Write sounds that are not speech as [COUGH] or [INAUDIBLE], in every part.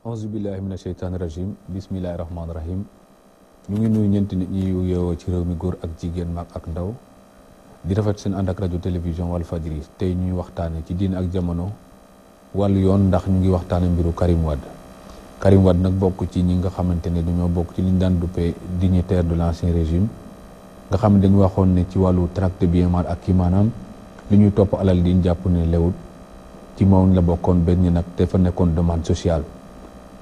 auzubillahi mina sheytaani rajim bismillahi rahmaani rahim ñu ngi nuyu ñeenti nit ñi yeewoo ci réew mi góor ak jigéen mag ak ndaw di rafet seen ànd ak rajo télévision wal fajri tey ñuy waxtaane ci diin ak jamono wàllu yoon ndax ñu ngi waxtaane mbiru Karim Wade Karim Wade nag bokk ci ñi nga xamante ne dañoo bokk ci ñu daan duppee dignitaire de l'ancien régime nga xam ne dañu waxoon ne ci wàllu tract bien ak kii maanaam li ñuy topp alal di jàpp ne lewut ci moom la bokkoon benn nag te fa nekkoon demande sociale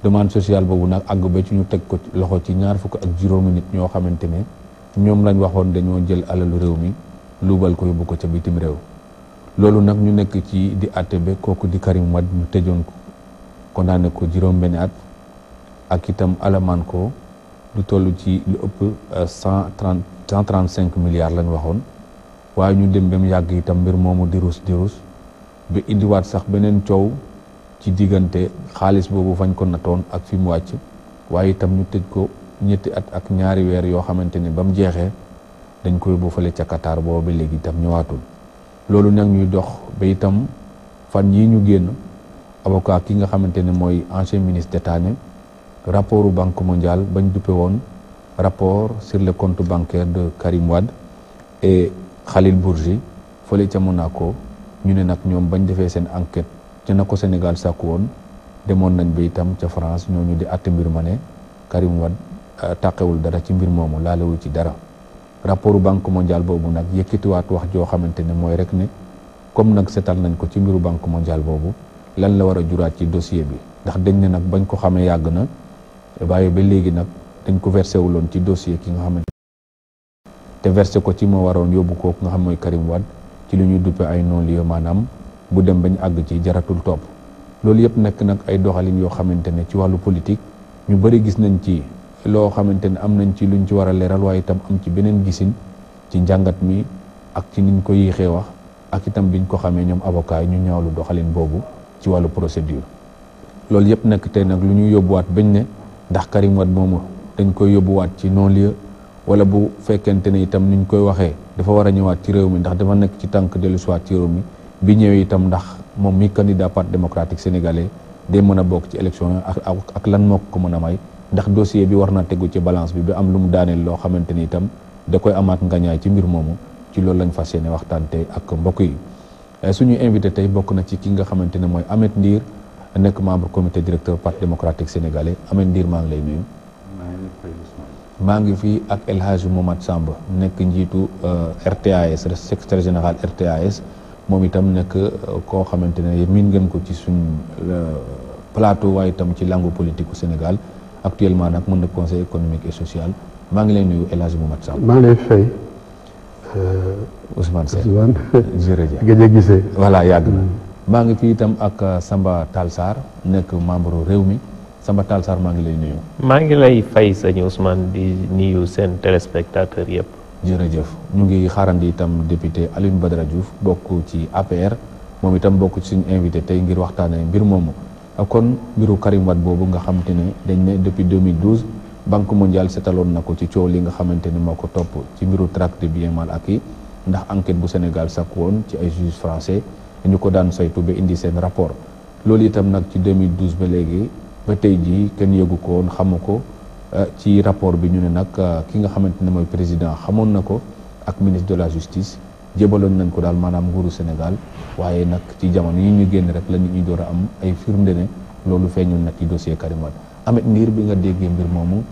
demande sociale boobu nag àgg ba ci ñu teg ko loxo ci ñaar fukk ak juróomi nit ñoo xamante ne ñoom lañ waxoon dañoo jël alalu réew mi luubal ko yóbbu ko ca bitim réew loolu nag ñu nekk ci di àtte ba kooku di Karim Wade ñu tëjoon ko kon condamné ko juróom-benni at ak itam alamaan ko lu toll ci lu ëpp euh, cent trente cent cinq milliards lañ waxoon waaye ñu dem ba mu yàgg itam mbir moomu di ruus di ruus ba indiwaat sax beneen coow. ci diggante xaalis boobu fañ ko natoon ak fi mu wàcc waaye itam ñu teg ko ñetti at ak ñaari weer yoo xamante ni ba mu jeexee dañ koy bu fale ca Qatar booba ba léegi itam ñëwaatul loolu nag ñuy dox ba itam fan yi ñu génn avocat ki nga xamante ne mooy ancien ministre d'État ne rapportu banque mondiale bañ duppe woon rapport sur le compte bancaire de Karim Wade et Khalil Bourgi fële ca Monaco ñu ne nag ñoom bañ defee seen enquête te na ko Sénégal sàkku woon demoon nañ ba itam ca France ñooñu di àtte mbir ma ne Karim Wade euh, tàqewul dara ci mbir moomu laalewu ci dara rapportu banque mondiale boobu nag yëkkatiwaat wax joo xamante ne mooy rek ne comme nag setal nañ ko ci mbiru banque mondiale boobu lan la war a juraat ci dossier bi ndax dañ ne nag bañ ko xamee yàgg na waaye ba léegi nag dañ ko versé wuloon ci dossier ki nga xamante te versé ko ci moo waroon yóbbu kooku nga xam mooy Karim Wade ci lu ñuy duppe ay non maanaam bu dem bañ àgg ci jaratul topp loolu yëpp nekk nag ay doxalin yoo xamante ne ci wàllu politique ñu bëri gis nañ ci loo xamante ne am nañ ci luñ ci war a leeral waaye itam am ci beneen gisin ci njàngat mi ak ci niñ ko yéexee wax ak itam biñ ko xamee ñoom avocat yi ñu ñaawlu doxalin boobu ci wàllu procédure loolu yëpp nekk tey nag lu ñuy yóbbuwaat bañ ne ndax Karim Wade moomu dañ koy yóbbuwaat ci non-lieu wala bu fekkente ne itam niñ koy waxee dafa war a ñëwaat ci réew mi ndax dafa nekk ci tànk dellusiwaat ci réew mi bi ñëwee itam ndax moom mi candidat parti démocratique sénégalais day mën a bokk ci élection ak ak lan moo ko mën a may ndax dossier bi war na tegu ci balance bi bi am lu mu daaneel loo xamante ni itam da koy amaat ngañaay ci mbir moomu ci loolu lañu fas yéene waxtaan tey ak mbokk yi. Eh, suñu invité tey bokk na ci ki nga xamante ne mooy Ameth Ndir nekk membre comité directeur parti démocratique sénégalais Ameth Ndir maa ngi lay nuyu. maa ngi fii ak El Hadj Momad Samb nekk njiitu euh, RTAS secrétaire général RTAS. moom itam nekk euh, koo xamante ne miin ngeen ko ci suñ euh, plateau waaye itam ci langue politique Sénégal actuellement nag mën na conseil économique et social maa ngi lay nuyu El Hadji Momat Samb maa ngi lay fay euh, Ousmane Sène [LAUGHS] jërëjëf gëj a gisee voilà yàgg na hmm. maa ngi fi itam ak Samba Talsar nekk membre réew mi Samba Talsar maa ngi lay nuyu maa ngi lay fay sëñ Ousmane di nuyu seen téléspectateur yëpp jërëjëf ñu ngi xarandi itam député Alioune Badara Diouf bokk ci APR moom itam bokk ci suñu invité tey ngir waxtaanee mbir moomu kon mbiru Karim Wade boobu nga xamante ne dañ ne depuis 2012 banque mondial setaloon na ko ci coow li nga xamante ne moo ko topp ci mbiru tracte de biens mal acquis ndax enquête bu Sénégal sakku woon ci ay juges français dañu ko daan saytu ba indi seen rapport loolu itam nag ci 2012 ba léegi ba tey jii kenn yëgu ko woon xamu ko. Euh, ci rapport bi ñu ne nag euh, ki nga xamante ne mooy président xamoon na ko ak ministre de la justice jébaloon nañ ko daal maanaam nguuru Sénégal waaye nag ci jamono yi ñu génne rek la nit ñi door a am ay firnde ne loolu feeñul nag ci dossier Karim Wade Ameth bi nga déggee mbir moomu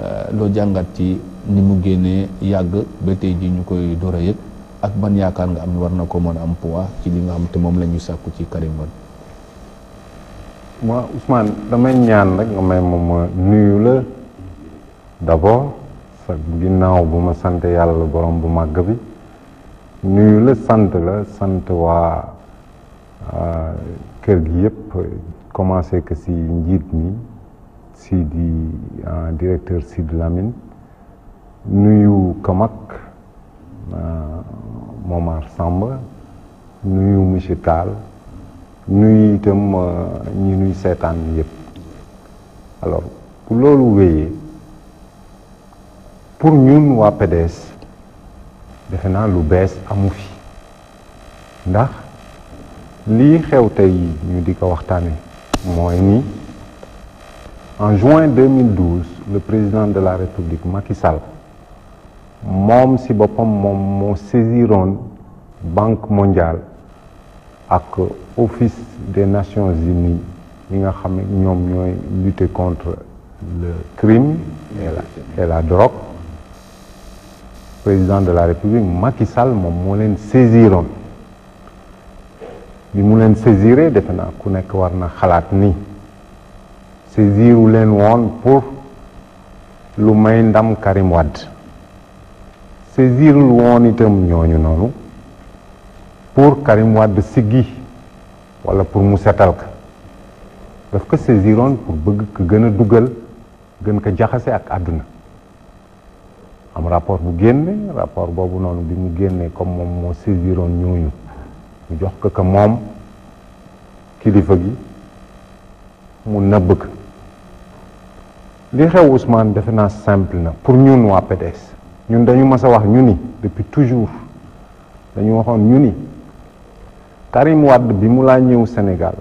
euh, loo jàngat ci ni mu génnee yàgg ba tey ji ñu koy door yëg ak man yaakaar nga am war na ko mën a am poids ci li nga xam te moom la ñuy sàkku ci Karim Wade waaw damay ñaan rek d'abord sa ginnaaw bu ma sant yàlla borom bu màgg bi nuyu la sant la sant waa euh, kër gi yëpp commencé que si njiit mi Sidi euh, directeur Sidi Lamine nuyu Kamak euh, Momar Samba nuyu monsieur Tall nuyu itam ñi nuy seetaan yëpp alors bu loolu wéyee pour ñun waa PDS defe naa lu bees amu fi ndax lii xew tey ñu di ko waxtaanee mooy ni en juin 2012 le président de la République Macky Sall moom si boppam moom moo saisiroon banque mondiale ak office des nations unies yi nga xam ne ñoom ñooy lutter contre le crime et la et président de la république Macky Sall moom moo leen saisiroon bi mu leen saisiree defe naa ku nekk war na xalaat ni saisiru leen woon pour lu may ndam Karim Wade saisirul woon itam ñooñu noonu pour Karim Wade siggi walla pour mu setal ka daf ko saisiroon pour bëgg ko gën a dugal gën ko jaxase ak àdduna am rapport bu génne rapport boobu noonu bi mu génne comme moom moo saisiroon ñooñu ñu jox ko que moom kilifa gi mu nëbb ko li xew Ousmane defe naa simple na pour ñun waa PDS ñun dañu mas a wax ñu ni depuis toujours dañu waxoon ñu ni Karim Wade bi mu laa ñëw Sénégal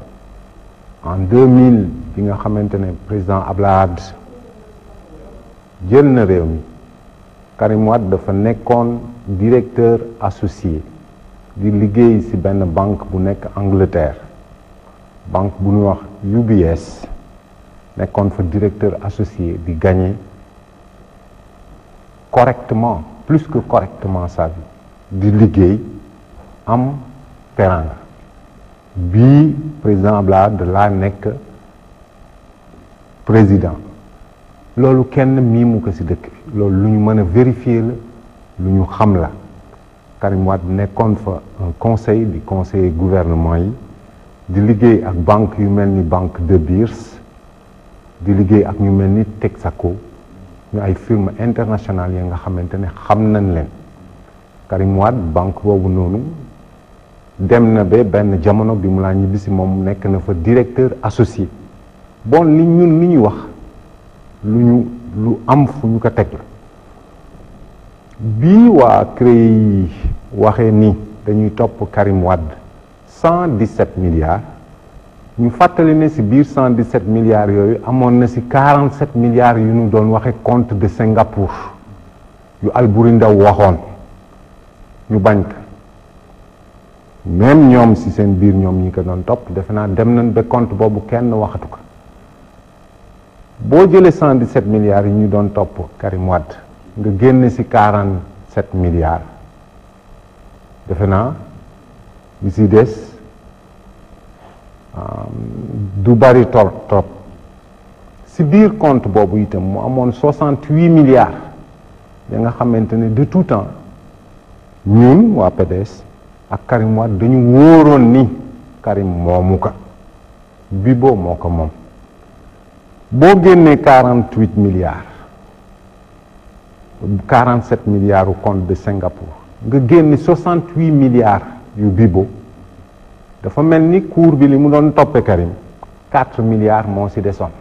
en 2000 bi nga xamante ne président Ablaye Wade jël na réew mi Karim Wade dafa nekkoon directeur associé di liggéey ci benn banque bu nekk Angleterre banque bu ñuy wax UBS nekkoon fa directeur associé di gagner correctement plus que correctement sa di liggéey am teranga bi président Abdoulaye de laa nekk président loolu kenn mii mu ko ci dëkk loolu lu ñu mën a vérifier la lu ñu xam la Karim Wade nekkoon fa un conseil di conseiller gouvernement yi di liggéey ak banque yu mel ni banque de Beers di liggéey ak ñu mel ni Texaco ñu ay firme internationale yi nga xamante ne xam nañ leen Karim Wade banque boobu noonu dem na ba benn jamono bi mu laa ñibbisi moom nekk na fa directeur associé bon li ñun li ñu wax lu ñu lu am fu ñu ko teg la bii waa CREI yi waxee ni dañuy topp Karim Wade cent dix-sept milliards ñu fàttali ne ci biir cent dix-sept milliards yooyu amoon na ci quarante-sept milliards yu ñu doon waxe compte de Singapour yu Alburi Ndaw waxoon ñu bañ ko même ñoom si seen biir ñoom ñi ko doon topp defe naa dem nañ be compte boobu kenn waxatu ko boo jëlee cent dix sept milliards yi ñu doon topp Karim Wade nga génn ci quarante sept milliards defe naa li ci des du bari trop trop ci biir compte boobu itam mu amoon soixante huit milliards ya nga xamante ne de tout temps ñun waa PDS ak Karim Wade dañu wóoroon ni Karim moomu bi boo moo ko moom. boo génnee quarante huit milliards quarante milliards de Singapour nga génn soixante huit milliards yu Bibo dafa mel ni cour bi li mu doon toppe Karim quatre milliards moo ci desoon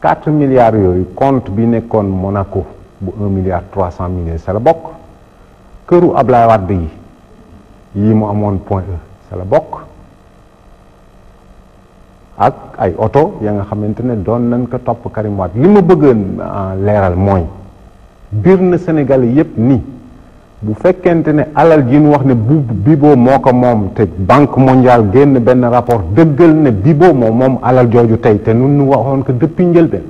quatre milliards yooyu compte bi nekkoon Monaco bu un milliard trois cent millions sa la bokk këru Ablaye Wade yi yi mu amoon Point E sa la bokk ak ay oto ya nga xamante ne doon nañ ko topp Karim Wade li ma bëggoon ah, leeral mooy biir na Sénégal yépp ni bu fekkente ne alal ji ñu wax ne Bibo moo ko moom te banque mondiale génn benn rapport dëggal ne Bibo moom moom alal jooju tey te nun nu waxoon ko depuis njëlbeen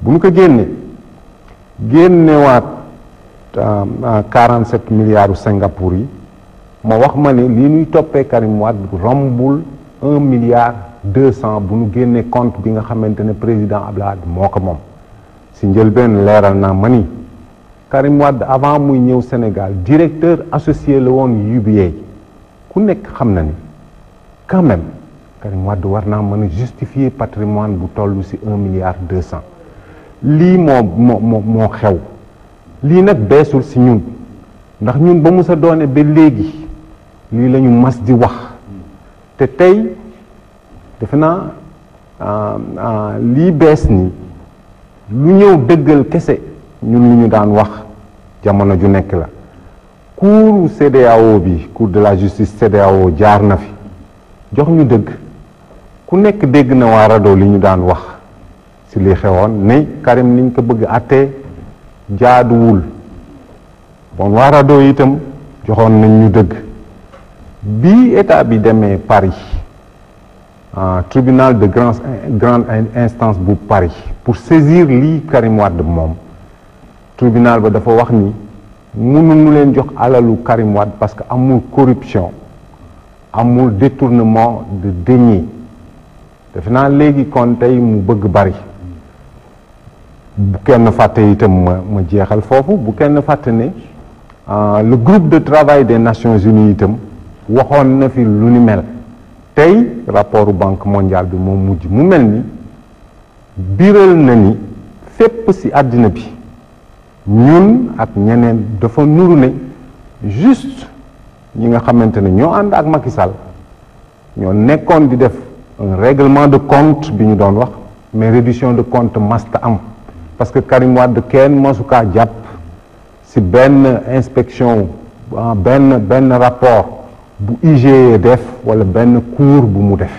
bu ñu ko génne génnewaat 47 ah, ah, milliards u Singapour yi ma wax ma ne lii ñuy toppee Karim Wade rombul un milliard cent bu nu génnee compte bi nga xamante ne président Abdoulaye Wade moo ko moom si njëlbeen leeral naa ma ni Karim Wade avant muy ñëw Sénégal directeur associé la woon UBA ku nekk xam na ni quand même Karim war naa mën a justifier patrimoine bu toll si un milliard deux lii moo moo moo xew lii nag beesul si ñun ndax ñun ba mu sa doone ba léegi lii lañu mas di wax te tey defe naa ah, ah, lii bees nii lu ñëw dëggal kese ñun lu ñu daan wax jamono ju nekk la cour CEDEAO bi cour de la justice CEDEAO jaar na fi jox ñu dëgg ku nekk dégg na waa RADDHO li ñu daan wax si li xewoon ne Karim niñ ko bëgg àttee jaaduwul bon waa RADDHO itam joxoon nañ ñu dëgg bi état bi demee Paris tribunal de grand grande instance bu Paris pour saisir lii Karim Wade moom tribunal ba dafa wax ni mënuñu leen jox alalu Karim parce que amul corruption amul détournement de deniers defe naa léegi kon tey mu bëgg bari bu kenn fàtte itam ma ma jeexal foofu bu kenn fàtte ne le groupe de travail des Nations Unies itam waxoon na fi lu ni mel tey rapportu banque mondiale bi moo mujj mu mel ni biral na ni fépp ci àddina bi ñun ak ñeneen dafa nuru ne juste ñi nga xamante ne ñoo ànd ak Macky ñoo nekkoon di def un règlement de compte bi ñu doon wax mais réduction de compte masta am parce que Karim Wade kenn masukaa jàpp ci benn inspection benn benn rapport bu IGE def wala benn cours bu mu def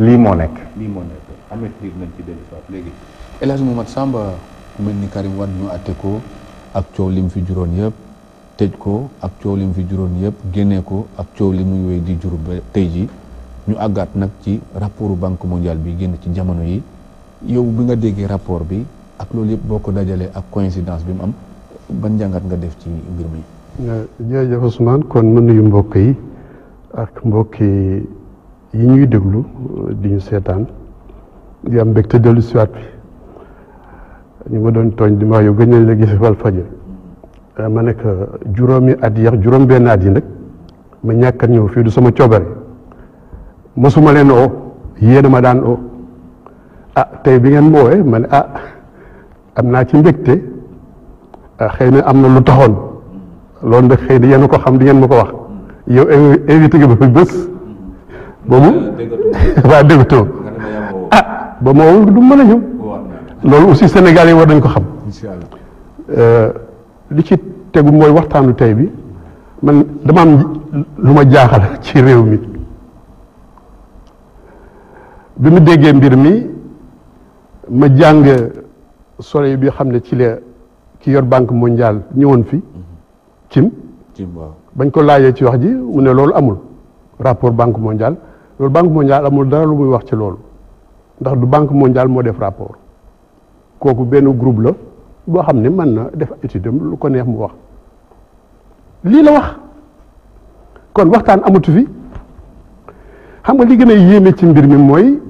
lii moo nekk. lii moo nekk avertir ci benn léegi El Hadj Momad Samba ku mel ni Karim Wade ñu àtte ko ak coow li mu fi juróon yëpp tëj ko ak coow li fi juróon yëpp génnee ko ak coow li muy wéy di jur ba tey ji ñu àggaat nag ci rapport banque mondiale bi génn ci jamono yi yow bi nga déggee rapport bi ak loolu yëpp boo ko dajalee ak coïncidence bi mu am ban njàngat nga def ci mbir mi. jërëjëf Ousmane kon ma nuyu mbokk yi. ak mbokki yi ñuy déglu di ñu seetaan di am mbégte dellu siwaat bi ñu ma doon tooñ di ma yow gëj nañ la gis Walfadjri euh, ma nekk euh, juróomi at yi juróom benn at yi nag ma ñàkkat ñëw fii du sama coobare mosuma leen oo yéen ma daan oo ah tey bi ngeen moowee ma ne ah am naa ci mbégte ah, xëy na am na lu taxoon loolu nag xëy na yéen ko xam di ngeen ma ko wax yow invité mm-hmm. [LAUGHS] nga ba fi bés ba waa déggatoo ah ba moo du mën ñëw loolu aussi Sénégal yi war nañ ko xam euh, li ci tegu mooy waxtaanu tey bi man dama am lu ma jaaxal ci réew mi bi mu déggee mbir mi ma jàng sore bi xam ne ci la ki yor banque mondiale ñëwoon fi cim mm-hmm. bañ ko laajee ci wax ji mu ne loolu amul rapport banque mondial loolu banque mondial amul dara lu muy wax ci loolu ndax du banque mondial moo def rapport kooku benn groupe la boo xam ne mën na def étude am lu ko neex mu wax lii la wax kon waxtaan amatu fi xam nga li gën a yéeme ci mbir mi mooy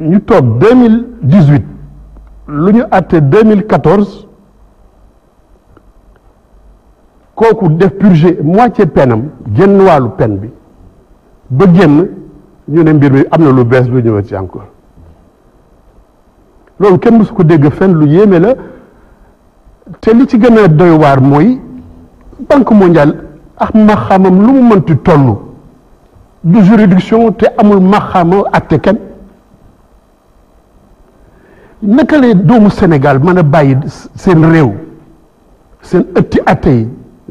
ñu toog deux mille dix huit lu ñu àtte deux mille kooku def purgé moitié penam génn wàllu pen bi ba génn ñu ne mbir mi am na lu bees lu ñëwee ci encore loolu kenn su ko dégg fen lu yéeme la te li ci gën a doy waar mooy banque mondiale ak maxaamam lu mu mënti toll du juridiction te amul maxaama atte kenn naka la doomu Sénégal mën a bàyyi seen réew seen ëtti atte yi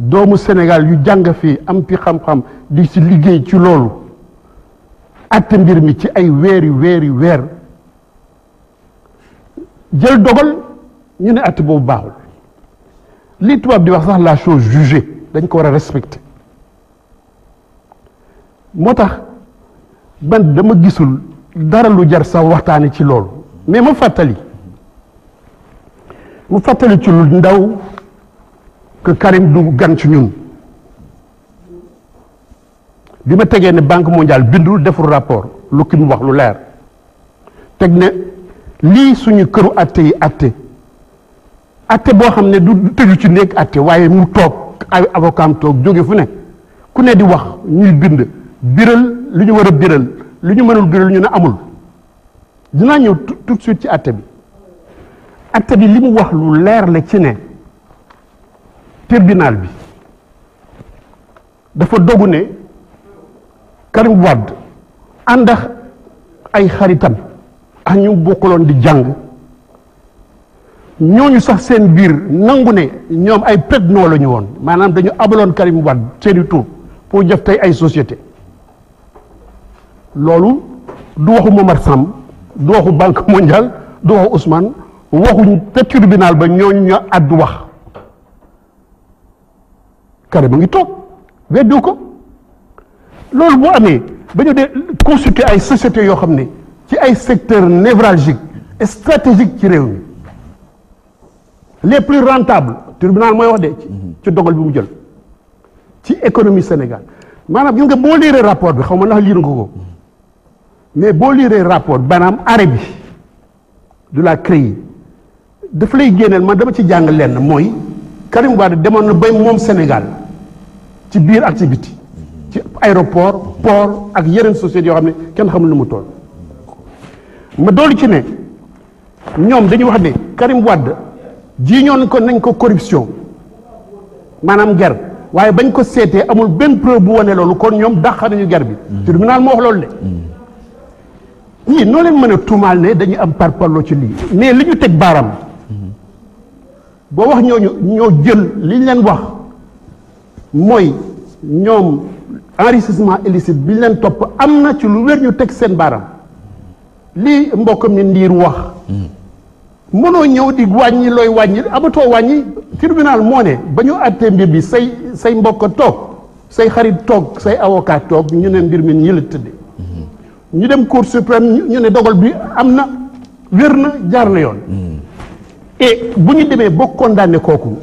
doomu Sénégal yu jàng fii am fi xam-xam di si liggéey ci loolu àtte mbir mi ci ay weeri weeri weer jël dogal ñu ne àtte boobu baaxul li tubaab di wax sax la chose jugée dañ ko war a respecter moo tax man dama gisul dara lu jar sax waxtaane ci loolu mais ma fàttali mu fàttali ci lu ndaw que Karim du gan ci ñun bi ma tegee ne banque mondiale bindul deful rapport lu ki mu wax lu leer teg ne lii suñu këru atte yi atte atte boo xam ne du tëju ci néeg atte waaye mu toog ay avocat toog jóge fu ne ku ne di wax ñuy bind biral lu ñu war a biral lu ñu mënul biral ñu ne amul dinaa ñëw tout suite ci atte bi atte bi li mu wax lu leer la ci ne tribunal bi dafa dogu ne Karim Wade ànd ay xaritam ak ñu bokkaloon di jàng ñooñu sax seen biir nangu ne ñoom ay prétendants la ñu woon maanaam dañu abaloon Karim Wade seeni tur pour def tey ay société loolu du waxu Momar Samb du waxu Banque mondiale du waxu Ousmane waxuñ te tribunal ba ñooñu ñoo àddu wax Karim mu ngi toog weddiwu ko loolu boo amee ba ñu dee constituer ay sociétés yoo xam ne ci ay secteurs névralgiques stratégique ci réew mi les plus rentables tribunal mooy wax de mhm. ci dogal bi mu jël ci économie Sénégal maanaam gis nga boo liiree rapport bi xaw ma ndax liir nga ko mais boo liiree rapport banaam arrêt bi de la CREI daf lay génneel man dama ci jàng lenn mooy Karim Wade demoon na bay moom Sénégal ci biir ak ci ci aéroport port ak yeneen sociétés yoo xam ne kenn xamul nu mu tool ma doolu ci ne ñoom dañu wax ne Karim Wade ji ñoon ko nañ ko corruption maanaam ger waaye bañ ko seetee amul benn preuve bu wane loolu kon ñoom dàq nañu ger bi mm. tribunal moo wax loolu de ñii mm. noo leen mën a tuumaal ne dañu am parparloo ci lii mais li ñu teg baaram mm. boo wax ñooñu ñoo jël li ñu leen wax mooy ñoom enrichissement illicite bi leen topp am na ci lu wér ñu teg seen baaraam li mbokk mi ndiir wax mënoo ñëw di wàññi looy wàññi amatoo wàññi tribunal moo ne ba ñu àttee mbir bi say say mbokk toog say xarit toog say avocat toog ñu ne mbir mi ñi la tëdde ñu dem cour suprême ñu ne dogal bi am na wér na jaar na yoon mm. et bu ñu demee ba condamné kooku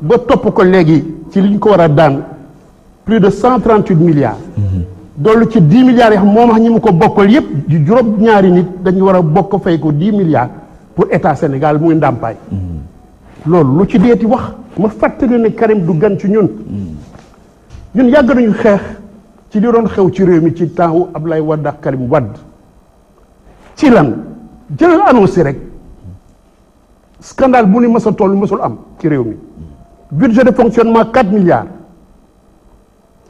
ba topp ko léegi ci li ñu ko war a daan plus de cent trent huit milliards. dollu ci dix milliards yoo xam moom wax ñi mu ko bokkal yépp di juróom ñaari nit dañu war a bokk fay ko dix milliards pour état Sénégal muy ndàmpaay. loolu lu ci deeti wax. ma fàttali ne Karim du gan ci ñun. ñun yàgg nañu xeex ci li doon xew ci réew mi ci temps wu Ablaye Wade ak Karim Wade ci lan jëlal annoncé rek scandale bu ni mësa toll mësul am ci réew mi. budget de fonctionnement 4 milliards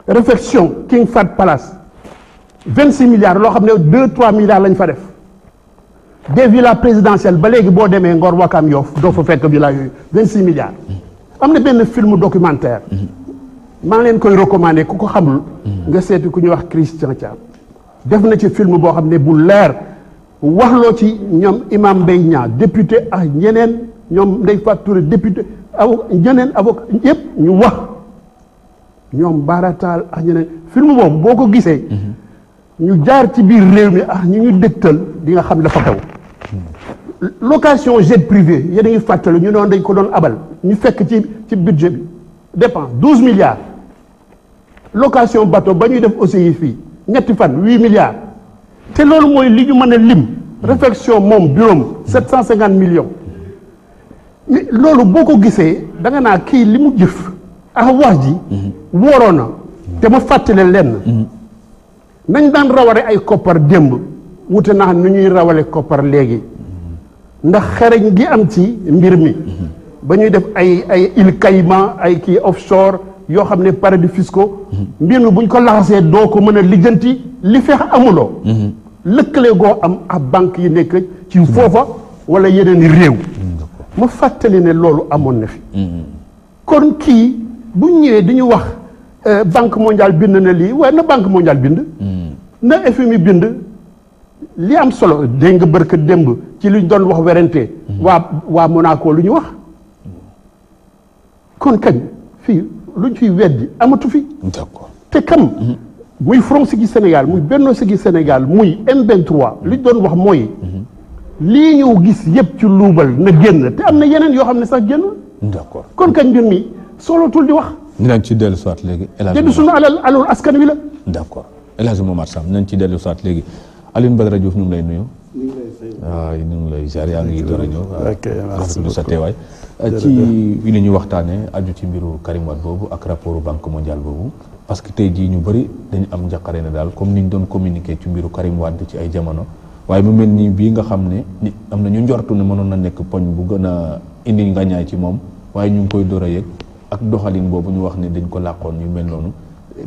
réfection King fat Palace 26 milliards loo xam ne 2 3 milliards lañ fa def des villa présidentielles ba léegi boo demee Ngor Wakam Yoff doo fa fekk villa yooyu 26 milliards am na benn film documentaire maa ngi leen koy recommander ku ko xamul nga seeti ku ñuy wax Christian Thiam def na ci film boo xam ne bu leer waxloo ci ñoom Imam Mbaye Niang député ak ñeneen ñoom Ndeye Fatou Touré député avocat ñeneen avocat yëpp ñu wax ñoom baarataal ak ñeneen film moom boo ko gisee ñu jaar ci biir réew mi ah ñu ñu dëgtal di nga xam dafa xew location jet privé yéen a ngi fàttali ñu noonu dañ ko doon abal ñu fekk ci ci budget bi dépense douze milliards location bateau ba ñuy def aussi fii ñetti fan huit milliards te loolu mooy li ñu mën a lim réflexion moom bureau sept cent cinquante millions loolu boo ko gisee da nga naa kii li mu jëf ak ah wax ji wóoroon na te ma fàttale lenn nañ daan rawale ay koppar démb wute naa nu ñuy rawale koppar léegi ndax xereñ gi am ci mbir mi ba ñuy def ay ay îles ay kii offshore yoo xam ne paradis fiscaux mbir mi buñ ko laxasee doo ko mën a lijjanti li feex amuloo mhm. lëkkale goo am ak banque yi nekk ci foofa wala yeneen réew ma fàttali ne loolu amoon na fi. kon kii bu ñëwee di wax euh, banque mondiale bind na lii waaye na banque mondiale bind. na FMI bind li am solo dégg nga bërka démb ci luñ doon wax werante. waa waa Monaco lu ñu wax. kon kañ fii luñ fiy weddi amatu fi. d'accord te kam. muy Front Siggi Sénégal muy Benno Siggi Sénégal muy M23 liñ doon wax mooy. lii ñu gis yëpp ci luubal na génn te am na yeneen yoo xam ne sax génnul. d'accord kon kañ mbir mi solotul di wax. dinañ ci dellu soit léegi. te du suñu askan wi la. d'accord El Hadj Momar Sam dinañ ci dellu soit léegi Alioune Badara Diouf ñu ngi lay nuyu. ñu ngi lay sëñ waaw ñu ngi lay jaar yaa ngi door a ñëw. ok rafetlu sa teewaay. ci li ñu waxtaanee aju ci mbiru Karim Wade boobu ak rapport banque mondiale boobu. parce que tey jii ñu bëri dañu am njaqare ne daal comme ni ñu doon communiquer ci mbiru Karim Wade ci ay jamono. waaye mu mel nii bii nga xam ne am na ñu njortu ne mënoon na nekk poñ bu gën a indi ngañaay ci moom waaye ñu ngi koy door a yëg ak doxalin boobu ñu wax ni dañ ko làqoon yu mel noonu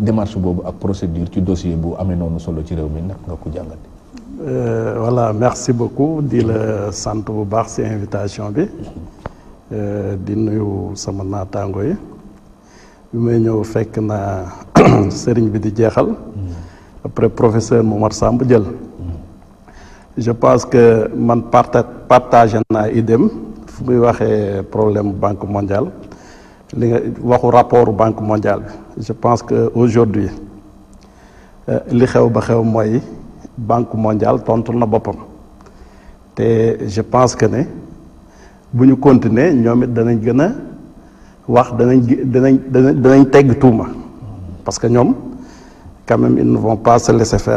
démarche boobu ak procédure ci dossier bu amee noonu solo ci réew mi nga ko jàngate euh, voilà merci beaucoup di la sant bu baax ci invitation bi euh, di nuyu sama naataango yi bi ñëw fekk na [CLEARS THROAT] sëriñ bi di jeexal mm. après professeur Momar Samb jël je pense que man parta partage naa idem fu muy waxee problème banque mondiale li nga waxu rapport banque mondiale bi je pense que aujourd'hui euh, li xew ba xew mooy banque mondiale tontu na boppam te je pense que ne bu ñu continuer ñoom it danañ gën a wax danañ danañ danañ tegg parce que ñoom quand même ils ne vont pas se laisser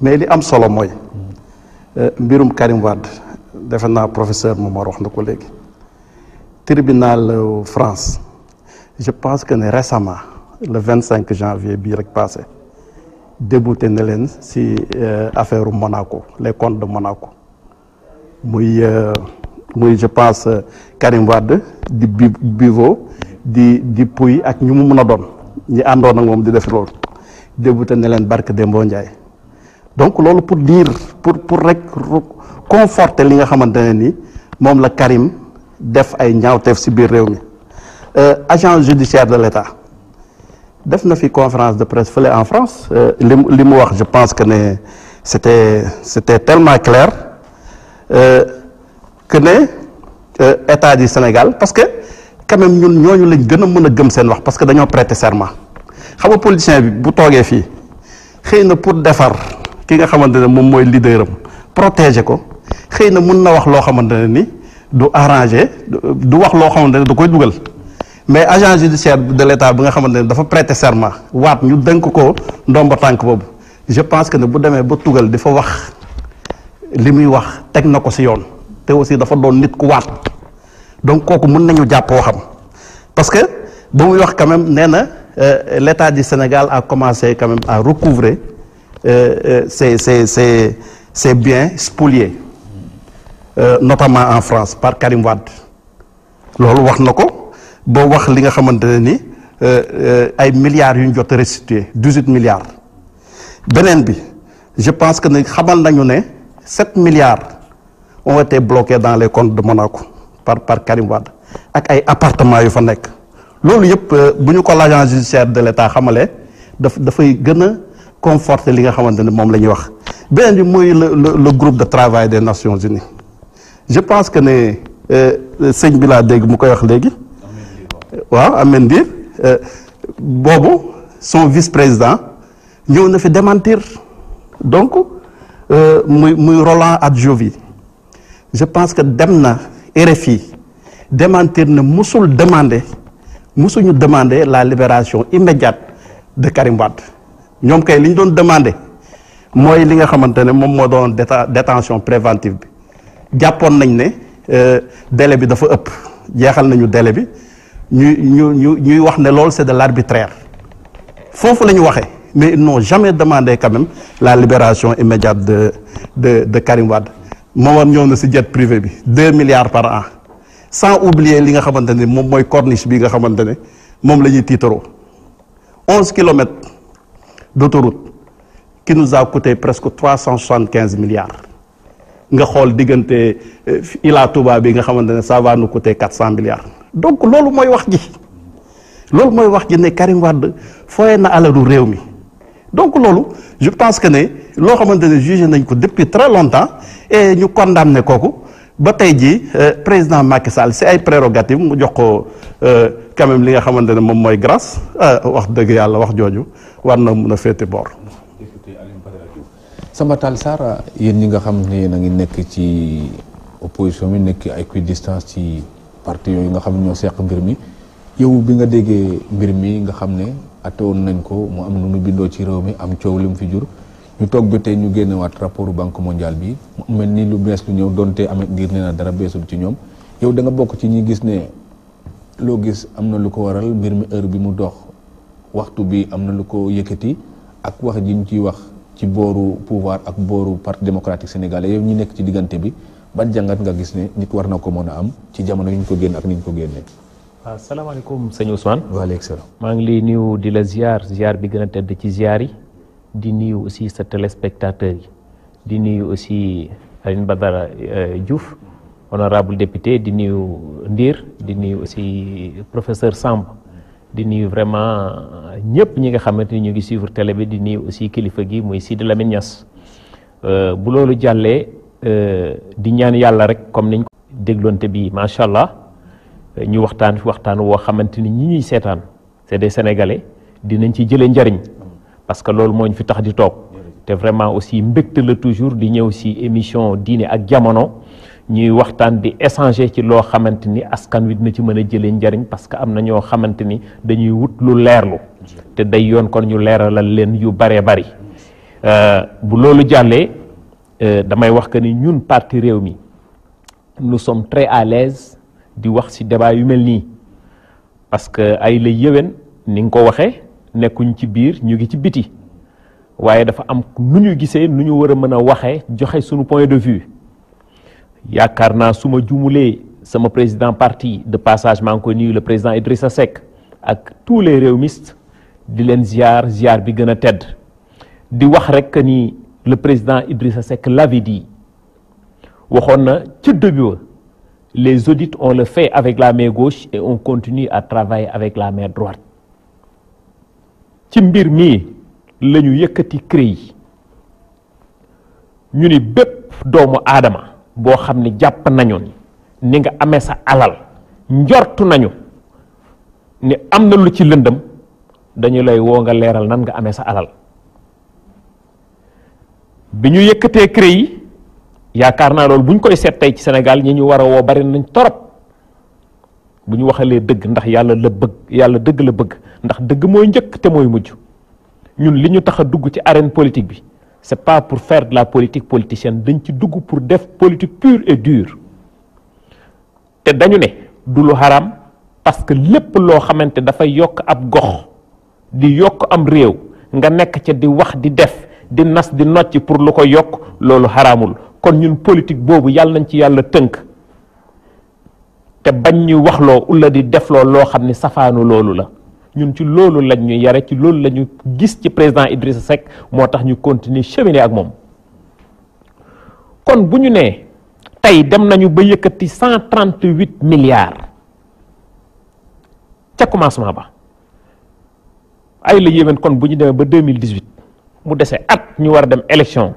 mais li am solo mooy. mbirum Karim defe naa professeur Momar wax na ko léegi tribunal France je pense que ne récemment le vingt cinq janvier bii rek passé débouté na leen ci euh, affaire Monaco les comptes de Monaco muy euh, muy je pense euh, Karim Wade di Bivo di di Puy ak ñu mu mun a doon ñi àndoon ak moom di def loolu débouté na leen barke Dembo Ndiaye donc loolu pour dire pour pour rek conforter li nga xamante ne ni moom la Karim def ay ñaawteef si biir réew mi euh, agent judiciaire de l'État def na fi conférence de presse fële en France euh, li mu li mu wax je pense que ne c'était c'était tellement clair euh, que ne état di Sénégal parce que quand même ñun ñooñu lañ gën a mën a gëm seen wax parce que dañoo prêter serment xam nga politicien bi bu toogee fii xëy na pour defar. ki nga xamante ne moom mooy leader protéger ko xëy na mun na wax loo xamante ne ni du arranger du wax loo xamante ne da koy dugal mais agent judiciaire de l'État bi nga xamante ne dafa prêter serment waat ñu dënk ko ndomba tànk boobu je pense que ne bu demee ba tugal di fa wax li muy wax teg na ko si yoon te aussi dafa doon nit ku waat donc kooku mun nañu jàpp waxam parce que ba muy wax quand même nee na euh, l'État du Sénégal a commencé quand même recouvrer ces ces ces bien biens spoliés euh, notamment en France par Karim Wade loolu wax na ko boo wax li nga xamante ne ni euh, euh, ay milliards yu ñu jot a restitué dix-huit milliards beneen bi je pense que ne xamal nañu ne sept milliards ont été bloqués dans les comptes de Monaco par par Karim Wade ak ay appartements yu fa nekk loolu yëpp bu ñu ko l'agence judiciaire de l'État xamale daf dafay gën a conforter li nga xamante ne moom la ñuy wax beneen bi mooy le le groupe de travail de Nations Unies je pense que ne euh, sëñ bi laa dégg mu koy wax léegi waaw amen diir euh, boobu son vice-président ñëw na fi démentir donc euh, muy muy Roland Adjovi je pense que dem na RFI démentir na musul demander musuñu demander la libération immédiate de Karim ñoom kay li ñu doon demandé mooy li nga xamante ne moom moo doon déta détention préventive bi jàppoon nañ ne euh, délai bi dafa ëpp jeexal nañu délai bi ñuy ñu ñu ñuy wax ne loolu c'est de l'arbitraire foofu la ñu waxee mais ils n'ont jamais demandé quand la libération immédiate de de de Karim Wade moom ñëw na si jet privé bi deux milliards par an sans oublier li nga xamante ne moom mooy corniche bi nga xamante ne moom la ñuy tiitaroo onze kilomètres. d'autoroute qui nous a coûté presque trois cent soixante quinze milliards nga xool diggante euh, Ila tubaab yi nga xamante ne ça va nous coûter cent milliards. donc loolu mooy wax ji loolu mooy wax ji ne Karim Wade fooye na alalu réew mi donc loolu je pense que ne loo xamante ne jugé nañ ko depuis très longtemps et ñu condamné kooku ba tey jii euh, président Macky Sall si ay prérogatives mu jox ko. Euh, quand même li nga xamante ne moom mooy grâce ah, wax dëgg yàlla wax jooju war na mun a féete boor. sama Tall Sarr yéen ñi nga xam ne yéen ngi nekk ci opposition bi nekk ay équidistance ci parti yooyu nga xam ne ñoo seq mbir mi yow bi nga déggee mbir mi nga xam ne attewoon nañ ko mu am nu nu bindoo ci réew mi am coow lu mu fi jur ñu toog ba tey ñu génnewaat rapport banque mondial bi mu mel ni lu bees lu ñëw donte am ngir nee na dara beesul ci ñoom yow da loo gis am na lu ko waral mbir mi heure bi mu dox waxtu bi am na lu ko yëkkati ak wax ji ñu ciy wax ci booru pouvoir ak booru parti démocratique sénégalais yow ñu nekk ci diggante bi ban jàngat nga gis ne nit war na ko mën a am ci jamono yu ñu ko génn ak nu ñu ko génnee. waaw salaamaaleykum sëñ Ousmane. waaleykum salaam maa ngi lay nuyu di la ziar ziar bi gën a tedd ci ziar yi di nuyu aussi sa téléspectateur yi di nuyu aussi Alioune Badara euh, Diouf. honorable député di nuyu Ndiir di nuyu aussi professeur Samb di nuyu vraiment ñëpp ñi nga xamante ni ñu ngi suivre télé bi di nuyu aussi kilifa gi muy Sidi Lamine Niass euh, bu loolu jàllee euh, di ñaan yàlla rek comme niñ ko dégloonte bii macha allah ñu waxtaan fi waxtaan woo xamante ni ñi ñuy seetaan c'est des sénégalais dinañ ci jëlee njariñ parce que loolu moo ñu fi tax di toog te vraiment aussi mbégte la toujours di ñëw si émission diine ak jamono. ñuy waxtaan di échanger ci loo xamante ni askan wi dina ci mën a jëlee njariñ parce que am na ñoo xamante ni dañuy wut lu leerlu te day yoon kon ñu leeralal leen yu baree bari euh, bu loolu jàllee euh, damay wax que ni ñun parti réew mi nous sommes très à l'aise di wax ci débat yu mel nii parce que ay la yéwén ni nga ko waxee nekkuñ ci biir ñu ngi ci biti waaye dafa am nu ñu gisee nu ñu war a mën a waxee joxe suñu point de vue yaakaar naa su ma jumulee sama président partie de passagement maa ngi koy nuyu le président Idrissa Seck ak tous les réewmistes di leen ziar ziar bi gën a tedd di wax rek nii le président Idrissa Seck l'avait dit waxoon na ci début les audits on le fait avec la main gauche et on continue à travailler avec la main droite ci mbir mii la ñu yëkkati CREI ñu ni bépp doomu aadama boo xam ni jàpp nañu ni nga amee sa alal njortu nañu ni am na lu ci lëndëm dañu lay woo nga leeral nan nga amee sa alal bi ñu yëkkatee cré yi yaakaar naa loolu bu ñu koy seet tey ci senegal ñi ñu war a woo bari nañ torop bu ñu waxalee dëgg ndax yàlla la bëgg yàlla dëgg la bëgg ndax dëgg mooy njëkk te mooy mujj ñun li ñu tax a dugg ci arène politique bi c' est pas pour faire de la politique politicienne dañ ci dugg pour def politique pure et dure te dañu ne du lu haram parce que lépp loo xamante dafay yokk ab gox di yokk am réew nga nekk ca di wax di def di nas di nocc pour lu ko yokk loolu xaraamul kon ñun politique boobu yàlla nañ ci yàlla tënk te bañ ñu waxloo ulla di defloo loo xam ni safaanu loolu la ñun ci loolu lañ ñu yare ci loolu la ñu gis ci président Idrissa Seck moo tax ñu continuer cheminer ak moom kon bu ñu nee tey dem nañu ba yëkkati cent trente huit milliards ca commencement ba ay la yéwén kon bu ñu demee ba deux mille dix huit mu desee at ñu war a dem élection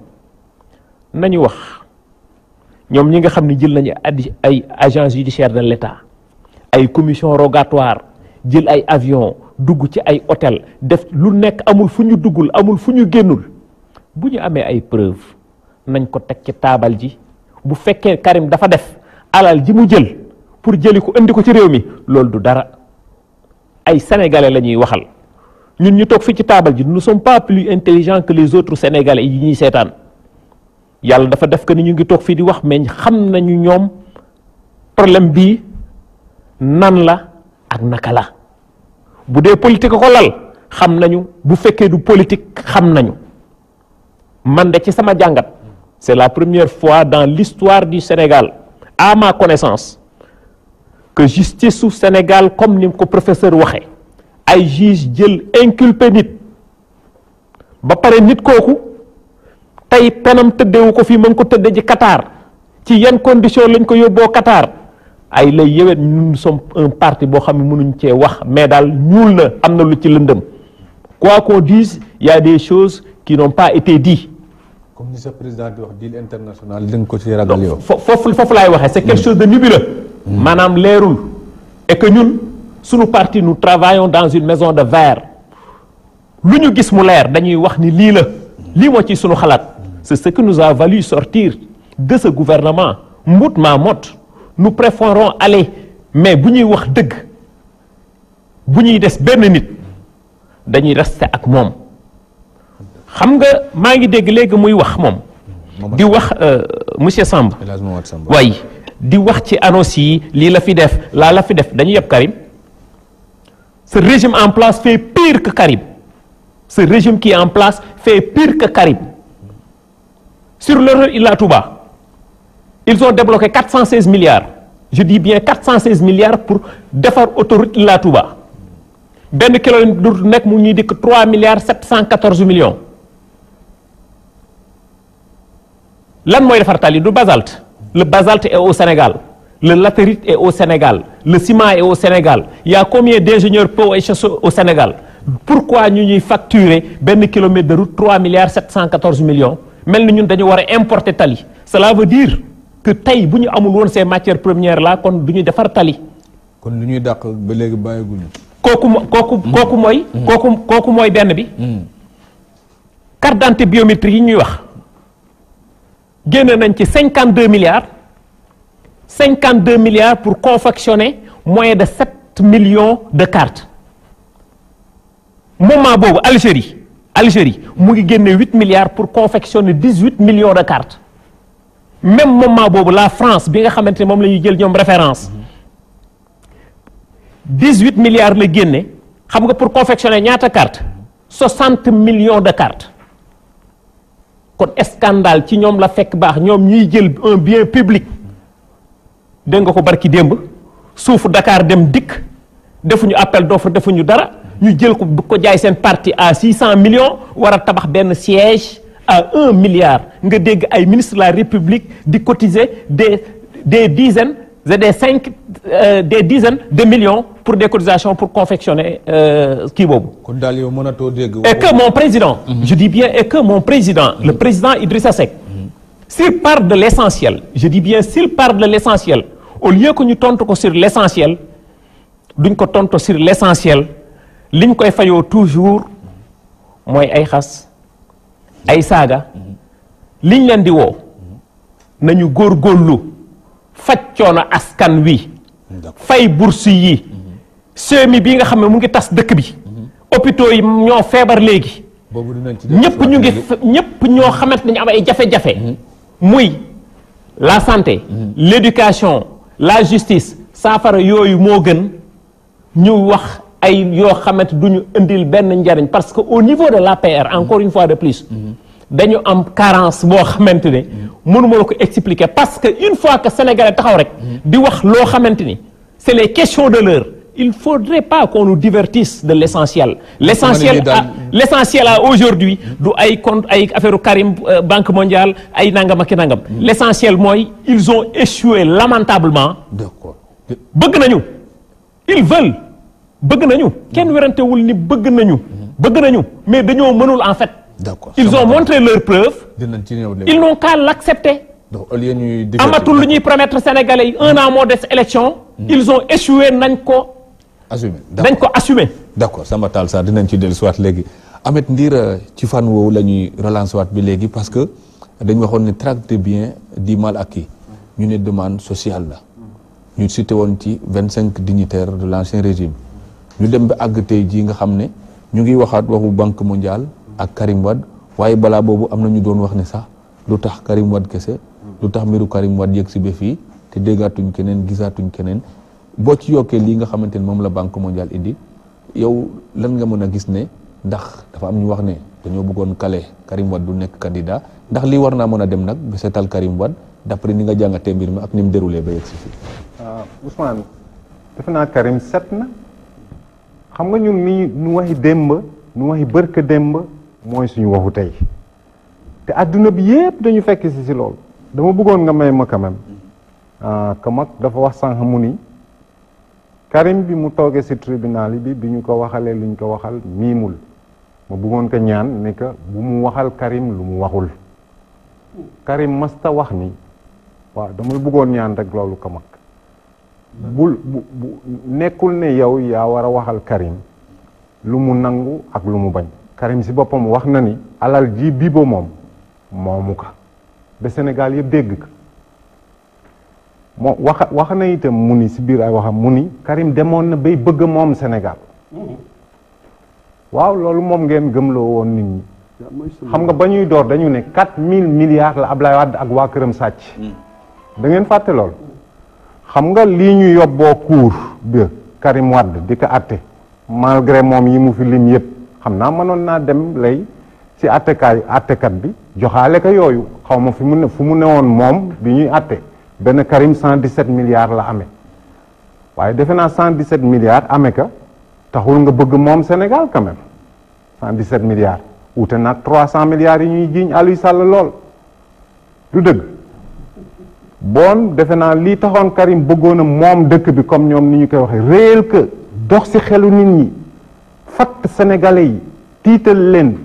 nañu wax ñoom ñi nga xam ne jël nañu ay agence judiciaire de l' état ay commission rogatoire jël ay avion dugg ci ay hôtel def lu nekk amul fu ñu duggul amul fu ñu génnul bu ñu amee ay preuve nañ ko teg ci taabal ji bu fekkee Karim dafa def alal ji mu jël pour jëli ko indi ko ci réew mi loolu du dara ay sénégalais la ñuy waxal ñun ñu toog fii ci taabal ji nous ne sommes pas plus intelligents que les autres sénégalais yi ñuy seetaan yàlla dafa def ko ni ñu ngi toog fii di wax mais xam nañu ñoom problème bii nan la ak naka la. bu dee politique ko lal xam nañu bu fekkee du politique xam nañu man de ci sama jàngat c'est la première fois dans l'histoire du Sénégal à ma connaissance que justice su Sénégal comme ni ko professeur waxe ay juge jël inculpé nit ba pare nit kooku tey penam tëddewu ko fii ma ngi ko tëdde ji Qatar ci yan condition lañ ko yóbboo Qatar ay lay yewet ñun sommes un parti boo xam ne mënuñ cee wax mais daal ñuul na am na lu ci lëndëm quoi qu'on dise y des choses qui n'ont pas été dites comme ni sa président di wax da nga ko ci ragal yow foofu foofu laay waxee c'est quelque mm. chose de nébuleux mm. maanaam leerul et que ñun sunu parti nu travaillons dans une maison de verre lu ñu gis mu leer dañuy wax ni lii la lii moo ci sunu xalaat c'est ce que nous a valu sortir de ce gouvernement mbout ma mot nous préférons aller mais bu ñuy wax dëgg bu ñuy des benn nit dañuy rester ak moom xam nga maa ngi dégg léegi muy wax moom di wax euh, monsieur Samb waaye di wax ci annonce yi lii la fi def laa la fi def dañu yeb Karim ce régime en place fait pire que Karim ce régime qui en place fait pire que Karim sur l'horreur il a tout ils ont débloqué 416 milliards je dis bien 416 milliards pour defar autoroute Ila Touba benn kilomètre du nekk mu ñuy dikk 3 milliards 714 millions lan mooy defar tali du basalte le basalte est au Sénégal le latérite est au Sénégal le ciment est au Sénégal il y a combien d'ingénieurs Pau et Chasseux au Sénégal pourquoi ñu ñuy facturer benn kilomètre de route 3 milliards 714 millions mel ni ñun dañu war a importer tali cela veut dire que tey bu ñu amul woon ces matière première là kon du ñu defar tali. kon lu ñuy dàq ba léegi bàyyiguñu. kooku kooku mm. kooku mooy. Mm. kooku kooku mooy benn bi. Mm. carte biométrique yi ñuy wax génne nañ ci cinquante deux milliards cinquante deux milliards pour confectionner moins de sept millions de cartes moment boobu Algérie Algérie mu ngi génne huit milliards pour confectionner dix huit million de cartes. même moment boobu la France bi nga xamante ne moom lañuy jël ñoom référence dix huit milliards la génne xam nga pour confectionner ñaata carte soixante million de carte kon scandale ci ñoom la fekk baax ñoom ñuy jël un bien public dégg nga ko barki démb suufu dakaar dem dikk defuñu appel d'offre defuñu dara ñu jël ko bu ko jaay seen partie à six cent millions war a tabax benn siège à un milliard nga dégg ay ministre de la république di cotiser des des dizaines et des cinq euh, des dizaines de millions pour des cotisations pour confectionner euh, kii boobu. kon daal yow mënatoo dégg. et que mon président. Mm -hmm. je dis bien et que mon président. le mm-hmm. président Idrissa Seck. Mm -hmm. s'il part de l'essentiel je dis bien s'il part de l'essentiel au lieu que ñu tontu ko sur l'essentiel duñ ko tontu sur l'essentiel liñ koy fayoo toujours mooy ay xas. ay saaga liñ leen di woo nañu góor góorlu faj coono askan wi fay bourse yi semi bii nga xam ne mu ngi tas dëkk bi hôpitaux yi ñoo feebar léegi ñëpp ñu ngi ñëpp ñoo xamante nañu am ay jafe-jafe mm-hmm. muy la santé mm-hmm. l'éducation la justice saafara yooyu moo gën ñu wax ay yoo xamante du ñu indil benn njariñ parce que au niveau de l'APR encore une fois de plus dañu am carence boo xamante ne mënuma la ko expliquer parce que une fois que sénégalais taxaw rek di wax loo xamante ni c'est les questions de l'heure il faudrait pas qu'on nous divertisse de l'essentiel l'essentiel l'essentiel à aujourd'hui du ay compte ay affaire Karim euh, Banque mondiale ay nangamaki ak i nangam mm. l'essentiel mooy ils ont échoué lamentablement d'accord bëgg nañu ils veulent bëgg nañu kenn werantewul ni bëgg nañu bëgg nañu mais dañoo mënul en fait d'accord ils ont montré leur preuve ils n'ont qu'à l'accepter amatul lu ñuy promettre sénégalais yi un an moo des élection mm. ils ont échoué nañ ko assumé dañ ko assumé d'accord sama taal Sarr dinañ ci dellu siwaat léegi Ameth Ndir euh, ci fan woowu la ñuy relance waat bi léegi parce que dañ waxoon ne traque de biens du mal acquis ñu ne demande sociale la ñu cité woon ci vingt cinq dignitaires de l'ancien régime ñu dem ba àgg tey jii nga xam ne ñu ngi waxaat waxu banque mondiale ak Karim Wade waaye balaa boobu am na ñu doon wax ne sax lu tax Karim Wade kese lu tax mbiru Karim Wade yëg si ba fii te déggaatuñ keneen gisaatuñ keneen boo ci yokkee lii nga xamante ne moom la banque mondiale indi yow lan nga mën a gis ne ndax dafa am ñu wax ne dañoo buggoon kale Karim Wade du nekk candidat ndax lii war naa mën a dem nag seetal Karim Wade d'après ni nga jàngatee mbir mi ak ni mu déroulé ba fii. Ah, xam nga ñun nii nu waxi démb nu waxi bërk démb mooy suñu waxu tey te àdduna bi yépp dañu fekk si si loolu dama bëggoon nga may ma quand ah, dafa wax sànq mu ni Karim bi mu toogee si tribunal bi bi ñu ko waxalee lu ko waxal miimul ma bëggoon ko ñaan ne que bu mu waxal Karim lu mu waxul Karim masta wax ni waaw damay bëggoon ñaan rek loolu ko bul bu nekkul ne yow yaa war a waxal Karim lu mu nangu ak lu mu bañ Karim si boppam wax na ni alal ji Bibo moom moomu ko ba Sénégal yëpp dégg ko moo wax wax na itam mu ni si biir ay waxam mu ni Karim demoon na bay bëgg moom Sénégal waaw loolu moom ngeen gëmloo woon nit ñi xam nga ba ñuy door dañu ne quatre mille milliards la Ablaye Wade ak waa këram sàcc hmm. da ngeen fàtte loolu xam nga lii ñu yobboo cour bi Karim Wade di ko atte malgré moom yi mu fi lim yëpp xam naa mënoon naa dem lay ci attekaay attekat bi joxaale ka yooyu xawma fi mu ne fu mu newoon moom bi ñuy atte benn Karim 117 milliards la amee waaye defe naa 117 milliards amee ka taxul nga bëgg moom Sénégal quand même 117 milliards wuute nag 300 milliards yi ñuy jiiñ Aliou Sall lool du dëgg. bon defe naa lii taxoon Karim bëggoon a moom dëkk bi comme ñoom ni ñu koy waxee réel que dox ci xelu nit ñi fatt sénégalais yi tiital leen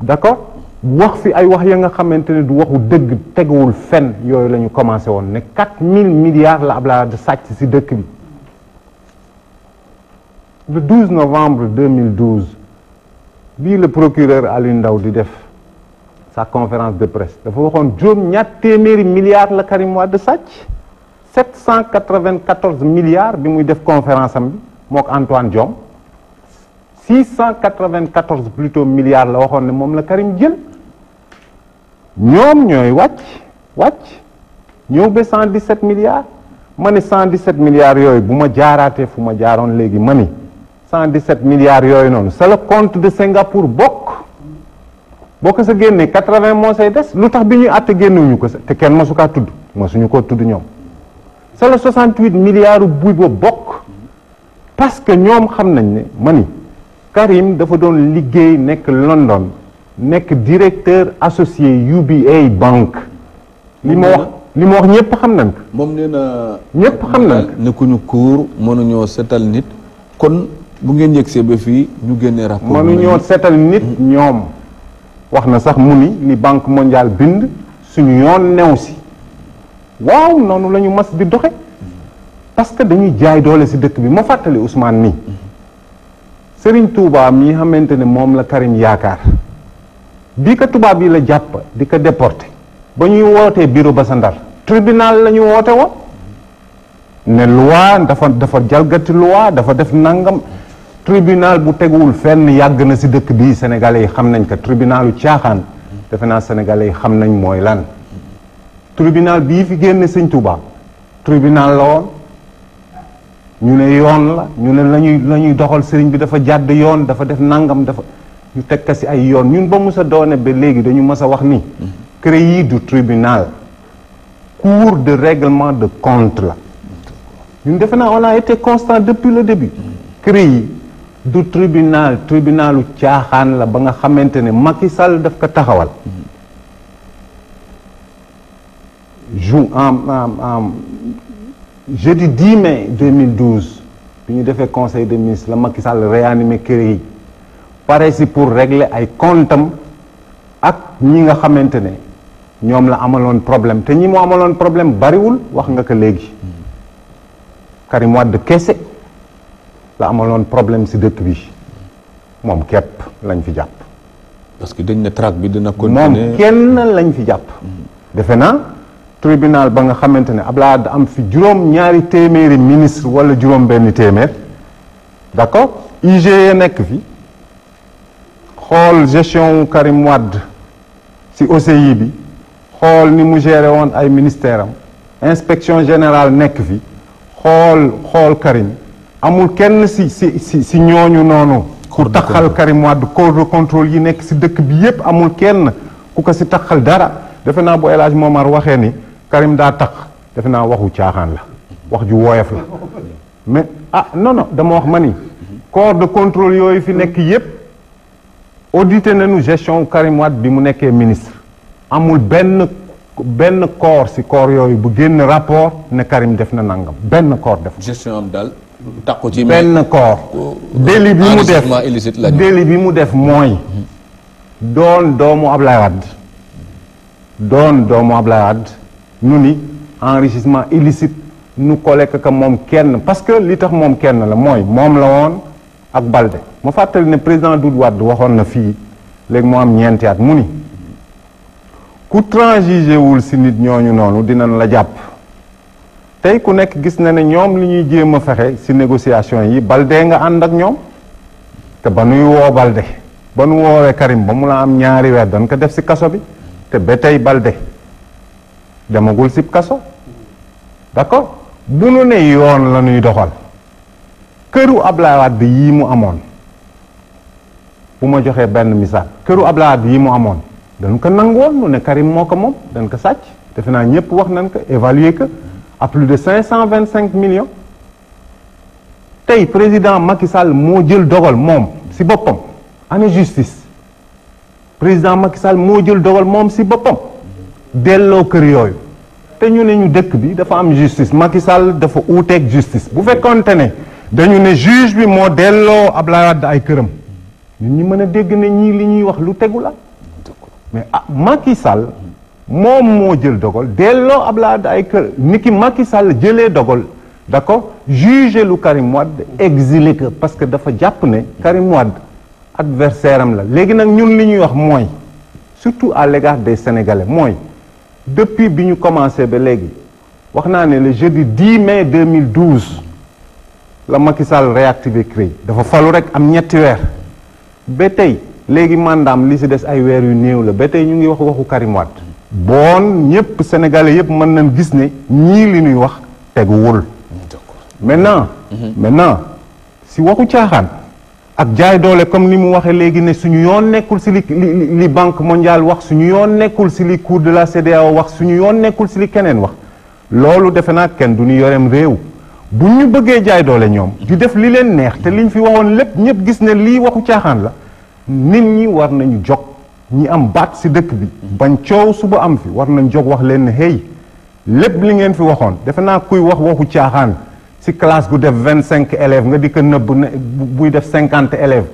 d'accord wax fi ay wax ya nga xamante ne du waxu dëgg teguwul fenn yooyu la ñu commencé woon ne mille milliards la Abdoulaye sàcc ci dëkk bi le 12 novembre 2012 bii le procureur Aliou ndaw di def. sa conférence de presse dafa waxoon juróom ñaar téeméeri milliards la Karim Wade sàcc 794 milliards bi muy def conférence am bi mook Antoine Diome 694 plutôt milliards la waxoon ne moom la Karim jël ñoom ñooy wàcc wàcc ñëw ba 117 milliards ma ni 117 milliards yooyu bu ma jaaraatee fu ma jaaroon léegi ma ni 117 milliards yooyu noonu c'est le compte de Singapour bokk boo ko sa génnee quatre-vingt moo say des lu tax bi ñuy àtte génnewuñu ko sa te kenn su kaa tudd suñu koo tudd ñoom sa la soixante-huit milliards buy ba bokk parce que ñoom xam nañ ne ma ni Karim dafa doon liggéey nekk London nekk directeur associé UBA banque li ma wax li ma wax ñëpp xam nañ ko moom nee ñëpp xam nañ ko nekkuñu cour mënuñoo setal nit kon bu ngeen yëgsee ba fii ñu génnee rapport mënuñoo setal nit ñoom wax na sax mu ni li banque mondiale bind suñu yoon new si waaw noonu la ñu mas di doxe parce que dañuy jaay doole si dëkk bi ma fàttali Ousmane ni Serigne Touba mi xamante ne moom la Karim yaakaar bi ko tubaab yi la jàpp di ko déporté ba ñuy wootee bureau ba sa ndar tribunal la woote woon ne loi dafa dafa jalgati loi dafa def nangam tribunal bu teguwul fenn yàgg na si dëkk bii sénégalais yi xam nañ ko tribunalu caaxaan defe naa sénégalais yi xam nañ mooy lan tribunal bii fi génne sëñ Touba tribunal la woon ñu ne yoon la ñu ne lañuy la ñuy doxal sëriñ bi dafa jàdd yoon dafa def nangam dafa ñu teg ko si ay yoon ñun ba mos a doone ba léegi dañu mës a wax ni CREI du tribunal cour de règlement de compte la ñun defe naa on a constant depuis le début CREI du tribunal tribunalu caaxaan la ba nga xamante ne Macky Sall daf ko taxawal ju en jeudi 10 mai 2012 bi ñu defee conseil de ministres la Macky Sall réanimé kër yi pare si pour régler ay comptam ak ñi nga xamante ne ñoom la amaloon problème te ñi mu amaloon problème bariwul wax nga ko léegi Karim Wade kese la amaloon problème si dëkk bi moom képp lañ fi jàpp. parce que dañ ne traque bi dina continuer moom kenn lañ fi jàpp. Mm-hmm. defe naa tribunal ba nga xamante ne Abdoulaye Wade am fi juróom ñaari téeméeri ministre wala juróom benn téeméer d'accord IGE nekk fi xool gestion Karim Wade si OCI bi xool ni mu géré woon ay ministère am inspection général nekk fi xool xool Karim. amul kenn si si si si ñooñu noonu ku taxal Karim Wade corps de contrôle yi nekk si dëkk bi yépp amul kenn ku ko si taxal dara defe naa bu El Hadj Momar waxee ni Karim daa tax defe naa waxu caaxaan la wax ju woyof la mais ah non dama wax ma ni corps de contrôle yooyu fi nekk yépp audité nañu gestion Karim Wade bi mu nekkee ministre amul benn benn corps si corps yooyu bu génn rapport ne Karim def na nangam benn corps def gestion am takku ci benn koor délit bi mu def délit bi mu def mooy doon doomu Ablaye Wade doon doomu Ablaye Wade nu ni enrichissement illicite nu ko lekk ka moom kenn parce que li tax moom kenn la mooy moom la woon ak Balde ma fàttali ne président Doudou Wade waxoon na fii léegi mu am ñeenti at mu ni ku transigé wul si nit ñooñu noonu dinañ la jàpp tey ku nekk gis na ne ñoom li ñuy jéem a fexe ci négociation yi Baldé nga ànd ak ñoom te ba nuy woo Baldé ba nu woowee Karim ba mu la am ñaari weer dañ ko def ci kaso bi te ba tey balde demagul ci kaso d'accord bu nu ne yoon la ñuy doxal këru Ablaye Wade yii mu amoon bu ma joxee benn misaal këru Ablaye Wade yii mu amoon dañ ko nangu woon nu ne Karim moo ko moom dañ ko sàcc defe naa ñëpp wax nañ ko évaluer ko à plus de 525 millions tey président Macky moo jël dogal moom si boppam amee justice président Macky Sall moo jël dogal moom si boppam delloo kër yooyu te ñu ne ñu dëkk bi dafa am justice Macky Sall dafa uuteeg justice bu fekkonte ne dañu ne juge bi moo delloo Abdoulaye Wade ay këram ñu ñi mën a dégg ne ñii li ñuy wax lu tegu la mais ah Macky moom moo jël dogal delloo Ablaye ay kër niki Macky Sall jëlee dogal d' accord jugé lu Karim Wade exilé parce que dafa jàpp ne Karim Wade adversaire am la léegi nag ñun li ñuy wax mooy surtout à l'égard des Sénégalais mooy depuis bi ñu commencé ba léegi wax naa ne le jeudi 10 mai 2012 la Macky Sall réactivé dafa falu rek am ñetti weer ba tey léegi mandaam li si des ay weer yu néew la ba tey ñu ngi wax waxu Karim Wade boon ñëpp sénégalais yëpp mën nañ gis ne ñii li ñuy wax teguwul maintenant mhm. maintenant si waxu caaxaan ak jaay doole comme ni mu waxee léegi ne suñu yoon nekkul si li li banque mondiale wax suñu yoon nekkul si li cour de la CEDEAO wax suñu yoon nekkul si li keneen wax loolu defe naa kenn du ñu yoreem réew bu ñu bëggee jaay doole ñoom di def li leen neex te liñ fi waxoon lépp ñëpp gis ne lii waxu caaxaan la nit ñi war nañu jog ñi am baat si dëkk bi bañ coow suba am fi war nañ jog wax leen ne hey lépp li ngeen fi waxoon defe naa kuy wax waxu caaxaan si classe gu def vingt cinq élèves nga dikka ko nëbb buy def cinquante élèves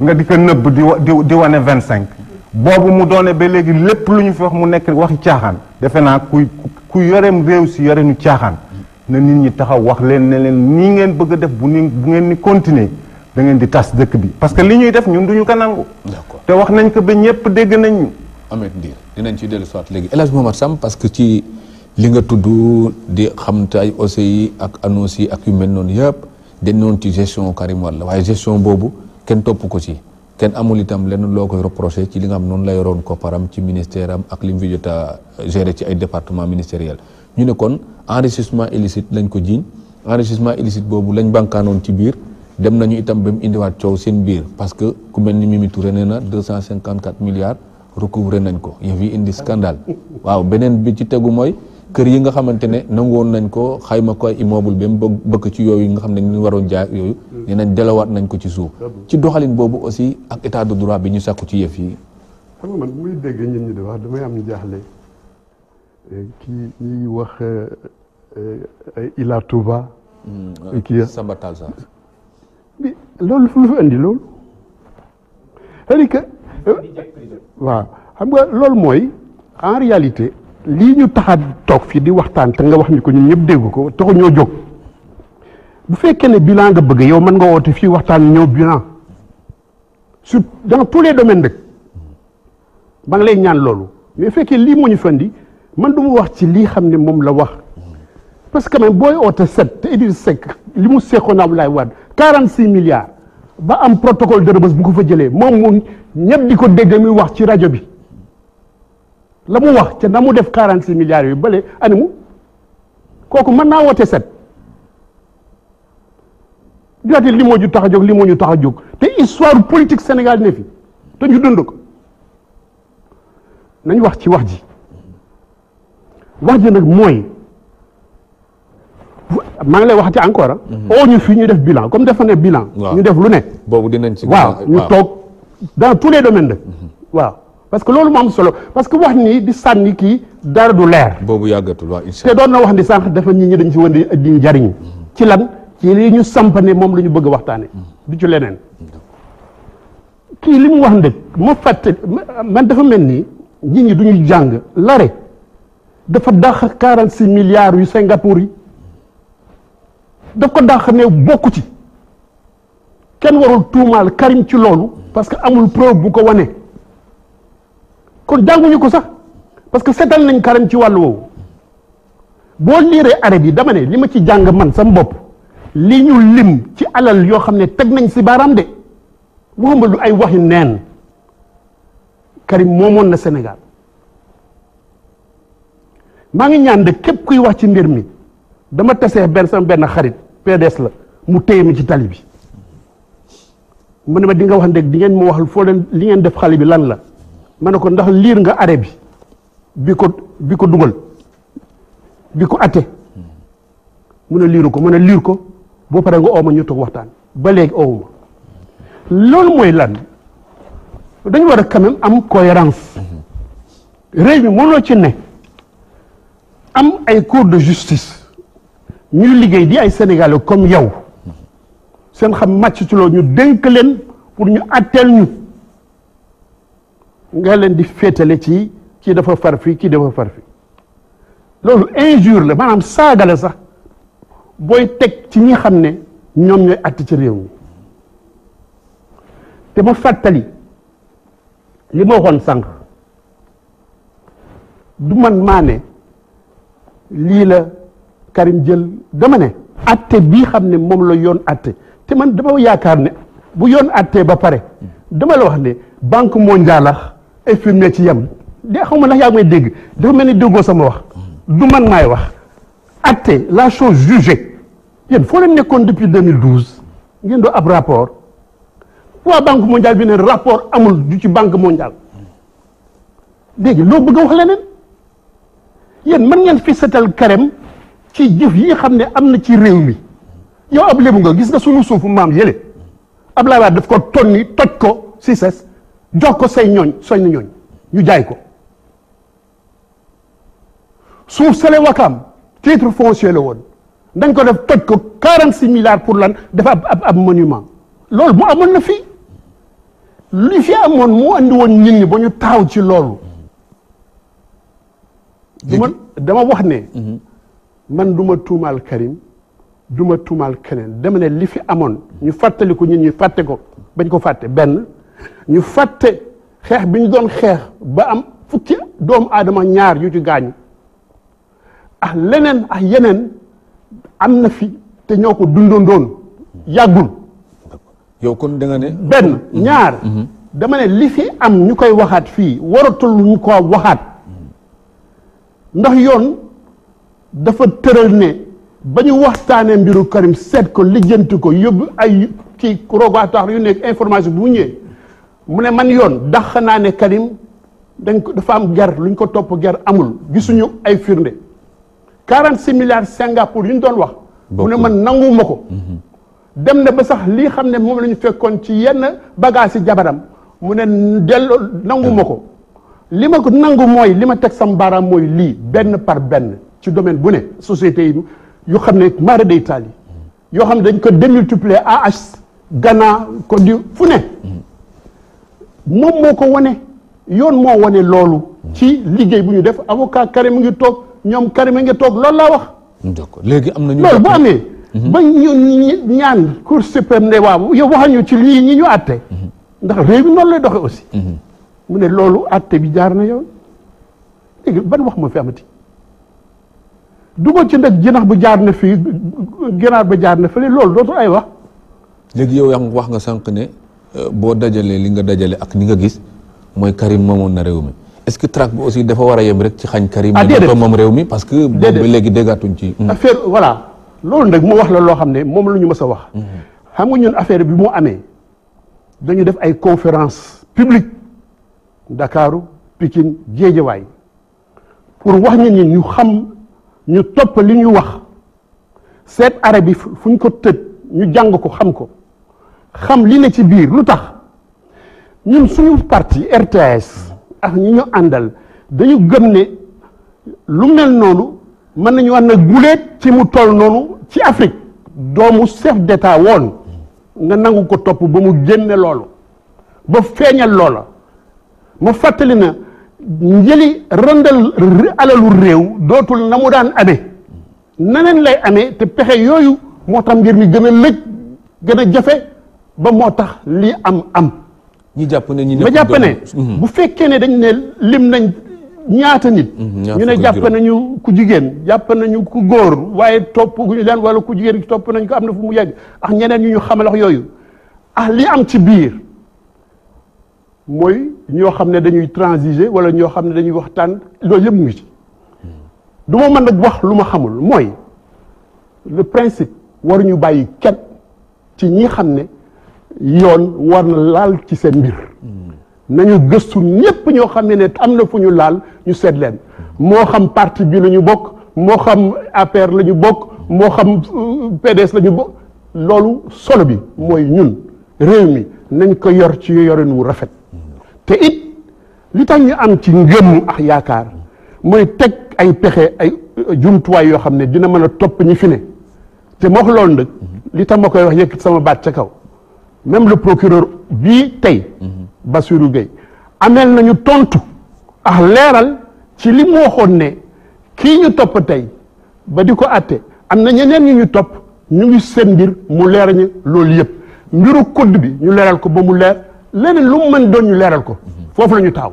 nga di ko nëbb di di wane vingt cinq boobu mu doone ba léegi lépp lu ñu fi wax mu nekk waxi caaxaan defe naa kuy ku yoreem réew si yore nu caaxaan na nit ñi taxaw wax leen ne leen nii ngeen bëgg a def bu ni bu ngeen ni continuer da di tas dëkk bi parce que li ñuy def ñun duñu ko nangu. d'accord te wax nañ ko ba ñëpp dégg nañ ñu. amet ndiir dinañ ci dellu soit léegi El Hadj Momar Sam parce que ci li nga tudd di xam te ay ak annonce yi ak yu mel noonu yëpp dañ noonu ci gestion Karim Wade la waaye gestion boobu kenn topp ko ci kenn amul itam lenn loo koy reproché ci li nga xam noonu lay yoroon kopparam ci ministère am ak lim mu fi jot géré ci ay département ministériel ñu ne kon enrichissement illicite lañ ko jiiñ enrichissement illicite boobu lañ bànkaanoon ci biir. dem nañu itam ba mu indiwaat coow seen biir parce que ku mel ni Mimi Touré nee na deux cent cinquante quatre milliards recouvrer nañ ko yëf yi indi scandale waaw beneen bi ci tegu mooy kër yi nga xamante ne woon nañ ko xayma ko ay immeuble ba mu bëgg ci yooyu nga xam ne ñu waroon jaay yooyu nee nañ delawaat nañ ko ci suuf ci doxalin boobu aussi ak état de droit bi ñu sàkku ci yëf yi xam muy déggee ñun ñi di wax damay am ñu jaaxle eh, kii ñuy wax Ila eh, eh, Touba hmm, kii Samba Talsa loolu fu ñu fi indi loolu c'est-à-dire euh, waaw xam nga loolu mooy en réyalité lii ñu tax toog fii di waxtaan te nga wax ñu ko ñu ñëpp dégg ko taxu ñoo jóg bu fekkee ne bilan nga bëgg yow man nga woote fii waxtaan ñoo bilan sur dans tous les domaines rek lay ñaan loolu mais fekkee lii moo ñu fandi man du mu wax ci lii xam ne moom la wax parce que même booy oote set te Idriss Seck li mu seqoon Abdoulaye Wade quarante six milliards ba am protocole de Rebeuss ko fa jëlee moom mu ñëpp di ko dégg muy wax ci rajo bi la mu wax ca na mu def quarante six milliards yu bële animu kooku mën naa woote set jote li moo ju tax a jóg li moo ñu tax a jóg te histoire politique Sénégal ne fi te ñu dund ko nañu wax ci wax ji wax ji nag mooy maa ngi lay waxati encore ah. Mhm. oo ñu fii ñu def bilan comme dafa ne bilan. ñu def lu ne. boobu dinañ ci waaw ñu toog dans tous les domaines mhm. waaw parce que loolu moo solo parce que wax nii di sànni kii dara du leer. boobu yàggatul waaw incha te doon na wax ni sànq dafa nit ñi dañ si woon di njariñ. Mhm. ci lan ci li ñu sampani moom la ñu bëgg a waxtaane du ci leneen. kii li mu wax ndëg ma fàtte man dafa mel nii nit ñi du jàng lare dafa dax quarante six milliards yu Singapour yi. daf ko dàq ne bokku ci kenn warul tuumaal Karim ci loolu parce que amul preuve bu ko wane kon jànguñu ko sax parce que seetal nañ Karim ci wàllu woowu boo liiree arab yi dama ne li ma ci jàng man sama bopp lii ñu lim ci alal yoo xam ne teg nañ si baaraam de waxuma lu ay waxi neen Karim moomoon na Sénégal maa ngi ñaan de képp kuy wax ci mbir mi dama tasee benn sama benn xarit PDS la mu téye mi ci tali bi mu ne ma di nga wax ndeg di ngeen ma wax foo leen li ngeen def xale bi lan la ma ne ko ndax liir nga arrêt bi bi ko bi ko dugal bi ko atte mu ne liiru ko mu ne liir ko boo paree nga ooma ñu toog waxtaan ba léegi oowuma loolu mooy lan dañu war a quand même am cohérence réew mi mënoo ci ne am ay cours de justice ñu liggéey di ay sénégalais comme yow seen xam màcc ci loolu ñu dénk leen pour ñu atteel ñu nga leen di féetale ci kii dafa far fii kii dafa far fii loolu injure la maanaam saaga sax booy teg ci ñi xam ne ñoom ñooy àtt ci réew mi te ma fàttali li ma waxoon sànq du man maane lii la Karim jël dama ne atte bii xam ne moom la yoon atte te man dama yaakaar ne bu yoon attee ba pare dama la wax ne banque mondiale ak FMI ne ci yem de xaw ma ndax yaa may dégg dafa mel ni déggoo sama wax du man maay wax atte la chose jugée yéen foo leen nekkoon depuis 2012 ngeen doo ab rapport waa banque mondiale bi ne rapport amul du ci banque mondiale léegi loo bëgg a wax leneen yéen mën ngeen fi setal Karim ci jëf yi xam ne am na ci réew mi yow ab lébu nga gis nga sunu suufu maam yële Abdoulaye Wade daf ko tonni toj ko si ses jox ko say ñooñ soñ na ñooñ ñu jaay ko suuf sele wakaam titre foncier la woon dañ ko def toj ko quarante six milliards pour lan dafa ab ab monument loolu mu amoon na fi li fi amoon mu andi woon nit ñi ba ñu taxaw ci loolu dama wax ne mhm. man duma ma tuumaal Karim du ma tuumaal keneen dama ne li fi amoon ñu fàttaliku ko ñun ñu fàtte ko bañ ko fàtte benn ñu fàtte xeex bi ñu doon xeex ba am fukki doomu aadama ñaar yu ci gaañu ah leneen ah yeneen am na fi te ñoo ko dundoon doon yàggul. yow kon da ne. benn mhm. ñaar. Mhm. dama ne li fi am ñu koy waxaat fii waratul ñu ko waxaat ndax yoon. dafa tëral ne ba ñu waxtaanee mbiru Karim seet ko lijjanti ko yóbbu ay ci rogatoire yu nekk information bu ñëwee mu ne man yoon dàq naa ne Karim dañ ko dafa am ger lu ko topp ger amul gisuñu ay firnde 46 milliards Singapour yu ñu doon wax. mu ne man nanguwuma ko. Mhm. dem na ba sax lii xam ne moom lañu fekkoon ci yenn bagage yi jabaram mu ne delloo nanguma ko. li ma ko nangu mooy li ma teg sam baaraam mooy lii benn par benn. ci domaine bu ne société yi yu xam ne mara day taal yi yoo xam ne dañ ko démultiplier ah Ghana ko di fu ne moom moo ko wane yoon moo wane loolu ci liggéey bu ñu def avocat Karim mu ngi toog ñoom Karim mu ngi toog loolu laa wax d'accord léegi am na ñu loolu bu amee mhm. ba ñu ñaan cour suprême ne waaw yow waxal ci lii ñi ñu àtte mhm. ndax réew mi noonu lay doxee aussi mhm. mu ne loolu àtte bi jaar na yoon léegi ban wax moo fi amati dugal ci nag jinax bu jaar na fii ginaar bi jaar na fële loolu dootul ay wax. léegi yow yaa ngi wax nga sànq ne euh, boo dajalee li nga dajale ak ni nga gis mooy Karim moomoon na réew mi est que traque bi aussi dafa war a yem rek ci xañ Karim. ah moom réew mi parce que. déedéet boobu ba léegi déggatuñ ci. Hmm. affaire voilà loolu nag mu wax la loo xam ne moom la ñu mës a wax. Hmm. xam nga ñun affaire bi mu amee dañu def ay conférence publique Ndakaaru Pikine Géejawaay pour wax ñi ñu xam. ñu topp li ñu wax seet arab yi fu ñu ko tëj ñu jàng ko xam ko xam li ne ci biir lu tax ñun suñu parti RTS ak ñi ñu àndal dañu gëm ne lu mel noonu mën nañu ànd na guleet ci mu toll noonu ci Afrique doomu chef d'état woon nga nangu ko topp ba mu génne loolu ba feeñal loola ma fàttali na njëli rëndal alalu réew dootul na mu daan amee naneen lay amee te pexe yooyu moo tax mbir mi gën a lëj gën a jafe ba moo tax lii am am ñi jàpp ne ñi ne mhm. bu fekkee ne dañ ne lim nañ ñaata nit mhm, ñu ne jàpp nañu ku jigéen jàpp nañu ku góor waaye topp ñu leen wala ku jigéen topp nañ ko am na fu mu yegg ak ñeneen ñu ñu xamal yooyu a ah, lii am ci biir mooy ñoo xam ne dañuy transiger wala ñoo xam ne dañuy waxtaan loolu yëpp mu ngi ci hmm. duma mën nag wax lu ma xamul mooy le principe waruñu bàyyi kenn ci ñi xam ne yoon war na laal ci seen mbir hmm. nañu gëstu ñépp ñoo xam ne ne am na fu ñu laal ñu seet leen hmm. moo xam parti bi la ñu bokk moo xam APR la ñu bokk moo xam euh, PDS la ñu bokk loolu solo bi mooy ñun réew mi nañ ko yor ci yorin wu rafet te it li tax ñu am ci ngëm ak yaakaar mooy teg ay pexe ay euh, jumtuwaay yoo xam ne dina mën a topp ñi fi ne te ma wax loolu nag li tax ma koy wax yëkkat sama baat ca kaw même le procureur bii tey mm-hmm. Bassirou Gueye ameel nañu tontu ak leeral ci li mu waxoon ne kii ñu topp tey ba di ko atte am na ñeneen ñu ñu topp ñu ngi seen mbir mu leer ñu loolu yëpp mbiru code bi ñu leeral ko ba mu leer leneen lu mu mën doon ñu leeral ko mhm. foofu la ñu taaw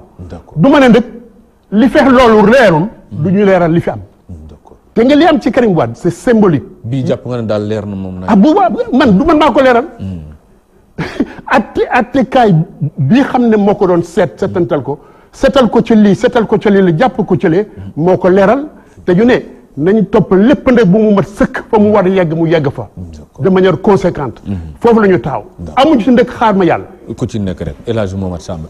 du man ne nag li feex loolu leerul mhm. du ñu leeral li fi am mhm, te nga li am ci Karim Wade c'est symbolique bii jàpp nga ne daal leer na moom ah bu man du man maa ko leeral [LAUGHS] atte attekaay bii xam ne moo ko doon seet setantal ko setal ko ci lii setal ko ci lii la jàpp ko ci lee moo ko leeral te ñu ne nañ topp lépp nag bu mu mat sëkk fa mu war a yegg mu yegg fa de manière conséquente foofu la ñu taaw amuñu ci ndëkk xaar ma yàlla ku ci nekk rek El Hadj Momad Samb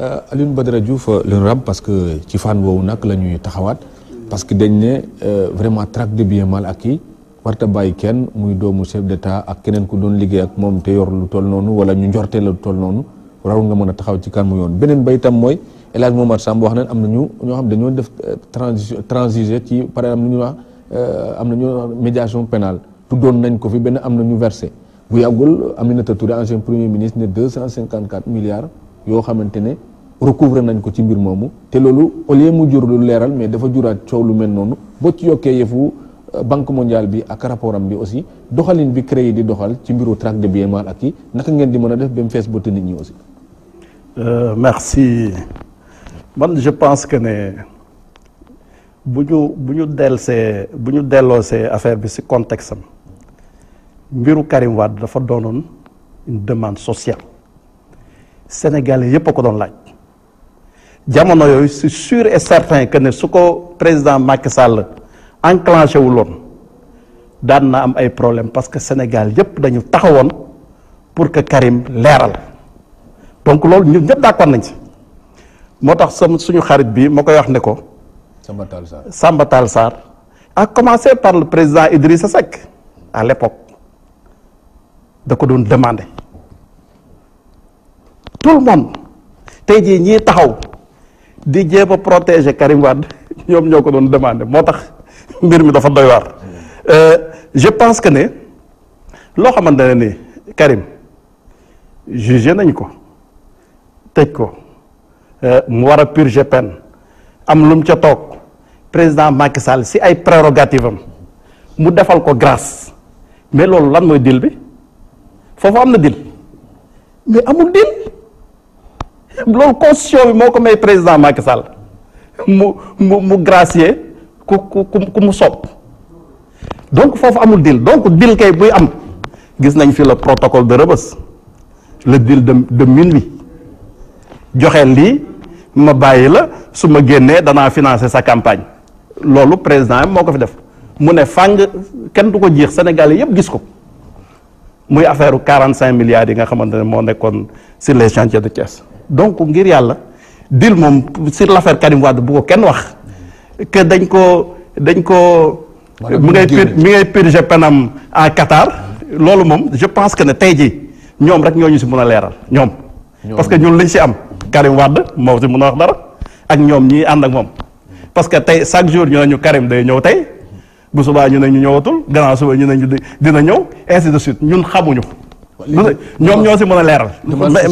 euh, Alioune Badara Diouf euh, le rab parce que ci fan woowu nag la ñuy taxawaat parce que dañ ne euh, vraiment traque de biens mal acquis warta bàyyi kenn muy doomu chef d'état ak keneen ku doon liggéey ak moom te yor lu toll noonu wala ñu njortee la lu toll noonu raw nga mën a taxaw ci kanamu yoon beneen bay itam mooy El Hadj Momad Samb wax nañ am na ñu ñoo xam dañoo def transi transiger ci par exemple am na ñu wax am na médiation pénale tuddoon nañ ko fi benn am na ñu versé bu yàggul Aminata Touré ancien premier ministre ne deux cent cinquante quatre milliards yoo xamante ne recouvrer nañ ko ci mbir moomu te loolu au lieu mu jur lu leeral mais dafa juraat coow lu mel noonu boo ci yokkee yëfu euh, banque mondiale bi ak rapport am bi aussi doxalin bi créé di doxal ci mbiru traque de biens mal acquis naka ngeen di mën a def ba mu fees bëtt nit ñi aussi. Euh, merci man je pense que ne bu ñu bu ñu dellusee bu ñu delloosee affaire bi si contexte mbiru Karim Wade dafa doonoon une demande sociale sénégalais yépp a ko doon laaj jamono yooyu c'est sûr et certain que ne su ko président Macky Sall enclenché wu loon daan na am ay problème parce que Sénégal yépp dañu taxawoon pour que Karim leeral donc loolu ñun ñëpp d'accord nañ ci moo tax sama suñu xarit bi moo koy wax ne ko. Samba Tall Sarr Samba Tall Sarr a commencé par le président Idrissa Seck à l'époque da ko doon demandé tout le monde tey jii ñii taxaw di jéem a protéger Karim Wade [LAUGHS] ñoom ñoo ko doon demandé moo tax mbir mi dafa doy waar. Euh, je pense que ne loo xamante ne ni Karim jugé nañ ko tëj ko euh, mu war a purger peine am lu ca toog président Macky Sall si ay prérogative am mu defal ko grâce mais loolu lan mooy deal bi. foofu am na dil mais amul dil loolu constitution bi moo ko may président Macky Sall mu mu mu gracier ku ku ku mu sopp donc foofu amul dil donc dil kay buy am gis nañ fi la protocole de Rebeuss le deal de de minuit joxe lii ma bàyyi la su ma génnee danaa financer sa campagne loolu président moo ko fi def mu ne fàng kenn du ko jiix Sénégal yëpp gis ko. muy affaire quarante cinq milliards yi nga xamante ne moo nekkoon sur les chantiers de Thiès donc ngir yàlla dil moom sur l' affaire Karim wàdd bu ko kenn wax que dañ ko dañ ko mu ngay mi ngay purgé penam en Qatar loolu moom je pense que ne tey jii ñoom rek ñoo ñu si mën a leeral ñoom parce que ñun liñ si am Karim wàdd moo si mun a wax dara ak ñoom ñii ànd ak moom parce que tey chaque jour ñu ne ñu Karim day ñëw tey bu subaa ñu ne ñu ñëwatul gannaaw suba ñu ne ñu dina ñëw ainsi de suite ñun xamuñu. ñoom ñoo si mën a leeral. mais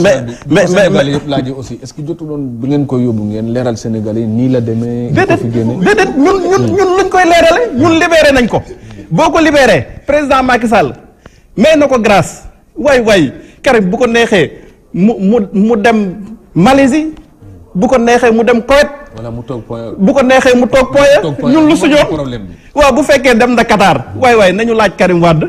mais mais yëpp laaj aussi est-ce que jotu doon bu ngeen koy yóbbu ngeen leeral Sénégal yi nii la demee. déedéet déedéet ñun ñun ñun luñ koy leerale ñun libéré nañ ko. boo ko libéré président Macky Sall may na ko grâce waay way Karim bu ko neexee mu mu mu dem Malaisie. bu ko neexee mu dem Koweït. wala mu toog e. bu ko neexee mu toog Poya e. e. ñun lu suñu problème bi waaw bu fekkee dem na Qatar waay waay nañu laaj Karim wàdd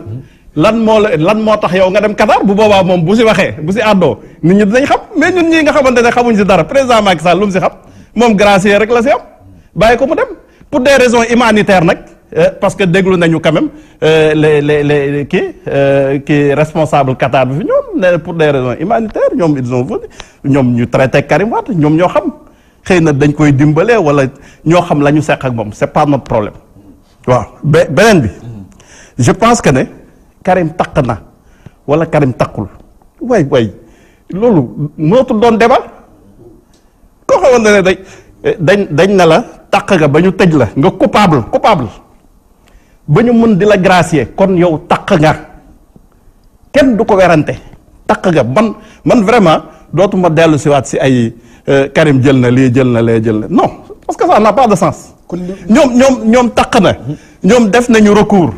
lan moo la lan moo tax yow nga dem Qatar bu boobaa moom bu si waxee bu si àddoo nit ñi dinañ xam mais ñun ñii nga xamante ne xamuñ si dara président Macky Sall lu mu si xam moom gracier rek la si am bàyyi ko mu dem pour des raisons humanitaires nag. Euh, parce que déglu nañu quand même euh, les les les kii euh, kii responsable Qatar bi fi ñoom pour des raisons humanitaires ñoom ils ont voté ñoom ñu traité Karim Wade ñoom ñoo xam xëy na dañ koy dimbalee wala ñoo xam la ñu seq ak moom c'est pas notre problème waaw beneen bi je pense que ne Karim taq na wala Karim taqul way way loolu mënatul doon débat koo xamoon ne ne eh, dañ dañ dañ la taq nga ba ñu tëj la nga coupable coupable ba ñu mën di la gracier kon yow taq nga kenn du ko werante taq nga man man vraiment dootuma dellu siwaat si ay euh, Karim jël na lii jël na lee jël na non parce que ça n'a pas de sens ñoom ñoom ñoom taq na ñoom def nañu recours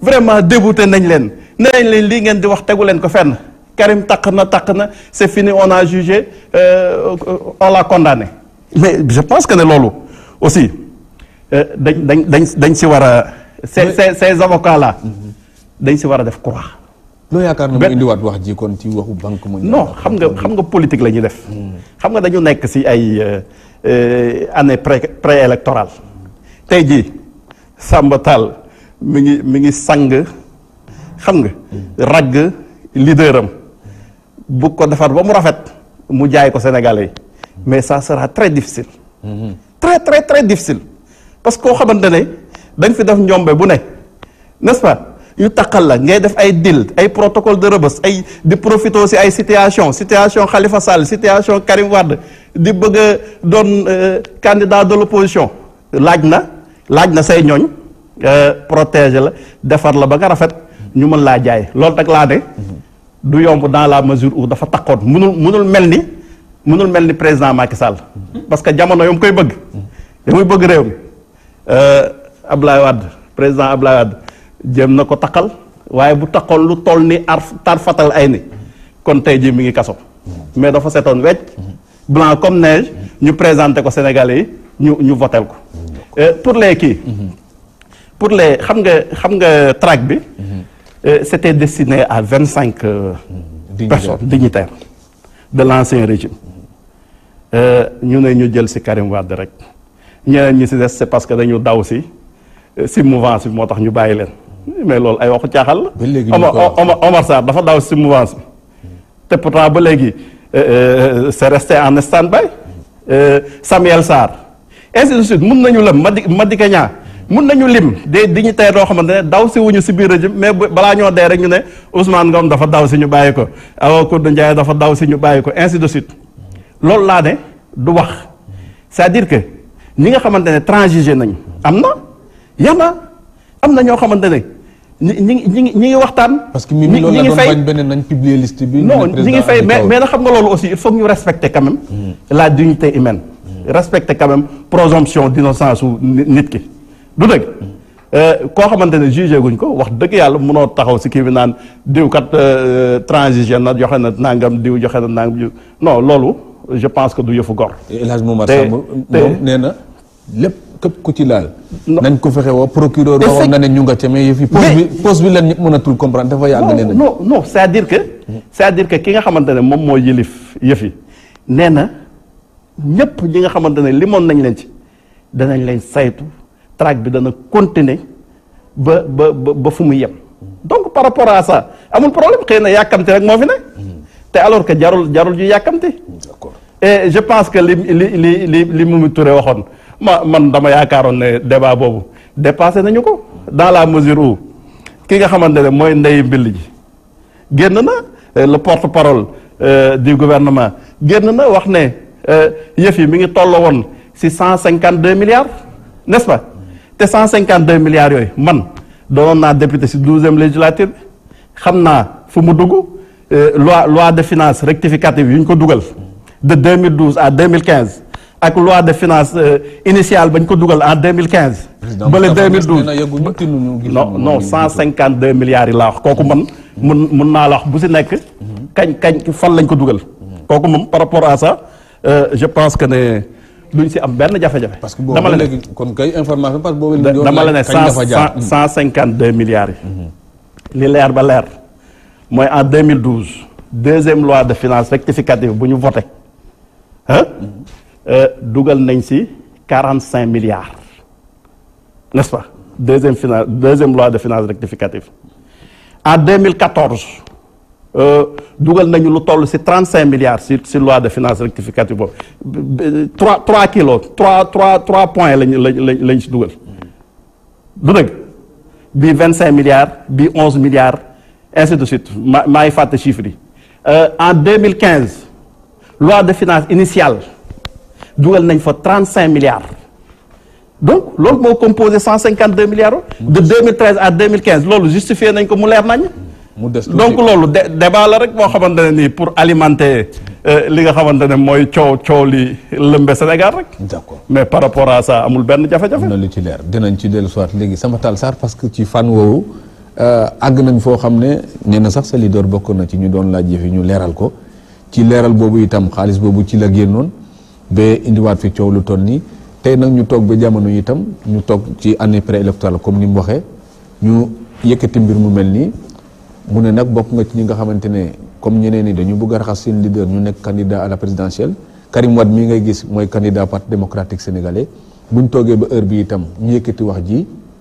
vraiment débouté nañ leen ne nañ leen lii ngeen di wax tegu leen ko fenn Karim taq na taq na c'est fini on a jugé euh, on l'a condamné mais je pense que ne loolu aussi euh, dañ dañ dañ dañ si war a ces ces ces avocats dañ si war a def croix. loo yaakaar ne mu indiwaat wax ji kon ci waxu banque mu. non xam nga xam nga politique la ñuy def. Hmm. xam nga dañu nekk si ay euh, euh, année pré préélectorale tey jii Samba Tall mi ngi mi ngi sang xam nga. Hmm. ragg leader am bu ko defar ba mu rafet mu jaay ko Sénégalais yi mais sa sera très difficile. Hmm. très très difficile parce que koo xamante dañ fi def njombe bu ne n'est-ce pas ñu taqal la ngay def ay deal ay protocole de Rebeuss ay di profité si ay situation situation Khalifa Sall situation Karim Wade di bëgg a doon euh, candidat de l'opposition laaj na laaj na say ñooñ euh, protéger la defar la ba nga rafet ñu mën laa jaay loolu nag laa ne du yomb dans la mesure où dafa taqoon mënul mënul mel ni mënul mel ni président Macky Sall parce que jamono yom koy bëgg ya bëgg réew mi euh, Ablaye Wade président Ablaye Wade jéem na ko taqal waaye bu taqoon lu toll ni ar tarfatal ay ni kon tey jii mi ngi kaso mais dafa setoon wecc blanc comme neige ñu présenté ko Sénégalais yi ñu ñu votel ko euh, pour les kii pour les xam nga xam nga track bi euh, c'était destiné à vingt cinq euh, personnes dignitaires de l'ancien régime ñu ne ñu jël si Karim Wade rek ñeneen ñi si des c'est parce que dañu daw si si mouvance bi moo tax ñu bàyyi leen mais loolu ay waxu caaxal la. Omar Omar Sarr dafa daaw si mouvance bi te pourtant ba léegi euh, euh, c'est resté en stand-by euh, Samuel Sarr ainsi de suite mun nañu ma lim Madi Madické Niang mun nañu lim de dignitaires yoo xamante ne daw si wuñu si biir régime mais balaa ñoo dee rek ñu ne Ousmane Ngom dafa daw si ñu bàyyi ko Awa Kourdi Ndiaye dafa daw si ñu bàyyi ko ainsi de suite loolu laa ne du wax c'est-à-dire que ñi nga xamante ne transigé nañu am na. yàlla am na ñoo xamante ne ñi ñi ñi ñi ngi waxtaan. parce que Mimi loolu la doon bañ beneen bi. non ñi ngi fay mais mais nag xam nga loolu aussi il faut ñu respecter quand mm. la dignité humaine. Mm. respecter quand même présomption d'innocence su nit ki du dëgg. Mm. Euh, koo xamante ne jugé guñ ko wax dëgg yàlla munoo taxaw si kii bi naan diw kat euh, transition na joxe na nangam diw joxe na nangam non loolu je pense que du yëfu gor. te El Hadj Momar Samb na lépp. képp ku ci laal. nañ ko fexe woo procureur. waxoon na ne ñu nga ca mais yëf yi pause bi pause bi leen ñëpp mënatul comprendre dafa yàgg. nee nañ non non c' est à dire que. c' ki nga xamante ne moom moo yëlif yëf yi nee na ñëpp ñi nga xamante ne limoon nañ leen ci danañ leen saytu traque bi dana continuer ba ba ba fu muy yem. donc par rapport à ça amul problème xëy na yàkkamti rek moo fi ne. te alors que jarul jarul ju yàkkamte. d' je pense que li li li li li mu Touré waxoon. ma man dama yaakaaroon ne débat boobu dépassé nañu ko dans la mesure où ki nga xamante ne mooy ndeyu mbill ji génn na euh, le porte-parole euh, du gouvernement génn na wax ne euh, yëf yi mi ngi toll woon ci cent cinquante deux milliards n'est-ce pas te cent cinquante deux yooyu man doonoon naa député ci douzième législature bi xam naa fu mu dugg loi loi de finances rectificative yu ñu ko dugal de 2012 à 2015 ak loi de finance euh, initiale bañ ko dugal en deux mille quinze. bële deux mille douze non non cent cinquante deux milliards yi la wax kooku man. Mm-hmm. mun mun naa la wax bu si nekk. kañ kañ fan lañ ko dugal. Mm-hmm. kooku moom par rapport à ça euh, je pense que ne luñ si am benn jafe-jafe. que boobu dama la ne kon kay information parce que boobu dama la ne cent cent cinquante deux milliards yi. Mm-hmm. li leer ba leer mooy en deux mille douze deuxième loi de finance rectificative bu ñu voté Euh, dugal nañ si quarante cinq milliards n'est-ce pas deuxième finance deuxième loi de finances rectificative en 2014 euh, dugal nañu lu toll si 35 milliards si si loi de finances rectificative boobu 3 3 kilos 3 3 3 points lañ lañ lañ si dugal du dëgg bii 25 bi bii 11 milliards ainsi de suite ma maa ngi fàtte chiffres yi euh, en 2015 loi de finance initiale. dugal nañ fa trente cinq milliards donc loolu moo composé cent cinquante deux milliards de deux à deux mille loolu justifié nañ ko mu leer nañ donc loolu débat la rek boo xamante ne nii pour alimenter euh, li nga xamante ne mooy coow coow li lëmbe Sénégal rek. d'accord mais par rapport à ça amul benn jafe-jafe. na lu ci leer dinañ ci dellu soit léegi sama tal Sarr parce que ci fan woowu euh, àgg nañ foo xam ne nee na sax sa leader bokk na ci ñu doon laaj yëf ñu leeral ko ci leeral boobu itam xaalis boobu ci la génnoon. ba indiwaat fi coow lu ton nii tey nag ñu toog ba jamono itam ñu toog ci année préélectorale comme ni mu waxee ñu yëkkati mbir mu mel nii mu ne nag bokk nga ci ñi nga xamante ne comme ñeneen yi dañu bëgg a raxas seen leader ñu nekk candidat à la présidentielle Karim Wade mii ngay gis mooy candidat parti démocratique sénégalee buñ toogee ba heure bi itam ñu yëkkati wax ji.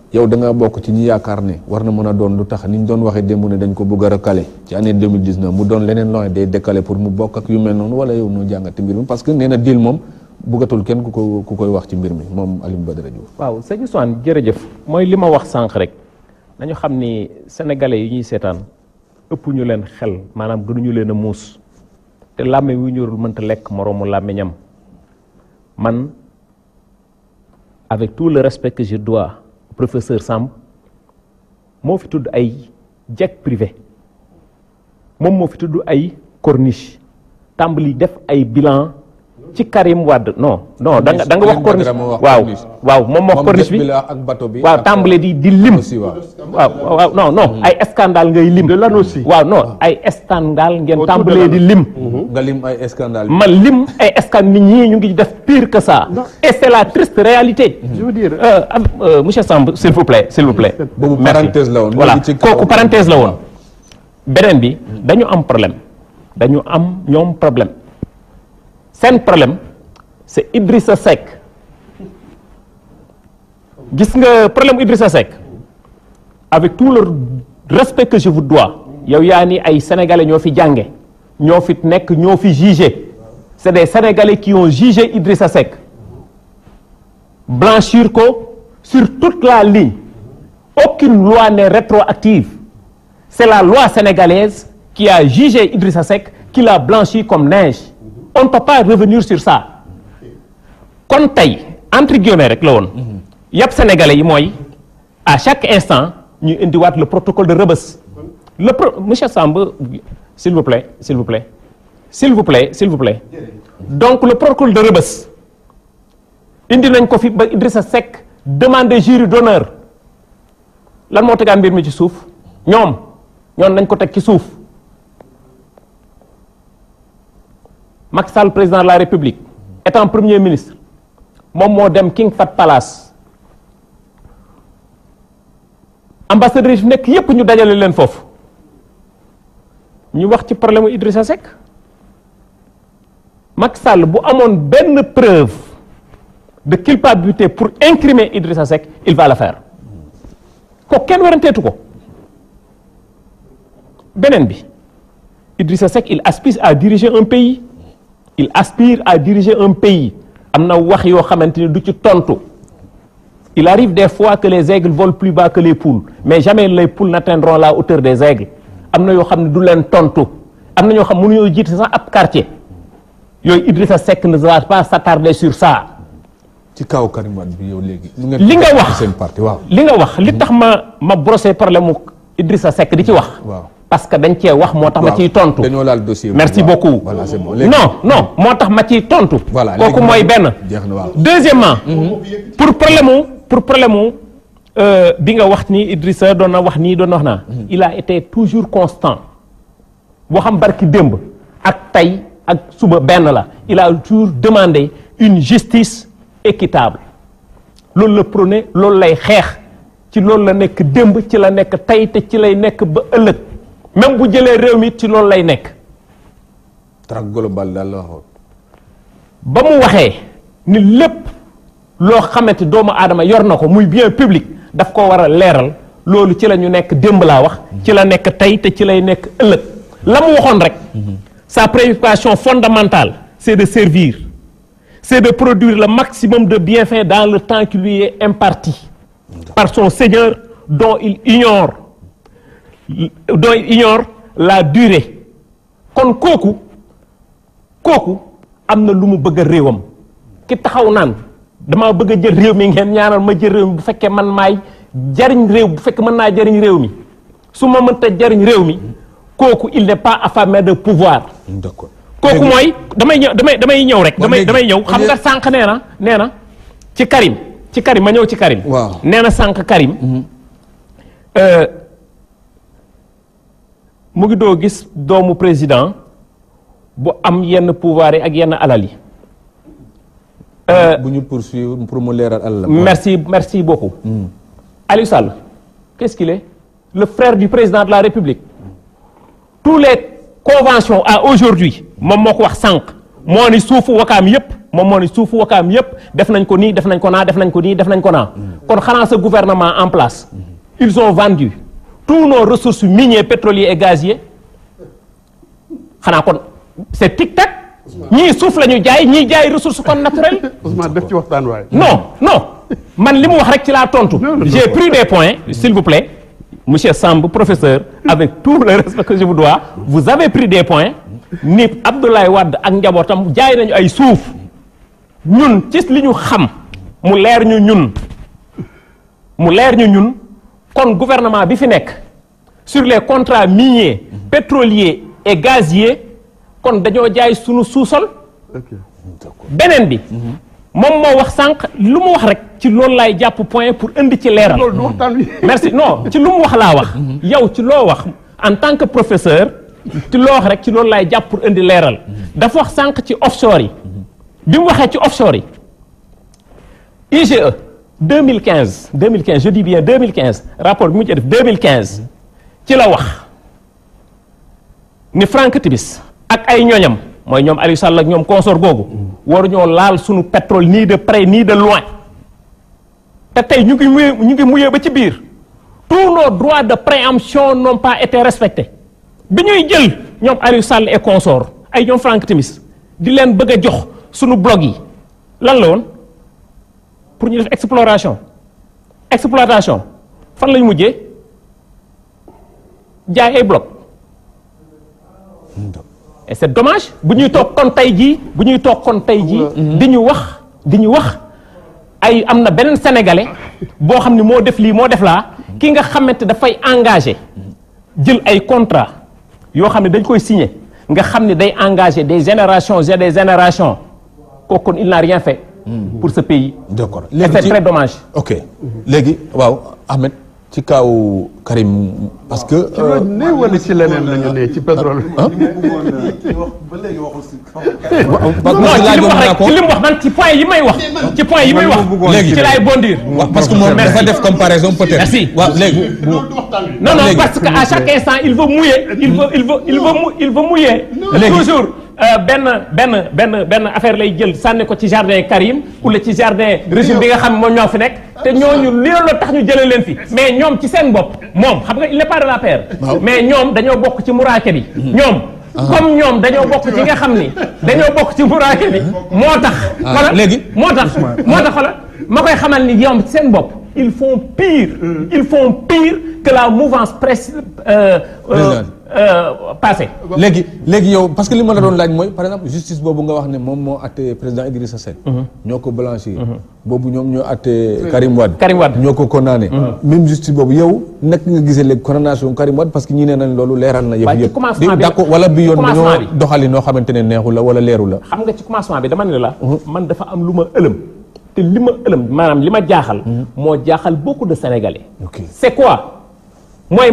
yow da nga bokk ci ñi yaakaar ne war na mën a doon lu tax ni ñu doon waxee démb ne dañ ko bëgg a recalé ci année 2019 mu doon leneen loo xam ne day décalé pour mu bokk ak yu mel noonu wala yow noo jàngate mbir mi parce que nee na deal moom bëggatul kenn ku ko ku koy wax ci mbir mi moom Alioune Badara Diouf. waaw sëñ Ousmane jërëjëf mooy li ma wax sànq rek nañu xam ni sénégalais yi ñuy seetaan ëpp ñu leen xel maanaam gënuñu leen a muus te làmme wu ñorul mënta lekk moroomu làmmiñam man avec tout le respect que professeur Samb moo fi tudd ay jet privé moom moo fi tudd ay corniche tàmbali def ay bilan ci Karim Wade non non da nga da nga wax corniche waaw waaw moom moo corniche bi waaw tàmbale di di lim waaw waaw non non mm-hmm. ay scandale ngay lim waaw non ah. ay scandale ngeen tàmbalee di lim mm-hmm. nga lim ay scandale ma lim ay scandale nit ñi ñu ngi def pire que ça et c'est la triste réalité mm-hmm. je veux dire euh, euh, monsieur Samb s'il vous kooku parenthèse la woon ah. beneen bi dañu am problème dañu am ñoom problème seen problème c'est Idrissa Seck gis nga problème Idrissa Seck avec tout le respect que je vous dois yow yaa ni ay sénégalais ñoo fi jànge ñoo fi nekk ñoo fi jugé c'est des sénégalais qui ont jugé a Seck blanchir ko sur toute la ligne aucune loi n'est rétroactive c'est la loi sénégalaise ki a jugé Idrissa sec qui l'a blanchi comme neige on ne peut pas revenir sur ça kon tey entre guillemets rek la woon yàpp sénégalais yi mooy à chaque instant ñu indiwaat le protocole de Rebeuss le pro monsieur Samb s'il vous plaît s'il donc le protocole de Rebeuss indi nañ ko fi ba sa Seck demande jury d'honneur lan moo tegaat mbir mi ci suuf ñoom ñoom nañ ko teg ci suuf Macky Sall président de la République étant premier ministre moom moo dem King Fahd Palace ambassadeur yi fi nekk yépp ñu dajale leen foofu ñu wax ci problème u Idrissa Seck Macky Sall bu amoon benn preuve de culpabilité pour incrimer Idrissa Seck il va la faire ko kenn weranteetu ko beneen bi Idrissa Seck il aspire à diriger un pays il aspire à diriger un pays am na wax yoo xamante ni du ci tontu il arrive des fois que les aigles volent plus bas que les poules mais jamais na poules n'atteindront la hauteur des aigles am na yoo xam ne du leen tontu am na ñoo xam mënuñoo jiite sax ab quartier yooyu Idrissa Seck ne va pas s'attarder sur saa ci kaw Karim Wade bi yow léegi. li nga wax li nga wax li tax ma ma brosser problème mu Idrissa sekk di ci wax. parce que dañ cee wax moo tax ma ciy tontu. dañoo laal dossier merci beaucoup. voilà c'est bon non non moo tax ma ciy tontu. voilà kooku mooy benn. deuxièmement mhm. pour problème pour problème euh, bi nga wax ni Idrissa doon a wax nii doon wax naa. Mhm. il a été toujours constant. boo xam barki démb ak tey ak suba benn la il a toujours demandé une justice équitable loolu la prôné loolu lay xeex ci loolu la nekk démb ci la nekk tey te ci lay nekk ba ëllëg. même bu jëlee réew mi ci loolu lay nekk. traque global daal la waxoon. ba mu waxee nit lépp loo xamante doomu aadama yor na ko muy bien public daf ko war a leeral loolu ci la ñu nekk démb laa wax. ci la nekk tey te ci lay nekk ëllëg. la mu waxoon rek. Mhm. sa préoccupation fondamentale c'est de servir c'est de produire la maximum de bienfaits dans le temps qui lui est imparti. par son Seigneur dont il ignore. dooy ignore la durée kon kooku kooku am na lu mu bëgg réewam ki taxaw naan damaa bëgg a jël réew mi ngeen ñaanal ma jël bu fekkee man maay jariñ réew bu fekkee mën naa jariñ réew mi su ma mënta jariñ réew mi kooku il n'est pas affamé de pouvoir d'accord kooku mooy damay ñëw damay ñëw rek damay damay ñëw xam nga sànq nee na nee na ci Karim ci Karim ma ñëw ci Karim waaw nee na Karim mhm. euh, mu ngi doo gis doomu président bu am yenn pouvoir yi ak yenn alal yi. Euh, euh, bu ñu poursuivre pour mu leeral alal. merci merci beaucoup. Hmm. Aliou Sall qu'est-ce qu'il est le frère du président de la République. tous les conventions à aujourd'hui moom moo ko wax sànq moo ni suuf wokaam yépp moom moo ni suufu wakaam yépp def nañ ko nii def nañ ko naa def nañ ko nii def nañ ko naa hmm. kon xanaa sa gouvernement en place hmm. ils ont vendu. tous nos ressources minières pétrolières et gazières xanaa kon c'est tic-tac ñii suuf la ñu jaay ñii jaay ressource kon naturelle. [LAUGHS] Ousmane def ci waxtaan waay. non non man li mu wax rek ci laa tontu. j'ai pris des points s'il vous plaît. monsieur Samb professeur avec tout les respect que je vous dois vous avez pris des points ni Abdoulaye Wade ak njabootam jaay nañu ay suuf ñun ci li ñu xam mu leer ñu ñun mu leer ñu ñun. kon gouvernement bi fi nekk sur les contrats miniers pétrolier et gaziers kon dañoo jaay sunu sous beneen bi moom moo wax sànq lu mu wax rek ci loolu laay jàpp point pour indi ci leeral [LAUGHS] merci ci lu mu wax laa wax yow ci loo wax en tant que professeur ci loo wax rek ci loolu laay jàpp pour indi leeral dafa wax sànq ci offshore yi bi mu waxee ci offshore yi IGE 2015 2015 je dis bien 2015 rapport bi mu ci def 2015 ci la wax ni Frank Timis ak ay ñooñam mooy ñoom Aliou Sall ak ñoom consort googu waruñoo laal suñu pétrole nii de près nii de loin te tey ñu ngi muyee ñu ngi muyee ba ci biir tous nos droits de préemption n'ont pas été respectés bi ñuy jël ñoom Aliou Sall et consort ay ñoom Frank Timis di leen bëgg a jox suñu blog yi lan la woon pour ñu def exploration exploitation fan lañu mujjee jaay ay bloc et c'est domage bu ñuy toog kon tey jii bu ñuy toog kon tey jii di ñu wax di ñu wax ay am na beneen sénégalais boo xam ne moo def lii moo def laa ki nga xamante dafay engagé jël ay contrat yoo xam ne dañ koy signé nga xam ne day engagé des générations et des générations kooku il n'a rien fait Mm-hmm. pour ce pays. d'accord léegi c'est très dommage. ok léegi waaw Ahmed. ci kaw Karim parce que. ci loolu euh, ne ci leneen la ñu ne ci pétrole bi. ah li ba léegi ci li mu wax ci point yi may wax. ci point yi may wax bondir. parce que moom dafa def comparaison peut-être. merci waaw léegi. non non parce que à chaque instant il veut mouiller. il veut il toujours. Euh, benn benn benn benn affaire lay jël sànni ko ci jardin Karim wala ci jardin régime bi nga xam moom ñoo fi nekk te ñooñu loolu tax ñu jëlee leen fi mais ñoom ci seen bopp moom xam nga il n'est pas de la paire mais ñoom dañoo bokk ci muraake bi ñoom ah. comme ñoom dañoo bokk ci nga xam ni dañoo bokk ci muraake bi moo tax xola ah, léegi moo tax moo tax xola ma koy xamal ni ñoom ci seen bopp ils font pire mm. ils font pire que la mouvance presse euh, euh, Euh, passé. léegi léegi yow parce que li ma la doon laaj mooy par exemple justice boobu nga wax ne moom moo àtte président Idrissa Seck. Mhm. ñoo ko blanchir. Mhm. boobu ñoom ñoo àtte Karim Wade. Karim ñoo ko condamné. Mhm. même justice boobu yow nag nga gisee léegi condamnation Karim Wade parce que ñi nee nañ loolu leeral na. yëpp yëpp waaye d'accord wala bi yoon dañoo doxali noo xamante ne neexu la wala leeru la. xam nga ci commencement bi dama ne la. man dafa am lu ma ëlëm. te li ma ëlëm maanaam li ma jaaxal. moo jaaxal beaucoup de sénégalais. c'est quoi mooy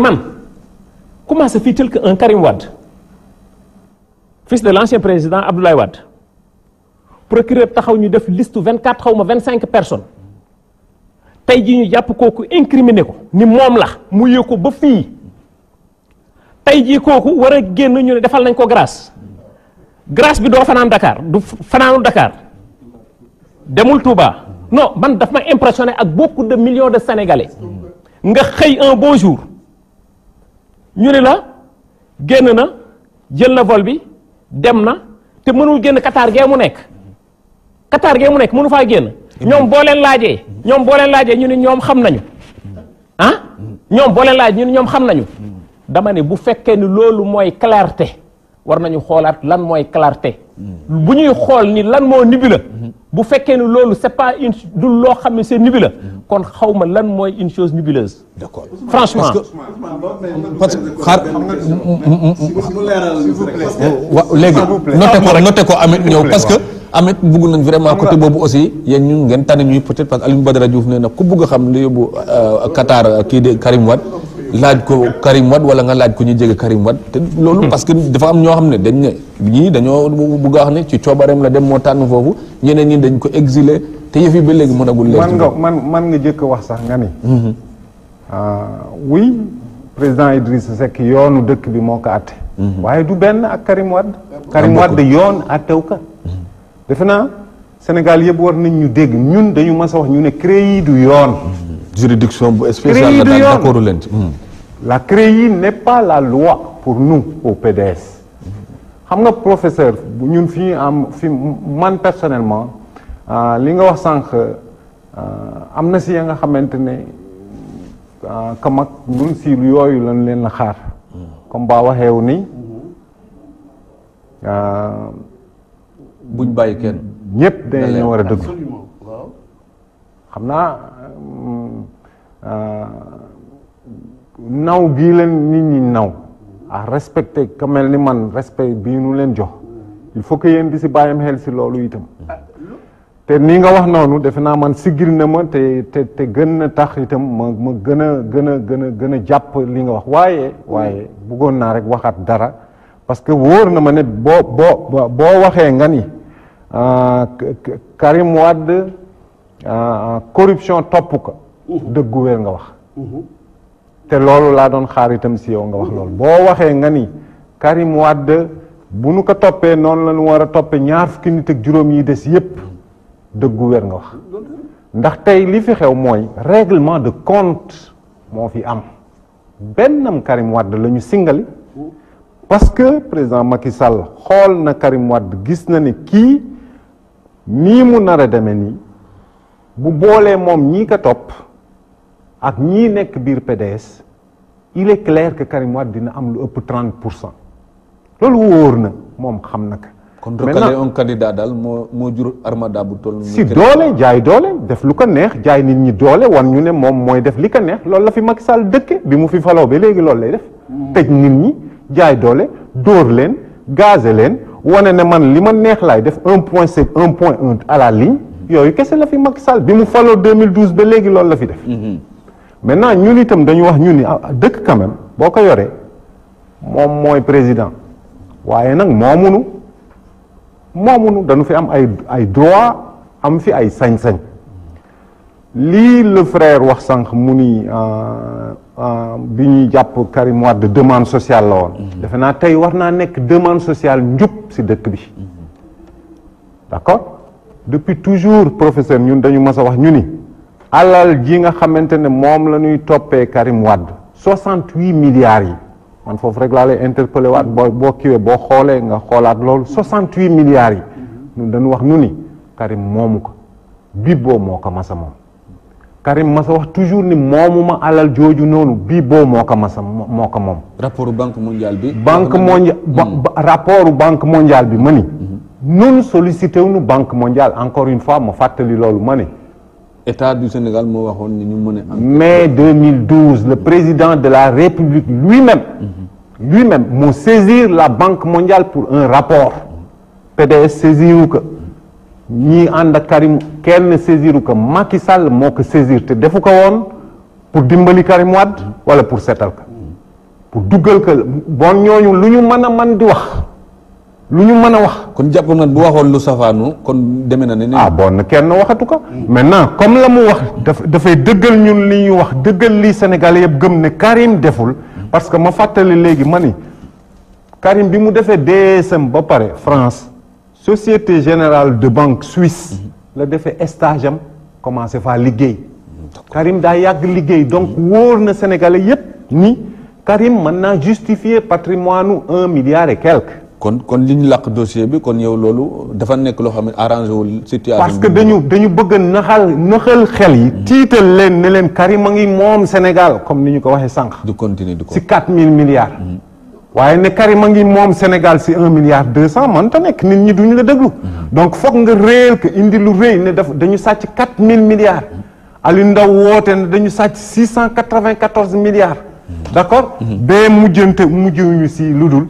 Comment fii fait-il qu'un Karim Wad, fils de l'ancien président Abdoulaye Wad, procureur taxaw ñu def liste vingt quatre xaw ma vingt cinq personnes tey jii ñu jàpp kooku incriminé ko ni moom la mu yëg ko ba fii tey jii kooku war a génn ñu ne defal nañ ko grâce grâce bi doo fanaan Dakar du fanaanu dakaar demul Touba no man daf ma impressionné ak beaucoup de millions de Sénégalais nga xëy un bon jour. ñu ni la génn na jël na vol bi dem na te mënul génn Qatar gee mu nekk Qatar gee mu nekk mënu faa génn ñoom boo leen laajee ñoom boo leen laajee ñu ni ñoom xam nañu ah ñoom boo leen laaj ñu ni ñoom xam nañu dama ne bu fekkee ni loolu mooy clarté war nañu xoolaat lan mooy clarté bu ñuy xool ni lan moo nibi bu fekkee ni loolu c'est pas une du loo xam ne seen nibi la kon xaw ma lan mooy une chose nébuleuse. d'accord franchement parce que xaar waaw léegi noté ko noté ko amit ñëw parce que amit bugg nañ vraiment côté boobu aussi yéen ñun ngeen tànn ñuy peut-être parce que Alioune Badara Diouf nee na ku bugg a xam li yóbbu euh, Qatar euh, kii de Karim Wade laaj ko Karim Wade wala nga laaj ko ñu jege Karim Wade te loolu hmm. parce que dafa am ñoo xam ne dañ ne ñii dañoo bugg a wax ne ci coobareem la dem moo tànn foofu ñeneen ñi dañ ko exilé te yëf yi ba léegi mënagul léegi man nga man man nga jëkk wax sax nga ni hmm. ah, oui président Idrissa Seck yoonu dëkk bi moo ko atte hmm. waaye du benn ak Karim Wade Karim Wade yoon attew ka defe naa Sénégal yëpp war nañ ñu dégg ñun dañu mas a wax ñu ne CREI du yoon juridiction bu spéciale daan d'accordu leen ci la CREI n'est pas la loi pour nous au PDS xam nga professeur ñun fi am fi man personnellement ah, li nga wax sànq ah, am na si ya nga xamante ne ah, ka mag ñun si yooyu lañ leen la xaar comme baa waxeew ni buñ bàyyi kenn war a dëgg xam naa mm, naw bii leen nit ñi naw ah respecte ka mel ni man respect bii nu leen jox il faut que yéen bi si bàyyam xel si loolu itam te ni nga wax noonu defe naa man siggil na ma te te te gën a tax itam ma gën a gën a gën a gën a jàpp li nga wax waaye waaye buggoon naa rek waxaat dara parce que wóor na ma ne boo boo boo waxee nga ni ah, Karim Wade ah, corruption topp ko dëggu wér nga wax te loolu laa doon xaaritam si yow nga wax loolu boo waxee nga ni Karim Wade bu nu ko toppee noonu la ñu war a toppee ñaar fukki nit ak juróom yi des yépp dëggu wér nga wax ndax tey li fi xew mooy réglement de compte moo fi am bennam Karim Wade la ñu singali parce que président Macky Sall xool na Karim Wade gis na ne kii nii mu nar a demee nii bu boolee moom ñii ko topp ak ñii nekk biir PDS il est clair que Karim dina am lu ëpp 30 pour cent loolu wóor na moom xam nag ko. kon recaler un candidat daal moo moo jur armada bu toll. si doole jaay doole def lu ko neex jaay nit ñi doole wan ñu ne moom mooy def li ko neex loolu la fi mag Sall dëkke bi mu fi faloo ba léegi loolu lay def. Mm. tëj nit ñi jaay doole dóor leen gaze leen wane na man li ma neex laay def un point sept un point un à la ligne mm. yooyu kese la fi mag Sall bi mu faloo 2012 ba léegi loolu la fi def. Mm-hmm. maintenant ñun itam dañu wax ñun ni ah, dëkk quand boo ko yoree moom mooy président waaye nag moomunu moomunu dañu fi am ay ay droit am fi ay sañ-sañ lii le frère wax sànq mu ni ah, ah, bi ñuy jàpp Karim de demande sociale la woon mhm. defe naa tey war naa nekk demande sociale njub si dëkk bi mhm. d'accord depuis toujours professeur ñun dañu mas a wax ñu ni alal ji nga xamante ne moom la ñuy toppee Karim Wade 68 milliards yi man foofu rek laa lay interpellé waat boo boo kiwee boo xoolee nga xoolaat loolu 68 milliards yi ñun dañu wax nu ni Karim moomu ko bii boo moo ko masa moom Karim masa wax toujours ni moomu ma alal jooju noonu bii Bibo moo ko masa moo ko moom. rapport banque mondiale bi. banque mondiale hmm. banque mondiale bi ma ni. Hmm. nun sollicité nu banque mondiale encore une fois ma fàttali loolu ma ni. état du Sénégal moo waxoon ni ñu mën a. mai 2012 le président de la république lui-même. Mm-hmm. lui-même moo saisir la banque mondiale pour un rapport. PDS saisiru ko ñii ànd ak Karim kenn saisiru ko Macky Sall moo ko saisir te defu ko woon pour dimbali Karim Wade mm-hmm. wala pour seetal ko pour duggal ko bon ñooñu lu ñu mën a mën di wax. lu ñu mën a wax. kon jàpp na bu waxoon lu safaanu kon demee na ne. ah bon kenn waxatu ko. maintenant comme la mu wax daf dafay dëggal ñun li ñu wax dëggal li Sénégalais yëpp gëm ne Karim deful. parce que ma fàttali léegi ma ni Karim bi mu defee DSM ba pare France Société Générale de Banque Suisse. la defee stage am commencé faa liggéey. Karim daa yàgg liggéey donc wóor na Sénégalais yëpp ni Karim mën naa justifier patrimoine nu un milliard et quelque. kon kon li ñu làq dossier bi kon yow loolu dafa nekk loo xam ne arrangé wul situation parce que dañu dañu bëgg a naxal naxal xel yi. Mm. tiital leen ne leen Karim a ngi moom Sénégal comme ni ñu ko waxee sànq. du continuer du ko si 4000 milliards. Mm. waaye ne Karim a ngi moom Sénégal si 1 milliard 200 man ta nekk nit ñi duñu la déglu. Mm. donc foog nga réel que indi lu rëy ne daf dañu sàcc 4000 milliards. Aliou Ndao woote ne dañu sàcc 694 milliards. d' accord. bee mujjante mujjuñu si lu dul.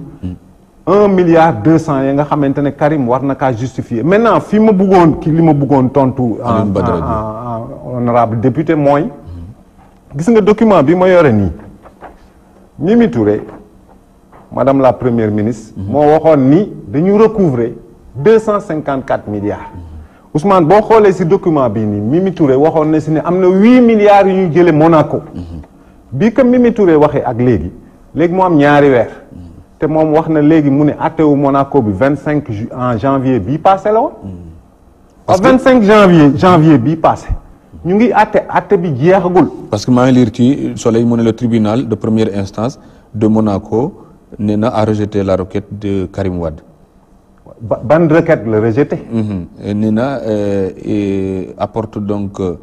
un milliard deux cent ya nga xamante ne Karim war na kaa justifier maintenant fi ma buggoon ki li ma bëggoon tontu. Alioune Badara Diouf honorable député mooy. gis nga document bi ma yore nii Mimi Touré madame la première ministre. Mhm. moo waxoon nii dañu recouvrer deux cent cinquante quatre milliards. Ousmane boo xoolee si document bii nii Mimi Touré waxoon na si ne am na huit milliards yu ñu jëlee Monaco. Mhm. bii que Mimi Touré waxee ak léegi léegi mu am ñaari weer. Mhm. te moom wax na léegi mu ne àttewu Monaco bi vingt cinq ju en janvier bii passé la woon. parce ah, que vingt cinq janvier janvier bii ñu ngi àtte àtte bi jeexagul. parce que maa ngi lire ci Soleil mu ne le tribunal de première instance de Monaco nee na a rejeté la requête de Karim Wade. ba ban la rejeté. Mhm. nee na euh, apporte donc euh,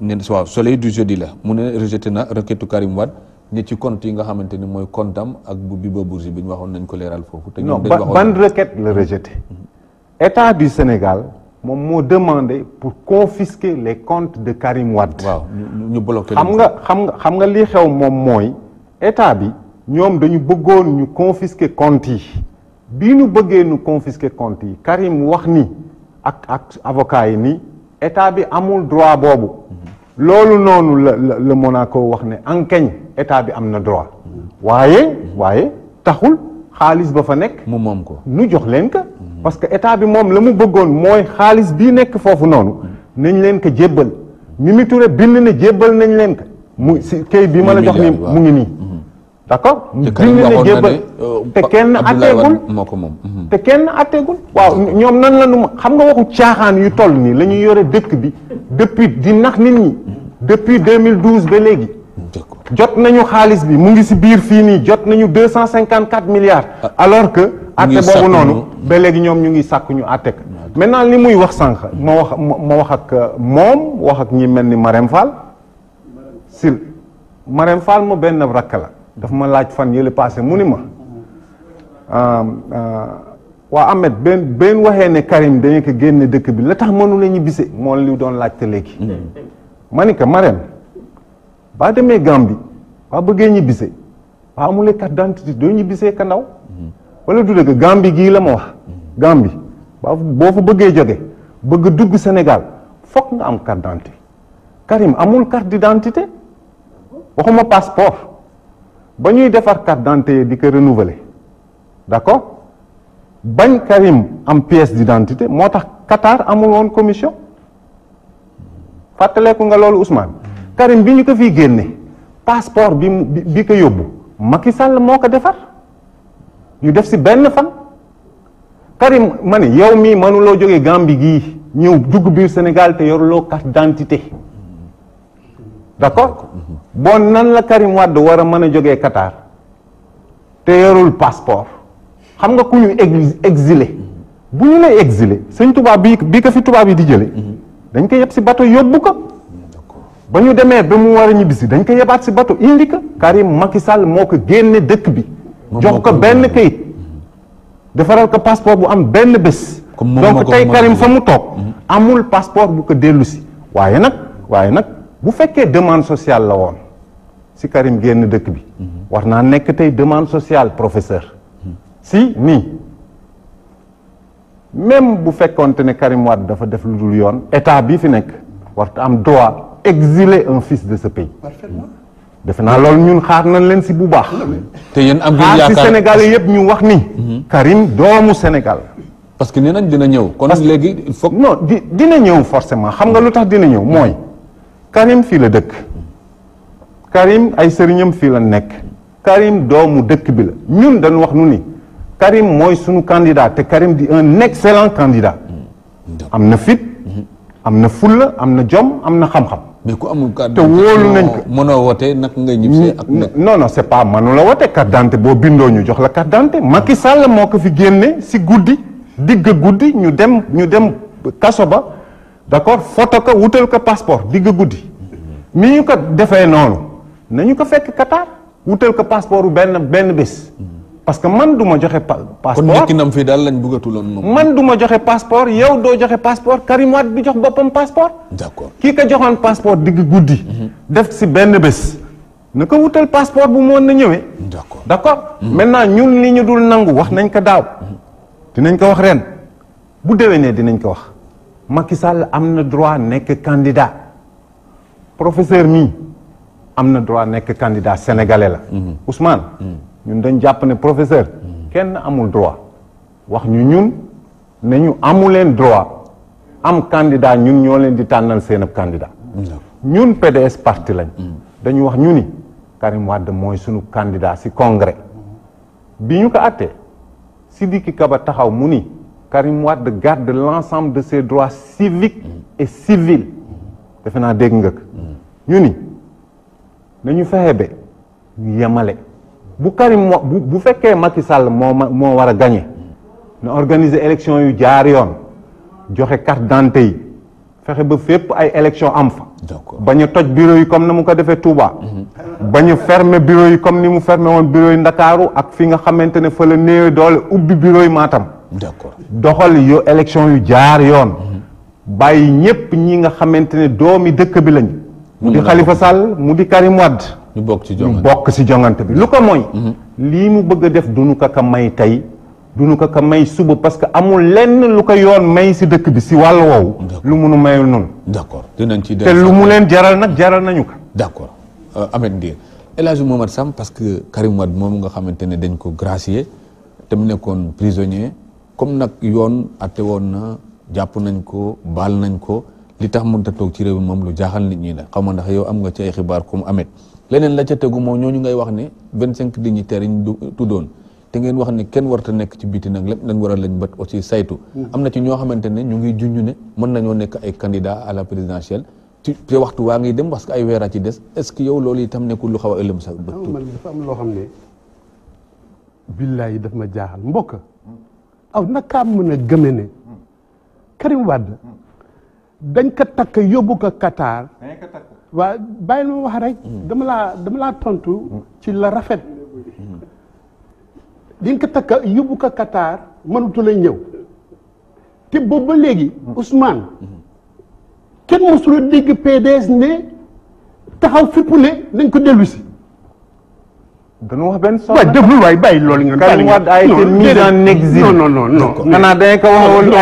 nee na waaw Soleil du jeudi la mu ne rejeté na requête Karim Wade. ñi ci compte yi nga xamante ni mooy kontam ak bu Biba Bourgi bi ñu waxoon nañ ko leeral foofu. te ñoom dañ ban requête la rejeté. Mhm. état du Sénégal moom moo demandé pour confisquer les comptes de Karim Wade. ñu bloqué xam nga xam nga xam nga li xew moom mooy état bi ñoom dañu bëggoon ñu confisquer comptes yi bi bëggee ñu confisquer comptes yi Karim wax nii ak ak avocats yi ni état bi amul droit boobu. Mhm. loolu noonu la la Monaco wax ne enquête. état bi am na droit waaye waaye taxul xaalis ba fa nekk mu moom ko nu jox leen ko parce que état bi moom la mu bëggoon mooy xaalis bii nekk foofu noonu nañ leen ko jébbal Mimi Touré bind na jébbal nañ leen ko mu si kay bi ma la jox ni mu ngi nii mhm. d' accord bind na euh, mhm. kenn atteegul ko moom te kenn waaw ñoom nan la xam nga waxu caaxaan yu toll nii la ñuy yore dëkk bi depuis di nax nit ñi mhm. depuis 2012 ba léegi jot nañu xaalis bi mu ngi si biir fii nii jot nañu deux cent cinquante quatre milliards ah, alors que atte boobu noonu ba léegi ñoom ñu ngi sàkk ñu atte ko maintenant li muy wax sànq ma wax ma wax ak euh, moom wax ak ñi mel ni Marème Fall si Marème Fall ma benn rakk la daf ma laaj fan yële passé mu ni ma euh, euh, waa Ahmed benn benn waxee ne Karim dañ ko génne dëkk bi la tax mënu la ñu moo li doon laajte léegi hmm. ma ni baa demee Gambie baa bëggee ñibbisee baa amulee carte d'identité doo ñibbisee Kanaw mhm. wala du dëgg Gambie gii la ma wax mhm. Gambie baa boo fa bëggee joge bëgg dugg Sénégal fokk nga am carte d'identité Karim amul carte d'identité waxuma passeport ba ñuy defar carte d'identité di ko renouveler d'accord bañ Karim am pièce d'identité moo tax Qatar amul woon commission fàttaleeku nga loolu Ousmane Karim bi ñu ko fi génne passeport bi bi ko yóbbu Macky Sall moo ko defar ñu def si benn fan Karim ma ne yow mii mënuloo jógee gàmbi gii ñëw dugg biir Sénégal te yoruloo carte d'identité d'accord bon nan la Karim Wade war a mën a jógee katar te yorul passeport xam nga ku ñu exilé bu ñu lay exilé sëñ tubaab bi bi ko fi tubaab yi di jële mm-hmm. dañ ko yëpp si bato yóbbu ko ba ñu demee ba mu war a ñibbisi dañ ko yebaat si bato indi ko Karim Macky Sall moo ko génne dëkk bi. jox ko benn kayit. defaral ko passeport bu am benn bés. donc tey Karim fa mu toog. Mhm. amul passeport bu ko dellu si. waaye nag waaye nag bu fekkee demande sociale la woon si Karim génn dëkk bi. Mhm. war naa nekk tey demande sociale professeur. Mhm. si nii même bu fekkonte ne Karim Wade dafa def lu dul yoon état bii fi nekk warta am droit. exiler un fils de ce pays. defe naa lool ñun xaar nañ leen si bu baax. te yéen am ngeen yaakaar xaar si yëpp ñu wax ni. Mhm. Karim doomu Sénégal. parce que nee nañ dina ñëw. kon léegi il faut non di dina forcément xam nga lu tax dina ñëw mooy. Karim fii la dëkk. Karim ay sëriñam fii la nekk. Karim doomu dëkk bi la ñun dañu wax nu nii Karim mooy suñu candidat te Karim di un excellent candidat. Mm. am na fit. Mm-hmm. am na fulla am na jom am na xam-xam. mais ku amul carte te wóolu nañ ko mënoo wootee nag nga ñibbisee ak nag non non pas mënu la wootee carte d' identité boo bindoo ñu jox la carte d' identité Macky Sall moo ko fi génne si guddi digg guddi ñu dem ñu dem kaso ba d' accord photo ko wutal ko passeport digg guddi mi ñu ko defee noonu nañu ko fekk Qatar wutal ko passeport benn benn bés parce que man du ma joxe passeport kon nekkinam fii daal lañ bëggatuloon moom. man du joxe passeport yow doo joxe passeport Karim bi jox boppam passeport. d'accord kii ka joxoon passeport digg guddi. def si benn bés. na ko wutal passeport bu moon na ñëwee. d'accord d'accord hmm. maintenant ñun li ñu dul nangu wax nañ ko daaw. Hmm. dinañ ko wax ren bu dewee déwénee dinañ ko wax. Macky Sall am na droit nekk candidat professeur mi am na droit nekk candidat sénégalais la. Hmm. Ousmane. ñun dañ jàpp ne professeur kenn amul droit wax ñu ñun ne ñu amuleen droit am candidat ñun ñoo leen di tànnal seen ab candidat ñun PDS parti lañ dañu wax ñu ni Karim Wade mooy suñu candidat si congrès bi ñu ko attee Sidiki Kaba taxaw mu ni Karim Wade garde l'ensemble de ses droits civiques et civils defe naa dégg nga ñu ni nañu fexe ba ñu yemale bu Karim bu bu fekkee Macky Sall moo moo war a gagné na organiser élection yu jaar yoon joxe carte d'identité yi fexe ba fépp ay élection am fa. bañ toj bureau yi comme ni mu ko defee Touba. Mhm. bañ a fermer bureau comme ni mu fermer woon bureau yi Ndakaaru ak fi nga xamante ne fa la néew doole ubbi biro yi Matam. d'accord doxal yo élection yu jaar yoon. Mhm. bàyyi ñëpp ñi nga xamante ne doomi dëkk bi lañ. mu di Khalifa Sall mu di Karim Wade. ñu bokk ci jongante bokk ci jongante bi lu ko mooy. Mhm. lii mu bëgg a def duñu ko ka may tey duñu ko ka may suba parce que amul lenn lu ko yoon may si dëkk bi si wàll woowu. lu munu mayul noonu. d'accord dinañ ci te lu mu leen jaral nag jaral nañu ko. d'accord euh, Ameth Ndiaye El Hadj Momar Sam parce que Karim Wade moom nga xamante ne dañ ko gracier te mu nekkoon prisonnier comme nag yoon atte woon na jàpp nañ ko baal nañ ko li tax mun a toog ci réew moom lu jaaxal nit ñi la xaw ma ndax yow am nga ci ay xibaar comme leneen la ca tegu moo ñooñu ngay wax ne vingt cinq dignitaires yi ñu tuddoon te ngeen wax ne kenn warta nekk ci biti nag lépp dañ war a lañ bat aussi saytu mm-hmm. am na ci ñoo xamante ne ñu ngi junñu ne mën nañoo nekk ay candidat à la présidentielle ci te waxtu waa ngi dem parce que ay weera ci des est-ce que yow loolu itam nekkul lu xaw sa bët dafa am loo xam ne billaay daf ma jaaxal mbokk aw naka mën a gëme ne Karim Wade mm-hmm. dañ ko takk yóbbu ko Qatar waaw bàyyi ma wax rek. Mm. dama laa dama laa tontu. Mm. ci la rafet. Mm. di nga ko takka yóbbu ko Qatar mënatu la ñëw. te boobu ba léegi. Ousmane. kenn mosula dégg PDS ne taxaw ne nañ ko dellu si. dañu wax benn soxla waaye déglu waay bàyyi loolu nga. Karim Wade ko waxee woon olof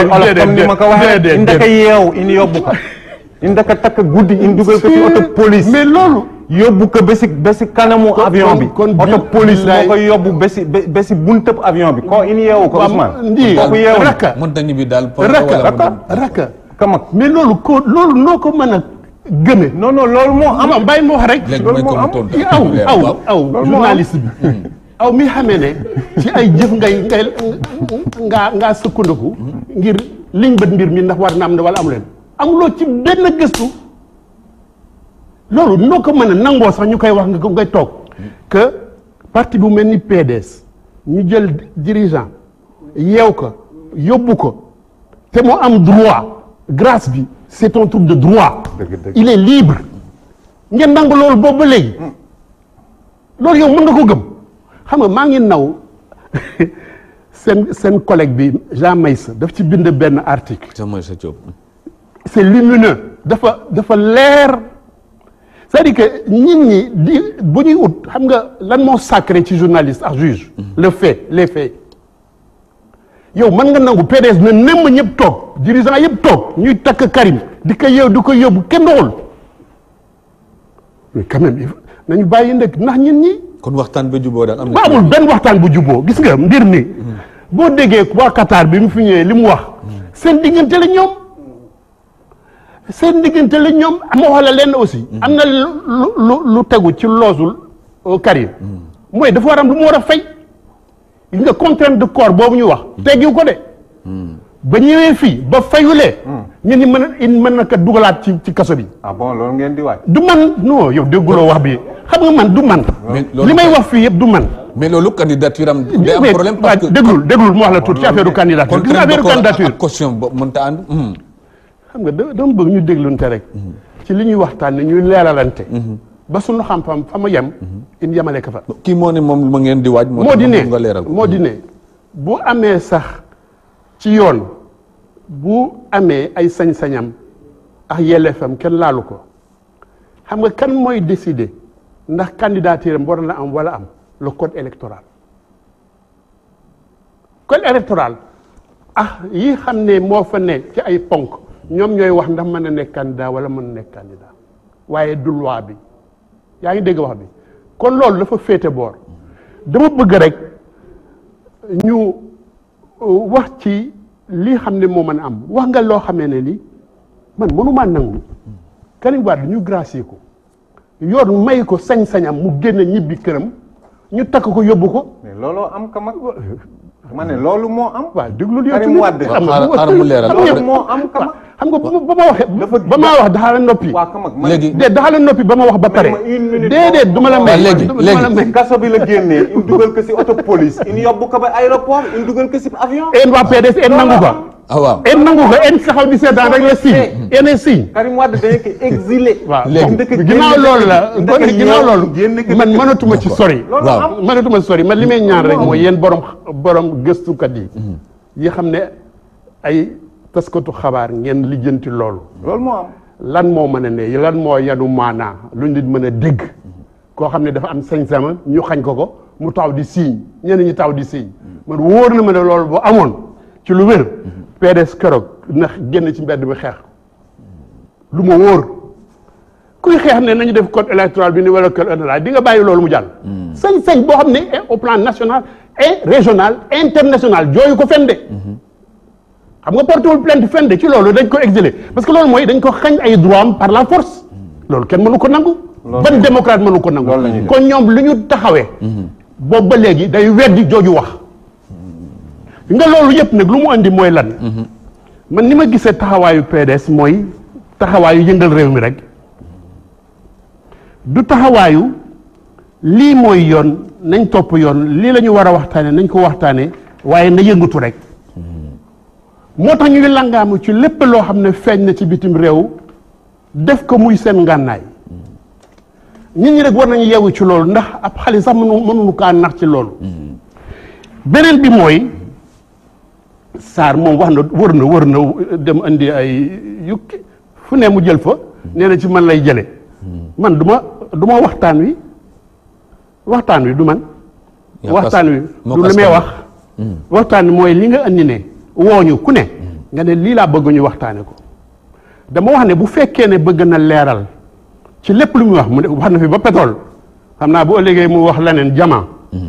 comme ni ma ko waxee. ko. ñu daka takk guddi ñu dugal ko oto police mais loolu yóbbu ko ba si kanamu avion bi oto police moo koy yóbbu ba si ba si buntëb avion bi ko in yeewu ko Ousmane ndi yeewu rakka montagne bi daal rakka rakka rakka kamak mais loolu ko loolu noo ko mën a gëme non non loolu moo am bàyyi moo wax rek loolu moo am aw aw aw journaliste bi hmm. aw mi xamee ne ci ay jëf ngay ngay ngaa ngaa sëkkandiku ngir liñ bët mbir mi ndax war na ne wala amu leen amuloo ci benn gëstu loolu noo ko mën a nangoo sax ñu koy wax nga ngay toog que parti bu mel ni PDS ñu jël dirigeant yeew ko yóbbu ko te mu am droit grâce bi c'est un truc de droit il est libre ngeen nangu loolu boobu ba léegi loolu yow mën nga koo gëm xam nga maa ngi naw [LAUGHS] seen seen collègue bi Jean Meissa daf ci bind benn article c'est lumineux dafa dafa leer c'est-à-dire que nit ñi di bu ñuy ut xam nga lan moo sacré ci journaliste ak juge mhm. le fait les faits yow man nga nangu PDS na nemm ñëpp toog dirigeant yëpp toog ñuy takk Karim di ko yow di ko yóbbu kenn doxul mais quand même nañu bàyyi ndëkk ndax ñin ñi kon waxtaan ba juboo daal am na amul benn waxtaan bu juboo gis nga mbir mi mhm. boo déggee waa Qatar bi mu fi ñëwee li mu wax mhm. seen diggante la ñoom seen diggante la ñoom ma wax la lenn aussi. Mm. am na lu lu lu tegu ci loosul euh, Karim. Mm. mooy dafa war lu mu war a fay. gis nga contrainte de corps boobu ñu wax. Mm. teggiw ko de. ba ñëwee fii ba fayulee. ñu ni mën a mën na dugalaat ci ci kaso bi. ah bon loolu ngeen di du man non yow dégguloo wax bi xam nga man du man. li may wax fii yëpp du man. mais loolu candidature am. day am problème parce que déglul déglul mu wax la tuuti ci affaire candidature. gis nga affaire candidature. caution boobu mënta xam nga dama bëgg ñu déglunte rek mm-hmm. ci li ñuy waxtaan ne ñuy leeralante mm-hmm. ba suñu xam-xam fa ma yem mm-hmm. in yemale ka fa kii moo ne moom ma ngeen di waaj moo di ne nga leeral moo di ne bu amee sax ci yoon bu amee ay sañ-sañam ak yelleefam kenn laalu ko xam nga kan mooy décidé ndax candidature am war na am wala am le code électoral code électoral ah yi xam ne moo fa ne ci ay ponk ñoom ñooy wax ndax mën a nekk candidat wala mën a nekk candidat waaye du loi bi yaa ngi dégg wax bi kon loolu dafa féete boor dama bëgg rek ñu euh, wax ci lii xam ne moo mën a am wax nga loo xam ne lii man mënumaa nangu Karim bi ñu gracier ko yoon may ko sañ-sañam mu génn ñibbi këram ñu takk ko yóbbu ko. mais looloo am ka mag ma ne loolu moo am. waaw déglu yow Karim Wade. xaaral mu leeral moo am ka mag. xam nga ba ma waxee ba ma wax daxala noppi. léegi de daxala noppi ba ma wax ba pare. déedéet du ma la may léegi léegi la génnee in dugal en waa PDS en nangu ko. ah waaw en en saxaw di seetaan rek la signe en eh, eh. est signe. Karim Wade dañ ko exilé. [LAUGHS] waaw léegi ginnaaw loolu la kon ginnaaw loolu man mënatuma ci sori. waaw mënatuma ci sori man li ñaan rek mooy borom borom gëstukat yi. Mm-hmm. ne ay. taskatu xabaar ngeen lijjanti loolu. loolu moo am lan moo mën a ne lan moo yanu maanaa lu nit mën a dégg. koo xam ne dafa am sañ-sama ñu xañ ko ko mu taw di siiñ ñenn ñi taw di siiñ. man na ma ne loolu bu amoon ci lu wér. PDS keroog na génn ci mbedd bi xeex lu ma wóor kuy xeex ne nañu def code électoral bi ni wala code électoral di nga bàyyi loolu mu jàll. sañ-sañ boo xam ne eh, au plan national et régional international jooyu ko fende xam nga portewul plainte fenn de ci loolu dañ ko exilé parce que loolu mooy dañ ko xañ ay droit am par la force loolu kenn mënu ko nangu ban démocrate mënu ko nangu kon ñoom lu ñu taxawee mhm. boobu ba léegi day weddi jooju wax nga loolu yëpp nag lu mu andi mooy lan mhm. man ni ma gisee taxawaayu PDS mooy taxawaayu yëngal réew mi rek du taxawaayu lii mooy yoon nañ topp yoon lii la ñu war a waxtaane nañ ko waxtaane waaye na yëngatu rek moo tax ñu ngi langaamu ci lépp loo xam ne feeñ na ci bitim réew def ko muy seen ngànnaay nit ñi rek war nañu yeewu ci loolu ndax ab xale sax mënu mënuñu kaa nax ci loolu beneen bi mooy Sarr moom wax na wër na wër na dem indi ay yukki fu ne mu jël fa nee na ci man lay jële man du ma du waxtaan wi waxtaan wi du man waxtaan wi du li may wax hmm. waxtaan wi mooy li nga andi ne wooñu ku ne nga ne lii laa bëgg ñu waxtaane ko dama wax ne bu fekkee ne bëgg na leeral ci lépp lu muy wax mu ne wax na fi ba pétrole xam naa boo ëllëgee mu wax leneen jama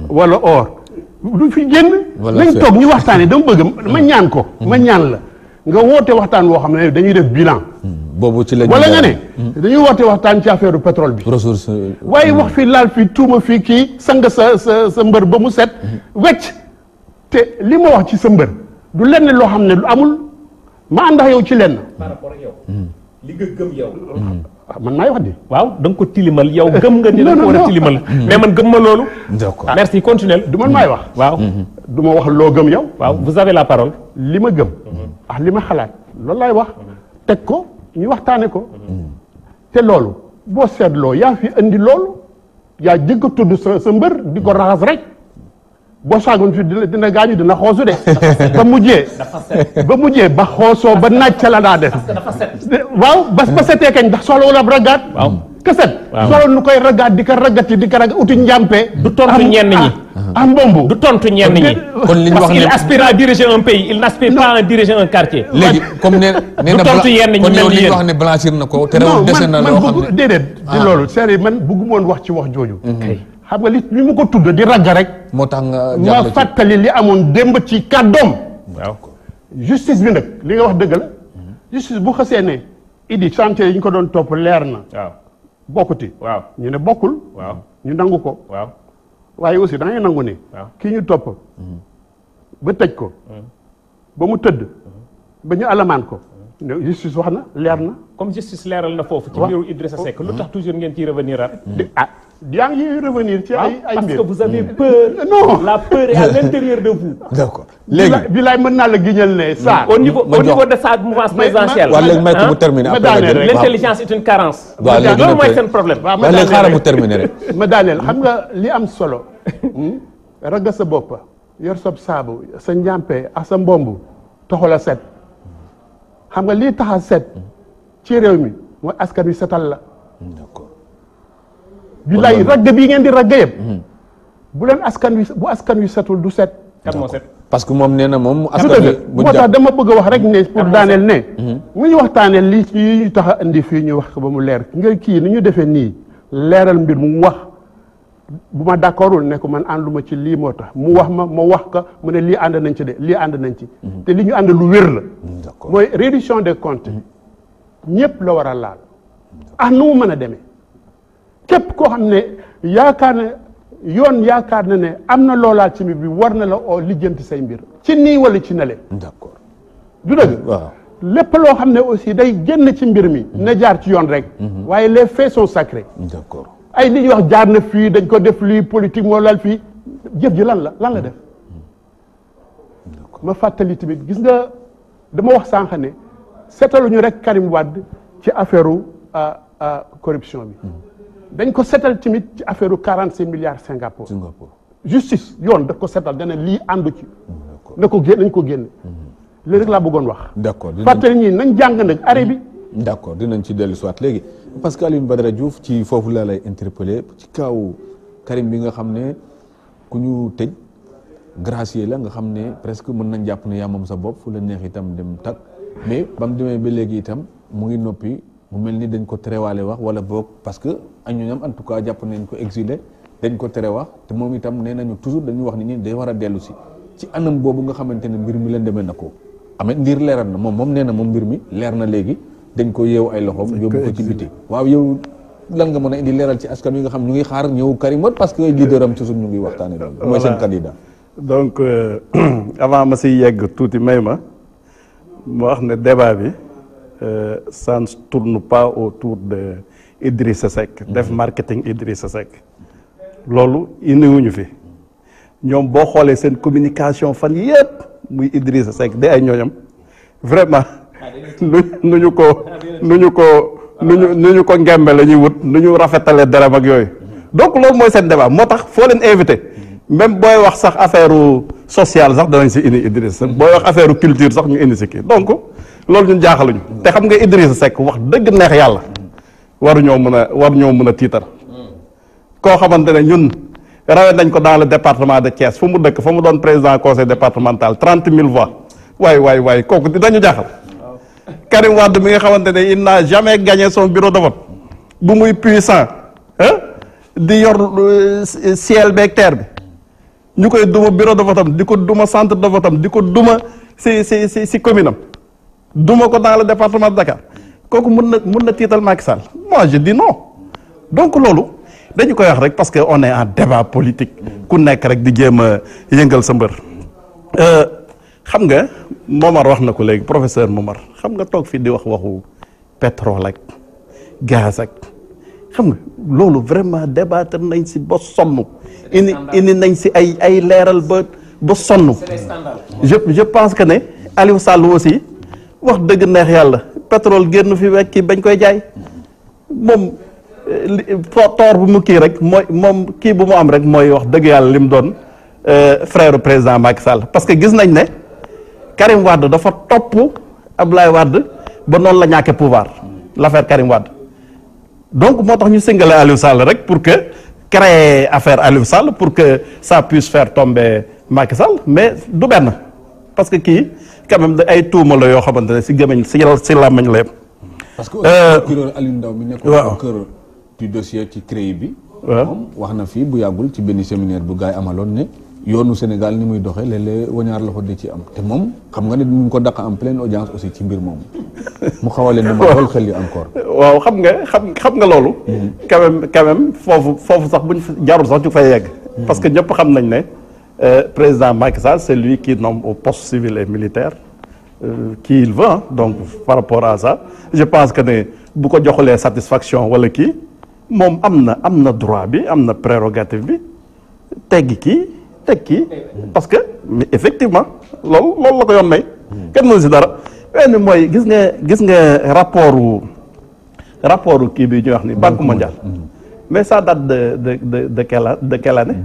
wala or du fi génn nañ toog ñu waxtaane dama bëgg ma mm. ñaan ko ma ñaan la nga woote waxtaan woo xam ne dañuy def bilan mm. boobu ci la wala nga ne mm. dañuy woote waxtaan ci affaire pétrole bi ressource euh, waaye wax fi laal fi tuuma fii kii sang sa sa sa mbër ba mu set wecc te li ma wax ci sa mbër du lenn loo xam ne lu amul ma àndax yow ci lenn. li nga gëm yow. Ah, man maay wax di waaw da nga ko tilimal yow gëm nga ni la nga ko war a tilimal. mais man gëm ma loolu. d'accord merci continuel du man maay wax. waaw du ma wax loo gëm yow. waaw vous avez la parole. li ma gëm. ah li ma xalaat loolu laay wax. teg ko ñu waxtaane ko. te loolu boo seetloo yaa fi andi loolu yaa jëkk tudd sa sa mbër di ko raxas rek. boo saagoon fii dina dina gaañu dina xoosu de. ba mujjee ba mujjee ba xoosoo ba naaj ca la daa def. waaw bas ba setee kañ ndax soxla wu la ragaat. waaw keset. waaw soxla nu koy ragaat di ko ragati di ko ragat uti njàmpe. du tontu ñenn ñi am ah, ah, mbombu du tontu ñenn ñi. kon li ñu wax ne parce qu'il aspire à diriger un pays comme na li ñu wax ne blanchir na ko. te rew dese na loo xam ne non ah. man man bëgg déedéet. wax ci wax jooju. xam nga li li mu ko tudd di ragga rek. moo tax nga ma fàttali li amoon démb ci kàddoom. waaw justice bi nag li nga wax dëgg la. justice bu xasee ne. idi chantier yi ñu ko doon topp leer na. waaw bokkuti. waaw ñu ne bokkul. waaw ñu nangu ko. waaw waaye aussi da nangu ne. kii ñu topp. Mm-hmm. ba tëj ko. Mm-hmm. ba mu tëdd. Mm-hmm. ba ñu alamaan ko. justice wax na leer na. comme justice leeral na foofu. ci mbiru Idrissa Seck lu tax toujours ngeen ciy revenir ah. yaa ngi revenir ci ay ah, ay mbir parce que vous avez mm. peur. [LAUGHS] non la [LAUGHS] bi laay mën naa la giñal ne ça. Mm. au niveau au niveau de sa mouvance présidentielle. waaw léegi maître mu terminer après l'intelligence est une carence. waaw léegi loolu mooy seen problème. waaw ma [LAUGHS] daaneel xam nga li am solo. Hmm? ragal sa bopp yor sob saabu sa njàmpe ak sa mbomb toxul a set xam nga lii tax a set ci réew mi mooy askan wi setal la. bi ragg bii ngeen di ragg yëpp hmm. bu leen askan wi bu askan wi setul du set kan parce que moom nee na moom askan wi moo tax dama bëgg a wax rek ne pour daaneel ne hmm. mu ñu waxtaanee li ci tax a indi fii ñu wax ko ba mu leer nga kii ni ñu defee nii leeral mbir mu wax bu ma d'accordul ne ko man ànduma ci lii moo tax mu wax ma ma wax ka mu ne lii ànd nañ ci de lii ànd nañ ci hmm. te li ñu ànd lu wér la mooy réduction des comptes ñëpp la war a laal ah nu mu mën a demee képp koo xam ne yaakaar ne yoon yaakaar na ne am na loolaal ci mbir bi war na la oo lijjanti say mbir ci nii wala ci nale d'accord du dëgg lépp loo xam ne aussi day génn ci mbir mi mhm. ne jaar ci yoon rek mhm. waaye les faits sont ay li wax jaar na fii dañ ko def lii politique moo lal fii jëf ji lan la lan la mhm. def ma fàttali tamit gis nga dama wax sànq ne setaluñu rek Karim Wade ci affaire euh, euh, corruption bi dañ ko seetal tamit ci affaire quarante six milliards Singapour. Singapour justice yoon da ko setal dana lii àndu ci. Mm, na ko génn nañ ko génne. Mm-hmm. léegi rek laa bëggoon wax. d' accord fàttali ñi nañ jàng nag arrêt bi. Mm-hmm. accord dinañ ci dellu siwaat léegi parce que Alioune Badara Diouf ci foofu laa lay interpellé ci kaw Karim bi nga xam ne ku ñu tëj gracier la nga xam ne presque mun nañ jàpp ne yaa moom sa bopp fu la neex itam dem tak mais bam demee ba léegi itam mu ngi noppi. bu mel ni dañ ko terewaale wax wala boog parce que añuñam en tout cas jàpp nañ ko exilé dañ ko tere wax te moom itam nee nañu toujours dañuy wax ni ñi day war a dellu si ci anam boobu nga xamante ne mbir mi leen demee na ko amee ndiir leeral na moom moom nee na moom mbir mi leer na léegi dañ ko yeewu ay loxoom yóbbu ko ci biti waaw yow lan nga mën a indi leeral ci askan wi nga xam ñu ngi xaar ñëw Karim Wade parce que leader am toujours ñu ngi waxtaane loolu mooy seen candidat donc euh, [CLEARS THROAT] avant ma si yegg tuuti may ma mu wax ne débat bi ça euh, ne tourne pas autour de Idrissa Seck mhm. def marketing Idrissa Seck loolu indiwuñu fi ñoom boo xoolee seen communication fan yëpp muy Idrissa Seck de ay ñooñam vraiment ah, [LAUGHS] nu nu ñu ko ah, nu ñu ko ah, nu ñu nu ñu ko ngembe la ñuy wut nu ñu rafetale deram ak yooyu mhm. donc loolu mooy seen débat moo tax foo leen invité mhm. même booy wax sax affaire sociale sax danañ si indi Idrissa booy wax affaire culture sax ñu indi si donc loolu ñun jaaxaluñu te xam nga Idrissa Seck wax dëgg neex yàlla waruñoo mën a waruñoo mën a tiitar koo xamante ne ñun rawee nañ ko dans le département de ces fu mu dëkk fa mu doon président conseil départemental trente mille voix waay waay waay kooku di dinañu jaaxal Karim Wade mi nga xamante ne il n'a jamais gagné son bureau de vote bu muy puissant ah di yor ciel euh, beeg bi ñu koy duma bureau de vote am di ko duma centre de vote di ko duma si si si si commune am duma ko dans le département de Dakar kooku mun na mun na tiital Macky Sall moi je dis non donc loolu dañu koy wax rek parce que on est en débat politique ku nekk rek di jéem yëngal sa mbër euh, xam nga Momar wax na ko léegi professeur Momar xam nga toog fii di wax waxu pétrole ak gaz ak xam nga loolu vraiment débattre nañ si ba sonn indi indi nañ si ay ay leeral ba ba sonn je pense que ne Aliou Sall aussi wax dëgg neex yàlla pétrole génn fi wekki bañ koy jaay moom toor bu mu kii rek mooy moom kii bu mu am rek mooy wax dëgg yàlla li mu doon euh, frère président Macky Sall parce que gis nañ ne Karim Wade dafa topp Abdoulaye Wade ba noonu la ñàkkee pouvoir l'affaire Karim Wade donc moo tax ñu singale Aliou Sall rek pour que créer affaire Aliou Sall pour que ça puisse faire tomber Macky Sall mais du benn parce que kii quand même da ay tuuma la yoo xamante ne si gémmiñ si si làmmiñ parce que euh, procureur Aliou Ndao mi nekkoon au cœur du dossier ci CREI bi. moom wax na fii bu yàggul ci benn séminaire bu gars yi amaloon ne yoonu Sénégal ni muy doxee léeg-léeg wañaar la ko di ci am te moom xam nga ne duñ ko daq am pleine audience aussi ci mbir moomu mu xaw a leen di mën xel yi encore. waaw xam nga xam xam nga loolu. Mm-hmm. quand foofu foofu sax buñ jaarul sax ñu fay yegg. Mm-hmm. parce que ñëpp xam nañ ne euh, président Macky Sall c'est lui qui nomme au poste civil kii euh, il veut donc par rapport à ça je pense que ne bu ko joxulee satisfaction wala kii moom am na am na droit bi am na prérogative bi teg kii teg ki parce que mais effectivement loolu loolu la ko yoon may kenn mënu si dara benn mooy gis nga gis nga rapport wu rapport wu kii bi ñuy wax ni banque mondiale mais ça date de de de de quelle de quelle année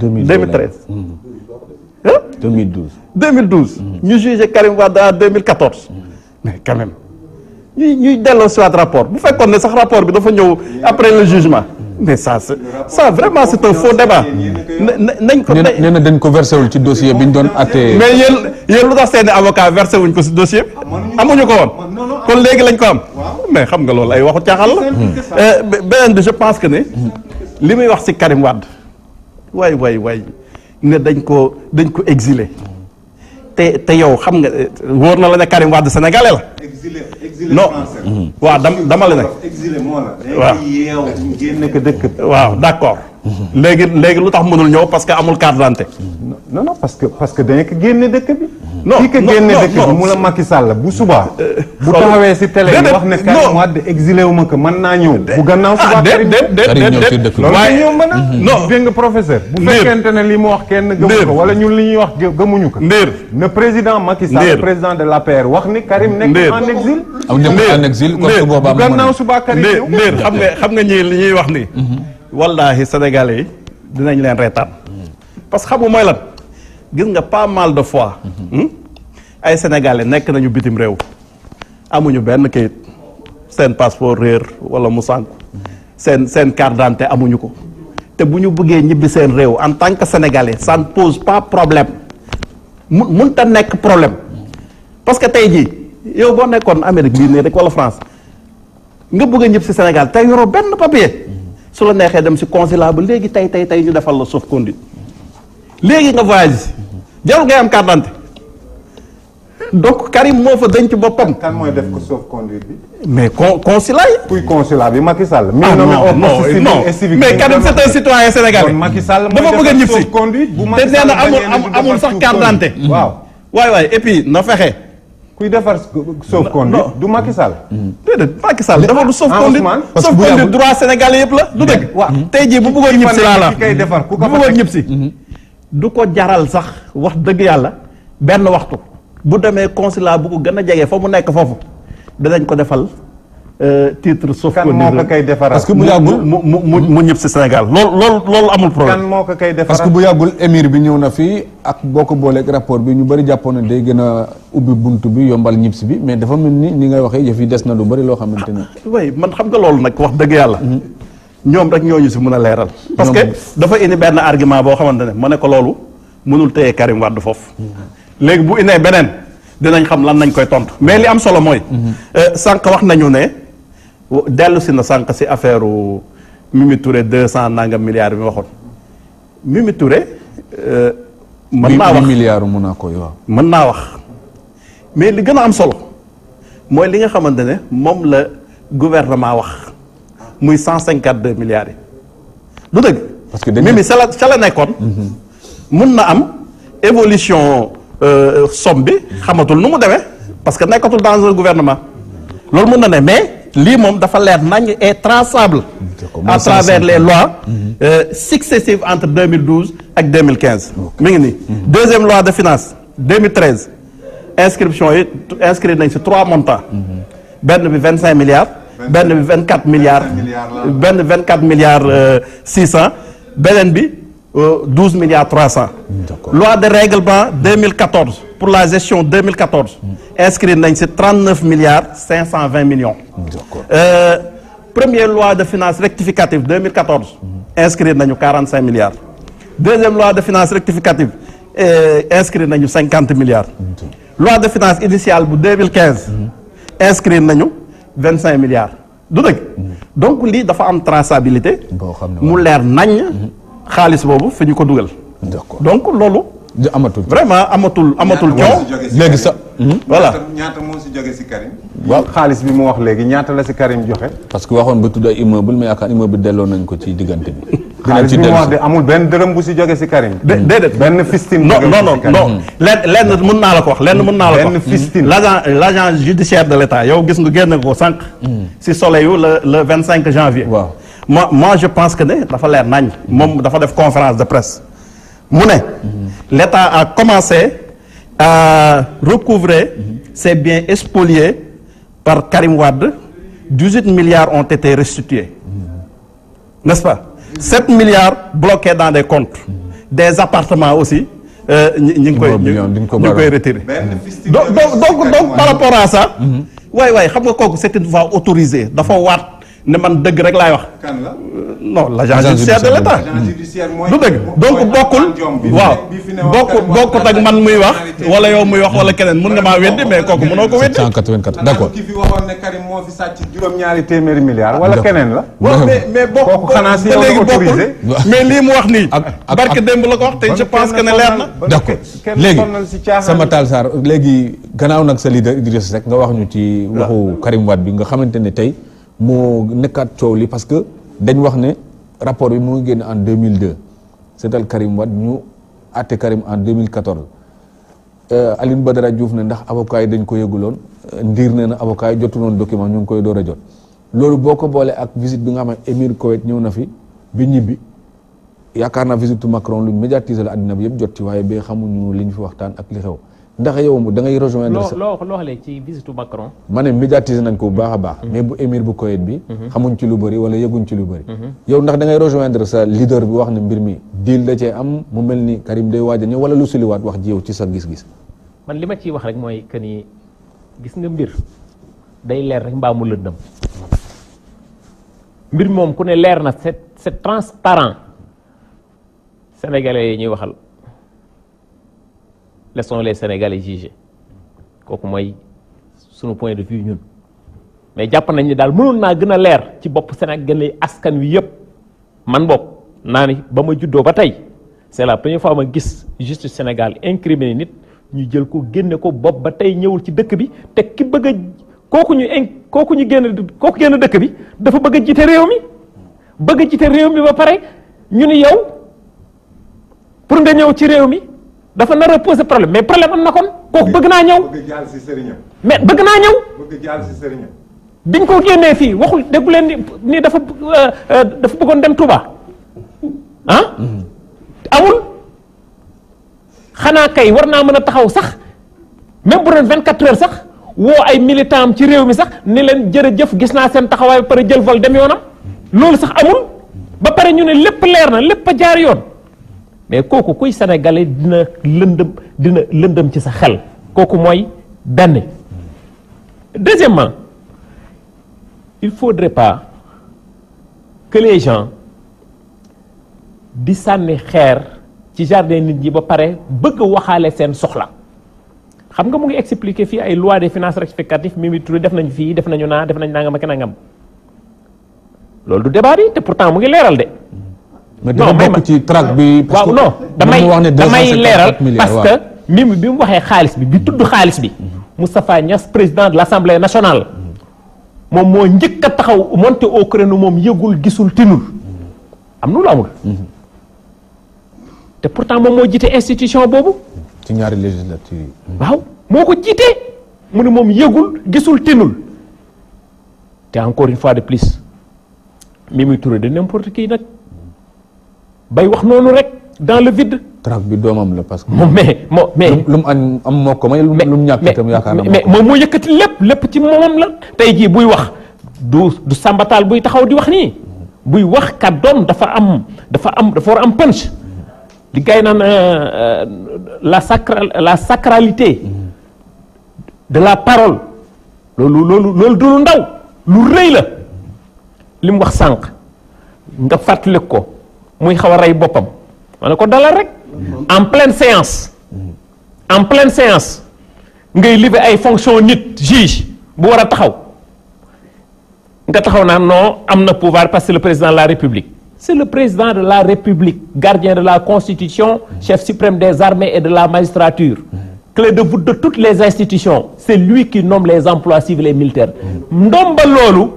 ah 2012 2012. ñu jugé Karim Wade en 2014. Mm. mais quand même ñuy soit rapport bu fekkoon ne sax rapport bi dafa ñëw après le jugement. mais ça ça vraiment c'est un faux débat. nañ ko ne nee na dañ ko versé wul ci dossier bi ñu doon àttee. mais yéen yéen lu avocat versé wuñ ko ci dossier bi. amuñu ko woon kon léegi lañ ko am. mais xam nga loolu ay waxu caaxal la. Mm. Euh, beneen bi je pense que ne. li may wax ci Karim Wade. waay waay waay. ne dañ ko dañ ko exilé te te yow xam nga wóor na la ne Karim Wade sénégalais la exilé exilé français non mhm. waaw dama la nag. exilé moo la. waaw léegi yeew génne ko mhm. léegi lu tax mënul ñëw parce que amul carte d' identité. parce que parce que dañ ko génne dëkk bi. non non non kii génne dëkk bi mu la Macky Sall bu subaa. Euh, bu taxawee si télé yi wax ne Karim Wade exilé wu ma ko mën naa ñëw. bu gannaaw subaa ah, Karim ñëw waaye ñëw mën a. [LAUGHS] non dégg professeur. bu fekkente ne li mu wax kenn gëmu ko wala ñun li ñuy wax gëmuñu ko. Ndiir na président Macky Sall président de l'APR wax ni Karim nekk en exil. am nekkul en exil kon su boobaa mu gannaaw subaa kari ndéer xam nga xam nga li ñuy wax nii. Mhm. wallaahi sénégalais yi dinañ leen reetaan. Mhm. parce que xam nga mooy lan gis nga pas mal de fois. Mhm. Hmm? ay sénégalais nekk nañu bitim réew. amuñu benn kayit seen passeport réer wala mu sànku seen seen carte d'identité amuñu ko. te bu ñu buggee ñibbi seen réew en tant que sénégalais ça ne pose pas problème mu mënta nekk problème parce tey jii. yow boo nekkoon Amérique bii nii rek wala France nga bëgg a si Sénégal tey yoroo benn papier su la neexee dem si consulat ba léegi tey tey tey ñu defal la sauf-conduit léegi nga voyage jarul ngay am carte d'identité Karim moo fa denc boppam. kan mooy def ko sauf-conduit bi. mais con consulat yi. kuy consulat bi Macky Sall. ah non non non mais Karim c'est un citoyen sénégalais. kon Macky Sall a ñibbi si. bu Macky Sall te nee amul amul sax carte d'identité. waaw waay na fexe. kuy defar sauve conduite du Macky Sall. Mm-hmm. déedéet Macky Sall defar du sauve conduite sauve conduite droit sénégalais yëpp la du dëgg. Mm-hmm. waaw tey jii bu bëggoon ñëpp si laa defar ku ko bu bëggoon ñëpp si. Mm-hmm. du ko jaral sax wax dëgg yàlla benn waxtu. bu demee consulat bu gën a jege fa mu nekk foofu danañ ko defal. Euh, titre sauf kan moo ko koy defaraat parce que bu yàggul mu mu mu mu ñëpp Sénégal loolu loolu loolu amul problème. kan moo ko parce que bu yàggul émir bi ñëw na fii ak boo ko booleeg rapport bi ñu bëri jàppoon na day gën a ubbi bunt bi yombal ñibsi bi mais dafa mel ni ni ngay waxee yëf yi des na lu bëri loo xamante ni. Ah, man xam nga loolu nag wax dëgg yàlla. Mm-hmm. ñoom rek ñooñu si mun a leeral. parce que dafa indi benn argument boo xamante ne ma ne ko loolu mënul téye Karim Wade foofu. Mm-hmm. léegi bu indee beneen dinañ xam lan nañ koy tontu mais li am solo mooy. Mm-hmm. Euh, sànq wax nañu ne dellu si na sànq si affaire Mimi Touré deux cent nangam milliards bi waxoon Mimi Touré. Euh, mën naa wax mën naa koy waaw. mën naa wax mais li gën a am solo mooy li nga xamante ne moom la gouvernement wax muy cent cinquante deux milliards yi du dëgg. parce que Mimi sa la sa la nekkoon. Mhm. mun na am évolution euh, somme bi xamatul nu mu demee parce que nekkatul dans un gouvernement loolu mun na ne mais. lii moom dafa leer nañ et traçable à travers les lois mhm. euh, successives entre 2012 ak 2015 mi ngi nii mhm. deuxième loi de finance 2013 inscription yi inscrit nañ ci trois montants mhm. benn bi vingt cinq milliards benn bi vingt quatre milliards benn vingt quatre milliards euh, six cent beneen bi euh, douze milliards trois cent loi de règlement 2014 pour la gestion 2014 inscrit nañ ci 39 milliards 520 millions euh, première loi de finance rectificative 2014 inscrit nañu 45 milliards deuxième loi de finances rectificative euh, inscrit nañu 50 milliards loi de finances initiale bu 2015 inscrit nañu 25 milliards du dëgg donc lii dafa am traçabilité mu leer nañ mm-hmm. xaalis boobu fi ñu ko dugal donc loolu du amatul vraiment amatul amatul coow léegi sa hmm? voilà ñaata moo si jóge si Karim waaw xaalis bi mu wax léegi ñaata la si Karim joxe parce que waxoon ba tudd ay immeuble mais yaakaar immeuble delloo nañ ko ci diggante bi [LAUGHS] xaalis bi mu amul benn dërëm bu si jóge si Karim hmm. déedéet benn fistine non non non lenn lenn mën naa la ko wax lenn mën naa la ko wax benn fistine hmm. l'agent l'agent judiciaire de l'État yow gis nga génn ko sànq si soleil yu le le vingt cinq janvier waaw moi moi je pense que ne dafa leer nañ moom dafa def conférence de presse mu ne l'État a commencé à recouvrer ces biens spoliés par Karim Wade 18 milliards on été restitués n'est-ce pas 7 milliards bloqués dans des comptes des appartements aussi euh, ñu ngi koy ñu ngi koy retiré donc donc donc par rapport à ça mhm. waay waay xam nga kook c'est une voie autorisée dafa waat ne man dëgg rek laay wax. kan la non l' agent judiciaire de l' état. du dëgg donc bokkul. waaw bokkut ak man muy wax. wala yow muy wax wala keneen mun nga maa weddi mais kooku mënoo ko weddi. 784 d' accord. ki ñaari téeméeri milliards. wala keneen la. mais mais lii mu wax nii. ak barke démb la ko wax tey je pense que ne leer na. d' accord léegi sama taal Sarr léegi gannaaw nag sa leader Idriss rek nga wax ñu ci waxu Karim Wade bi nga xamante ne tey moo nekkaat coow li parce que dañ wax ne rapport bi mu ngi génn en 2002 seetal Karim Wade ñu àtte Karim en 2014 ba dara Diouf na ndax avocat dañ ko yëguloon euh, ndiir ne na avocat yi jotuloon document ñu ngi koy door a jot loolu boo ko boolee ak visite bi nga xam ne émir ñëw na fi bi ñibbi yaakaar naa visite Macron lu médiatiser la àddina bi yëpp jot ci waaye ba xamuñu li ñu fi waxtaan ak li xew ndax yow mu da ngay rejoindre sa loo loo xale ci visite Macron. ma ne médiatiser nañ ko bu baax a baax. Mhm. mais bu émir bu Koweït bi. Mhm. xamuñ ci lu bëri wala yëguñ ci lu bëri. Mhm. yow ndax da ngay rejoindre sa leader bi wax na mbir mi deal da cee am mu mel ni Karim day waaj a ñëw wala lu suliwaat wax ji yow ci sa gis-gis. man li ma ciy wax rek mooy que ni gis nga mbir day leer rek mbaa mu lëndëm. mbir moom ku ne leer na c'est c'est transparent sénégalais yi ñuy waxal. laissons les Sénégalais juger kooku mooy sunu point de vue ñun mais jàpp nañ ni daal mënoon naa gën a leer ci bopp Sénégalais askan wi yëpp man bopp naa ni ba ma juddoo ba tey c'est la première fois ma gis justice Sénégal incriminé nit ñu jël ko génne ko bopp ba tey ñëwul ci dëkk bi te ki bëgg kooku ñu in kooku ñu génn kooku génn dëkk bi dafa bëgg a jiite réew mi bëgg a jiite réew mi ba pare ñu ni yow pour nga ñëw ci réew mi dafa nar a problème mais problème am na kon kooku bëgg naa ñëw bëgg jaal si sëriñam mais bëgg naa ñëw bëgg si sëriñam biñ ko génnee fii waxul déggu leen ni dafa euh, euh, dafa bëggoon dem Touba ah amul xanaa kay war naa mën a taxaw sax même bu vingt 24 heures sax woo ay militant ci réew mi sax ni leen jërëjëf gis naa seen taxawaay ba pare jël vol dem yoonam loolu sax amul ba pare ñu ne lépp leer na lépp a jaar yoon mais kooku kuy sénégalais dina lëndëm dina lëndëm ci sa xel kooku mooy benn deuxièmement il faudrait pas que les gens di sànni xeer ci jardin nit ñi ba pare bëgg waxaale seen soxla xam nga mu ngi expliquer fii ay loi de finances rectificative Mimi Touré def nañ fii def nañu naa def nañ nangam ak nangam loolu du débat yi te pourtant mu ngi leeral de mais dama bokk ci track bi. parce que non damay damay leeral parce que. mimi bi mu waxee xaalis bi bi tudd xaalis bi. Moustapha Niass président de l' assemblée nationale. moom moo njëkk a taxaw monté au moom yëgul gisul tinul am nu lu amul. Mhm. te pourtant moom moo jiite institution boobu. ci ñaari législature yi. waaw moo ko jiitee mu ne moom yëgul gisul tinul te encore une fois de plus Mimi Touré de n'importe qui nag. bay wax noonu rek dans le vide. trac bi doomam la parce que. moom mais moo mais lu am am moo ko may. lu mu ñàkk itam yaakaar moo yëkkati lépp lépp ci moomam la. tey jii buy wax du du sàmbataal buy taxaw di wax nii buy wax kàddoom dafa am dafa am dafa war am punch li gars yi naan euh, euh, la sacra la sacralité de la parole loolu loolu du lu ndaw lu rëy la li wax sànq nga fàttali ko. muy xaw a rey boppam ma ne ko dalal rek mm-hmm. en pleine séance mm-hmm. en pleine séance ngay lever ay fonction nit juge bu war a taxaw nga taxaw naan non am na pouvoir parce que le président de la république c'est le président de la république gardien de la constitution mm-hmm. chef suprême des armées et de la magistrature clé de voûte de toutes les institutions c'est lui qui nomme les emplois civils et militaires ndomba loolu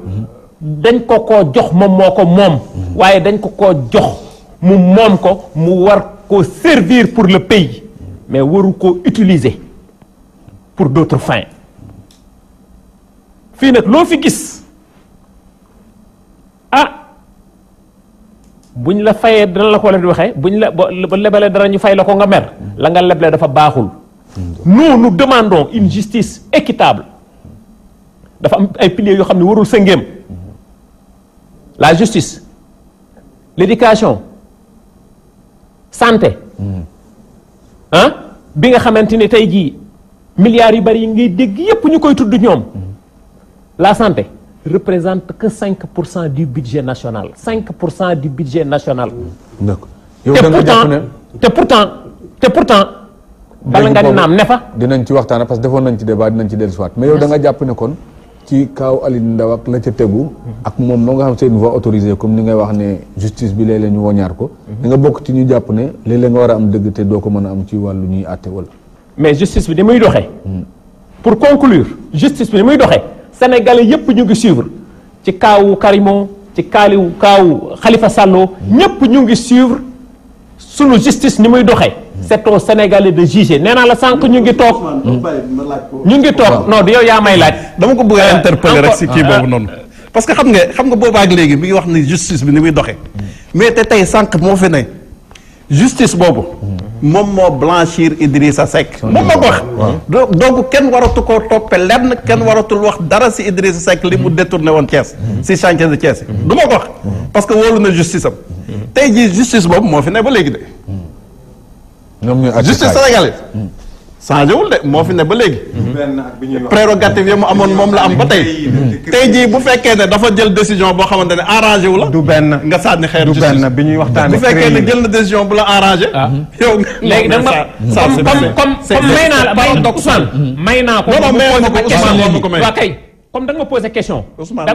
dañ ko ko jox moom moo ko moom waaye dañ ko ko jox mu moom ko mu war ko servir pour le pays mais waru ko utiliser pour d'autres fins fii nag loo fi gis ah buñ la fayee dana la ko leen di waxee buñ la ba lebalee dara ñu fay la ko nga mer la nga leble dafa baaxul nous nous une justice équitable dafa am ay piliers yoo xam ne warul sëngeem la justice l'éducation santé ah bi nga xamante ni tey jii milliards yu bari yi ngay dégg yépp ñu koy tudd ñoom la santé représente que pour cent du budget national 5 pour cent du budget national d'accord yow da nga jàpp ne te pourtant te pourtant bala nga naam ne fa dinañ ci waxtaan parce que nañ ci débat dinañ ci dellusiwaat mais yow da jàpp ne kon ci kaaw Alioune Ndao ak la ca tegu. ak moom moo nga xam seen voie autorisée comme ni ngay wax ne justice bi léeg-léeg ñu woñaar ko. da mhm. nga bokk ci ñu jàpp ne léeg-léeg nga war a am dëgg te doo ko mën a am ci wàllu ñuy àtte wala. mais justice bi ni muy doxee. Hmm. pour conclure justice bi ni muy doxee sénégalais yépp ñu ngi suivre ci kaawu Karimo ci kaaliw kaawu xalifa Sall hmm. ñëpp ñu ngi suivre sunu justice ni muy doxee. c'est aux Sénégalais de juger nee naa la sànq ñu ngi toog. ñu ngi toog non du yow yaa may laaj. dama ko bëgg a interpeller rek si kii boobu noonu. parce que xam nga xam nga boobaak léegi mi ngi wax ni justice bi ni muy doxee. mais te tey sànq moo fi ne justice boobu. moom moo blanchir Idrissa Seck. moom moo ko wax. donc kenn waratu koo toppe lenn kenn waratul wax dara si Idrissa Seck li mu mm-hmm. détourné woon Thiès. Mm-hmm. si chantier de Thiès mm-hmm. ma wax. parce que wóolu na justice am. tey jii justice boobu moo fi ne ba léegi de. ñoom ñooy justice sénégalaise changé hmm. wul de moo fi ne ba léegi. prérogative yi mu amoon moom la am ba tey. Hmm. Hmm. tey jii bu fekkee ne dafa jël décision boo xamante ne arrangé wu la. du benn nga sànni xeer justice du benn bi ñuy waxtaanee. bu fekkee ne jël na décision bu la arrangé. Ah. yow léegi da nga comme comme comme may naa la bay Ousmane. may naa ko ko waaw kay comme da nga ma posé question. Ousmane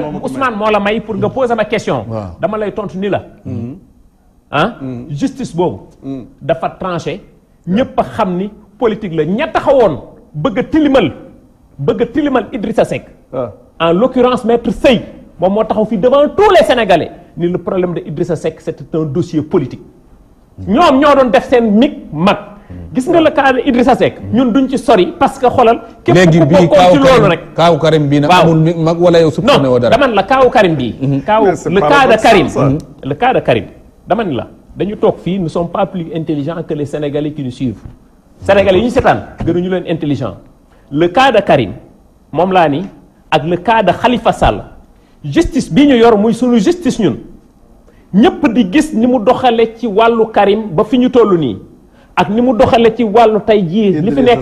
moo la may pour nga posé ma question. dama lay tontu ni la. Ah? justice boobu. dafa tranché. ñëpp a xam ni politique la ña taxawoon bëgg a tilimal bëgg a tilimal Idrissa ah. en l'occurrence maître Sey moom moo taxaw fii devant tous les sénégalais ni le problème de Idrissa Seck c'est un dossier politique. ñoom ñoo doon def seen mig mag. gis nga la cas de Idrissa Seck. ñun duñ ci sori parce que xoolal. képp ku bokkoo ci loolu rek kaawu Karim bii nag. amul mag wala yow supporté woo dara non dama la kaaw Karim bi mhm. kaawu le cas de Karim mhm. le cas de Karim dama la. dañu toog fii nous sommes pas plus intelligent que les Sénégalais qui nous suivent Sénégalais yi ñu seetaan gënuñu leen intelligent le kaada de Karim moom laa ni ak le cas xalifa Khalifa Sall justice bi ñu yor muy sunu justice ñun ñëpp di gis ni mu doxale ci wàllu Karim ba fi ñu toll nii ak ni mu doxale ci wàllu tey jii li fi nekk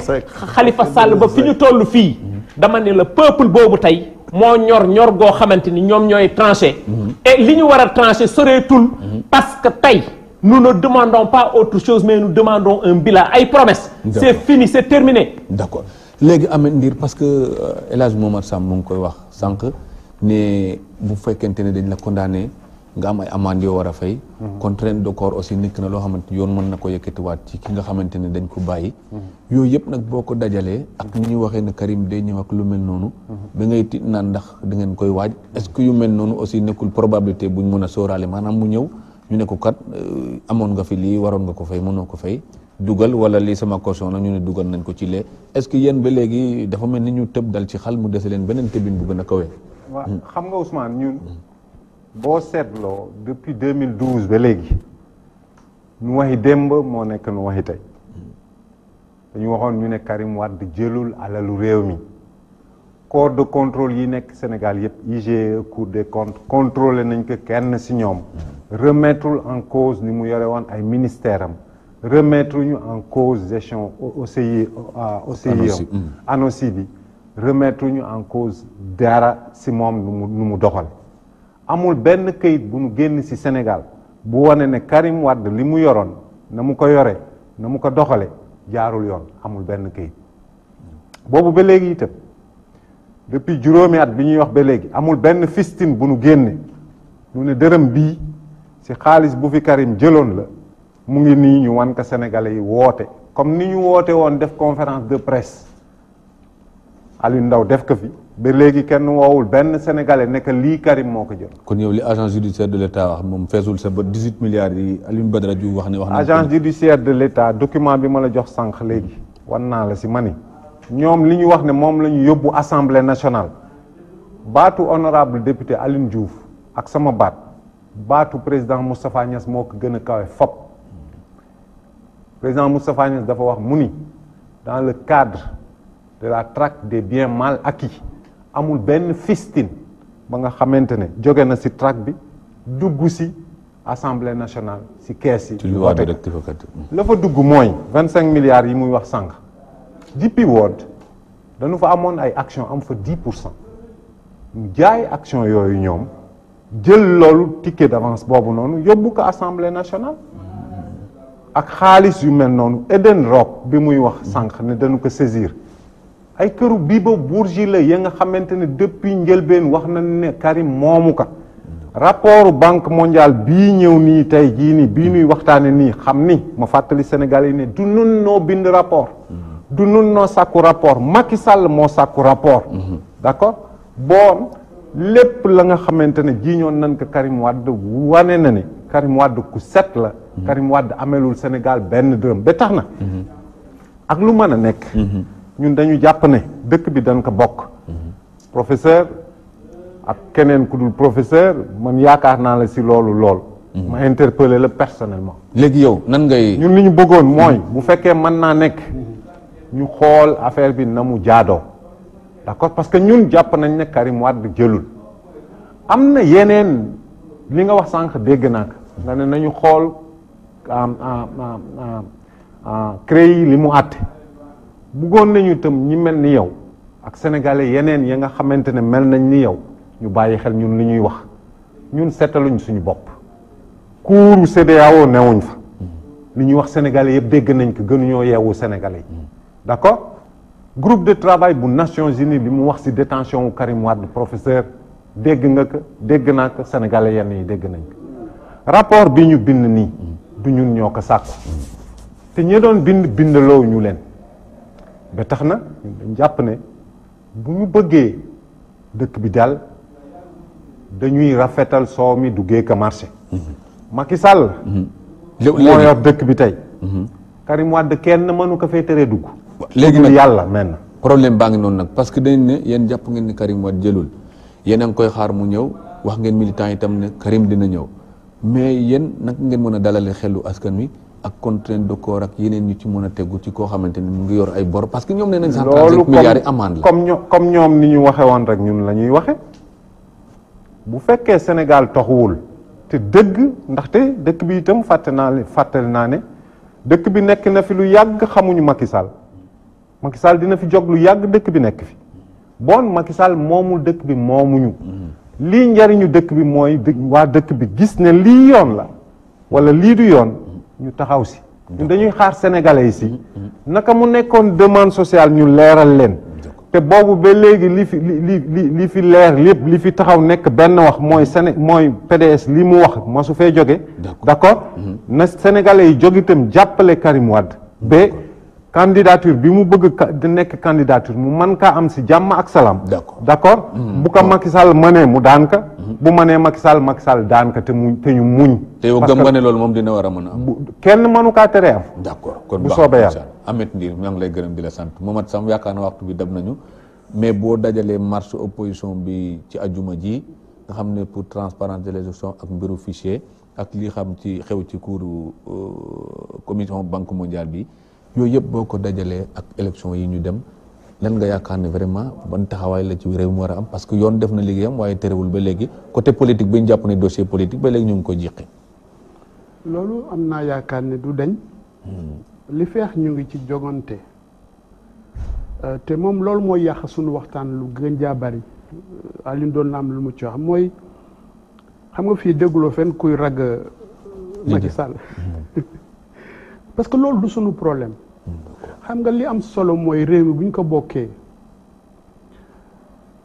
xalifa sàll ba fi ñu toll fii dama ne la peuple boobu tey moo ñor ñor goo xamante ni ñoom ñooy tranché mm-hmm. li ñu war a tranché soreetul mm-hmm. parce que tey nous ne demandons pas autre chose mais nous demandons un bilan ay promesse c'est fini c'est terminé d'accord léegi Ameth Ndir parce que euh, El Hadj Momar Sam mu ngi koy wax sànq ne bu fekkente ne dañ la condamné nga am ay amende yoo war a fay mhm. contrainte de corps aussi nekk na loo xamante yoon mën na ko yëkkatiwaat ci ki nga xamante ne dañ ko bàyyi mhm. yooyu yëpp nag boo ko dajalee ak ni ñuy waxee ne Karim day ñëw ak lu mel noonu mhm. da ngay tiit naan ndax da ngeen koy waaj est-ce que yu mel noonu aussi nekkul probabilité buñ mën a sóoraale maanaam mu ñëw ñu ne ko kat euh, amoon nga fi lii waroon nga ko fay mënoo ko fay dugal wala lii sama caution la ñu ne dugal nañ ko ci lee est-ce que yéen ba léegi dafa mel ni ñu tëb dal ci xal mu dese leen beneen tëbin bu gën a kawee waaw hmm. xam nga Ousmane ñun hmm. boo seetloo depuis 2012 ba léegi nu waxi démb moo nekk nu waxi tey hmm. dañu waxoon ñu ne Karim Wade jëlul alalu réew mi corps de contrôle yi nekk Sénégal yëpp IGE cour de comptes contrôlé nañ ko kenn si ñoom remettrewul en cause ni mu yore woon ay ministère am remettre ñu en cause gestion OCI OCI ANOCI bi remettre ñu en cause dara si moom nu mu nu mu doxal amul benn këyit bu mu génn si Sénégal bu wane ne Karim Wade li mu yoroon na mu ko yore na mu ko doxale jaarul yoon amul benn këyit boobu ba léegi itam depuis juróomi at bi ñuy wax ba léegi amul benn fistine bu nu génne ñu ne dërëm bii si xaalis bu fi Karim jëloon la mu ngi nii ñu wan ko yi woote comme ni ñu woote woon def conférence de presse Alioune ndaw def ko fi ba léegi kenn woowul benn sénégalais nekk lii Karim moo ko jël. kon yow li agence judiciaire de l' état wax moom feesul sa ba 18 milliards yi Alioune Badara Diouf wax ne. wax na agence judiciaire de l' état document bi ma la jox sànq léegi wan naa la si mani ñoom li ñu wax ne moom la ñu yóbbu assemblée nationale baatu honorable député Alioune Diouf ak sama baat. baatu président Moustapha Niass moo ko gën a kawe fop président Moustapha Niass dafa wax mu ni dans le cadre de la traque des biens mal acquis amul benn fistine ba nga xamante ne jóge na si traque bi dugg si assemblée nationale si kees yi la fa dugg mooy cinq milliards yi muy wax sànq DP World dañu fa amoon ay action am fa dix pour cent jaay action yooyu ñoom jël loolu ticket d'avance boobu noonu yóbbu ko assemblée nationale ak xaalis yu mel noonu Eden Rock bi muy wax sànq ne dañu ko saisir ay këru bii ba bourgie la ya nga xamante ne depuis njëlbeen wax na ne Karim moomu ko rapport banque mondiale bii ñëw nii tey jii nii bii nuy waxtaane nii xam ni ma fàttali Sénégal yi ne du nun noo bind rapport du nun noo sàkku rapport Macky Sall moo sàkku rapport mhm. d'accord bon lépp la nga xamante ne jiiñoon nan ko Karim Wade wane na ni Karim Wade ku set la mhm. Karim Wade amelul Sénégal benn dërëm ba tax na mhm. ak lu mën a nekk mhm. ñun dañu jàpp ne dëkk bi dañ ko bokk professeur ak keneen ku dul professeur man yaakaar naa la si loolu lool ma interpellé la personnellement léegi yow nan ngay ñun li ñu bëggoon mooy bu fekkee mën naa nekk ñu xool affaire bi na mu jaadoo d'accord parce que ñun jàpp nañ ne Karim Wade jëlul am na yeneen li nga wax sànq dégg naa ko nga ne nañu xool CREI yi li mu àtte buggoon nañu itam ñi mel ni yow ak sénégalais yeneen ya nga xamante ne mel nañ ni yow ñu bàyyi xel ñun li ñuy wax ñun seetaluñ suñu bopp kuuru CEDEAO newuñ fa li ñuy wax sénégalais yëpp dégg nañ ko gënuñoo yeewu sénégalais yi d'accord groupe de travail bu Nations Unies bi mu wax ci détention Karim Wade professeur dégg nga ko dégg naa ko yenn yi dégg nañ rapport bi ñu bind nii du ñun ñoo ko sàkku te ñi doon bind bindaloo ñu leen ba tax na jàpp ne bu mu bëggee dëkk bi daal dañuy rafetal soow mi duggee ko marché Macky Sall mmh. Mmh. moo yor dëkk bi tey mmh. Karim Wade kenn mënu ko fay teree dugg léegi nag yàlla men problème baa ngi noonu nag parce que dañ ne yéen jàpp ngeen ni Karim Wade jëlul yéen a ngi koy xaar mu ñëw wax ngeen militant itam ne Karim dina ñëw mais yéen nag ngeen mën a dalale xelu askan wi ak contrainte de corps ak yeneen ñu ci mën a tegu ci koo xamante ni mu ngi yor ay boro parce que ñoom nee nañ cent trente-sept milliards yi amende la comme ñoom ni ñu waxe woon rek ñun lañuy ñuy waxe bu fekkee Sénégal toxuwul te dëgg ndaxte dëkk bi itam fàtte naa fàttali naa ne dëkk bi nekk na fi lu yàgg xamuñu Macky Macky Sall dina fi jog lu yàgg dëkk bi nekk fi bon Macky Sall moomul dëkk bi moomuñu mm-hmm. lii njariñu dëkk bi mooy waa dëkk bi gis ne lii yoon la wala lii du yoon ñu taxaw si ñun dañuy xaar sénégalais yi si mm-hmm. naka mu nekkoon demande social ñu leeral leen te boobu be léegi li fi li li li fi leer lépp li fi taxaw nekk benn wax mooy Séné mooy PDS li mu wax ma su fee jogee d'accord mm-hmm. na sénégalais yi jóg jàppale Karim Wade ba candidature bi mu bëgg nekk candidature mu man kaa am si jàmm ak salaam. d' accord mm-hmm. bu ko Macky Sall mënee mu daan ka. Mm-hmm. bu manee Macky sal Macky sal daan ka te mu te ñu muñ. te yow gëm nga ne loolu moom dina war a mën a am. kenn mënu kaa teree am. d' kon bu soobee yàlla. Ameth Ndir maa ngi lay gërëm di la sant Momadou Sam yaakaar na waxtu bi nañu mais boo dajalee marche opposition bi ci ajuma ji nga xam ne pour transparence de l'élection ak mbiru fichier ak lii xam ci xew ci kuuru euh, commission banque mondial bi. yooyu yëpp boo ko dajalee ak élection yi ñu dem lan nga yaakaar ne vraiment ban taxawaay la ci réew mi war a am parce que yoon def na liggéeyam waaye terewul ba léegi côté politique bi ñu jàpp ne dossier politique ba léegi ñu ngi ko jiqi loolu am naa yaakaar ne du dañ hmm. li feex ñu ngi ci jogante euh, te moom loolu mooy yàq suñu waxtaan lu gën jaa bari euh, Alioune doon na am lu mu ci wax mooy xam nga fii dégguloo fen kuy ragg euh, Macky Sall hmm. [LAUGHS] parce que loolu du suñu problème xam nga li am solo mooy réew mi bu ñu ko bokkee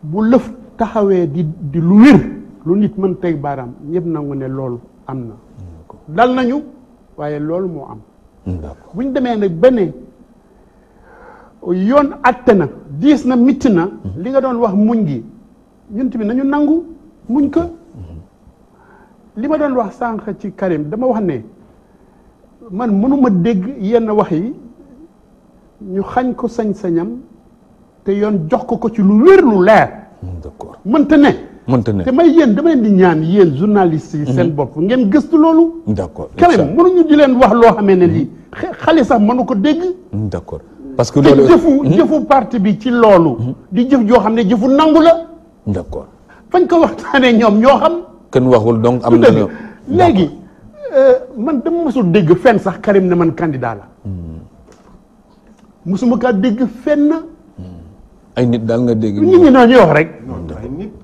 bu lëf taxawee di di lu wér lu nit mën teg baaraam ñëpp nangu ne loolu am na dal nañu waaye loolu moo am bu ñu demee nag ba yoon àtte na diis na mitti na mhm. li nga doon wax muñ gi ñun nañu nangu muñ ko mhm. li ma doon wax sànq ci Karim dama wax ne man mënuma dégg yenn wax yi ñu xañ ko sañ-sañam te yoon jox ko ko ci lu wér lu leer. d'accord mënta ne. mënta ne te may yéen dama leen di ñaan yéen journaliste yi. seen mhm. bopp ngeen gëstu loolu. d'accord quand même mënuñu di leen wax loo xamee ne lii mhm. xale sax mënu ko dégg. Mhm, d'accord parce que loolu. jëfu jëfu parti bi ci loolu. di jëf joo xam ne jëfu nangu la. d'accord fañ ko waxtaanee ñoom ñoo xam. kenn waxul donc am na léegi euh, man dama mësul dégg fenn sax Karim ne man candidat la. musuma kaa dégg na ay nit daal nga dégg. nit ñi ñooñu wax rek.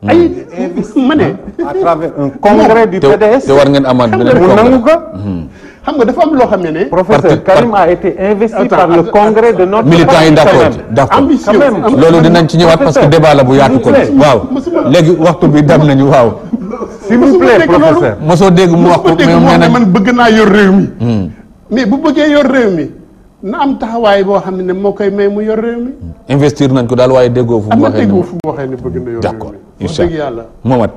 ay ma ne. à travers un congrès du PDS. te war ngeen amaat beneen congrès nangu ko. Hmm. xam nga dafa am loo xam ne ne. professeur Karim a été investi par le congrès de notre parti. militants yi d'accord d'accord ambitieux loolu dinañ ci ñëwaat parce que débat bu yaatu ko. waaw léegi waxtu bi dem nañu waaw. s'il vous plaît professeur mosoo dégg mu wax ko mais man bëgg naa yor réew mi. Hmm. mais bu bëggee yor réew mi. naam am taxawaay boo xam ne moo koy may mu yor réew investir nañ ko daal waaye déggoo fu mu waxee am na déggoo fu mu waxee ne bëgg na yor réew mi d'accord incha allah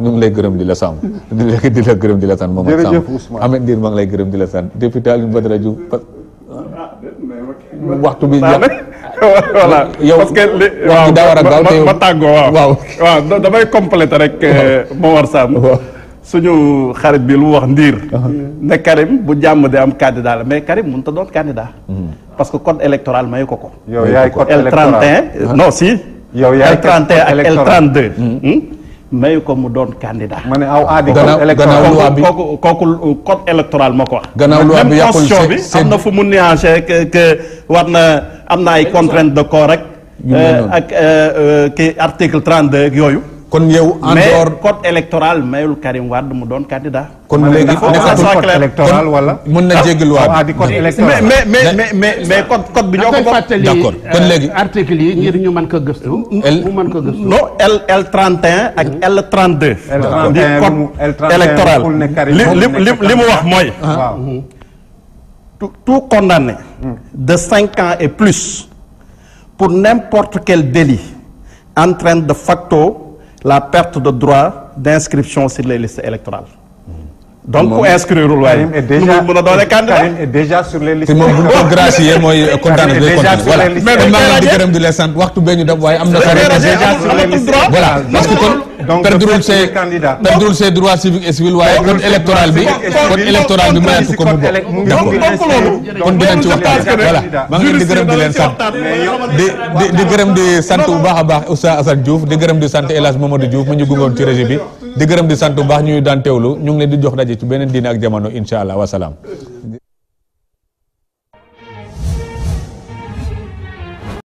ñu ngi lay gërëm di la sam [LAUGHS] di la di la gërëm di la sant Momat Samb Ameth Ndir maa ngi lay gërëm di la sant député Alioune Badara Diouf ah, waxtu bi ah, [LAUGHS] voilà parce que waaw daa war a waaw waaw damay compléter rek euh, [LAUGHS] Momar Samb suñu xarit bi lu wax ndiir uh-huh. ne Karim bu jàmm de am candidat la mais Karim mënut a doon candidat mm-hmm. parce que code électoral mayu ko ko yow yaay code électoral l euh, si yow yaay L31 hmm? mayu ko mu doon candidat ma ne aw aadi gannaaw code électoral moo ko wax gannaaw loi bi am na fu mu nuancé que que war am ay contrainte de corps rek euh, ak euh, kii article 32 yooyu kon yow. en dehors code électoral mayul Karim Wade mu doon candidat. kon léegi code électoral wala. mën na jéggal waat ah, di code électoral mais mais mais mais code code bi ñoo ko bokk. d'accord euh, kon léegi article yi ngir ñu mën ko gëstu. mu mën ko gëstu. non L L 31 ak L 32. L 31 code électoral li li li mu wax mooy. Ah. Mm-hmm. tout tout condamné. Mm. de cinq ans et plus. pour n'importe quel délit entraîne de facto. la perte de droit d'inscription sur les listes électorales donc ku inscrire waaye. Karim est déjà a doole candidat Karim est sur les listes. moom bu ñu mooy kontaan nañu voilà mais maa ngi di gërëm di leen sant waxtu bee ñu dem waaye am na. Karim déjà sur les listes voilà parce que kon. donc perdrul ses perdrul ses droits civiques et waaye code électoral bi code électoral bi a ko mu bokk d'accord kon dinañ ci waxtaan voilà maa ngi di di leen sant di di di gërëm di sant bu baax a baax Oustaz Assane Diouf di gërëm di sant El Hadj Mamadou Diouf mu ñu gungoon ci régie bi di gërëm di sant bu baax ñuy daan teewlu ñu ngi leen di jox daje ci beneen diine ak jamono incha allah wasalaam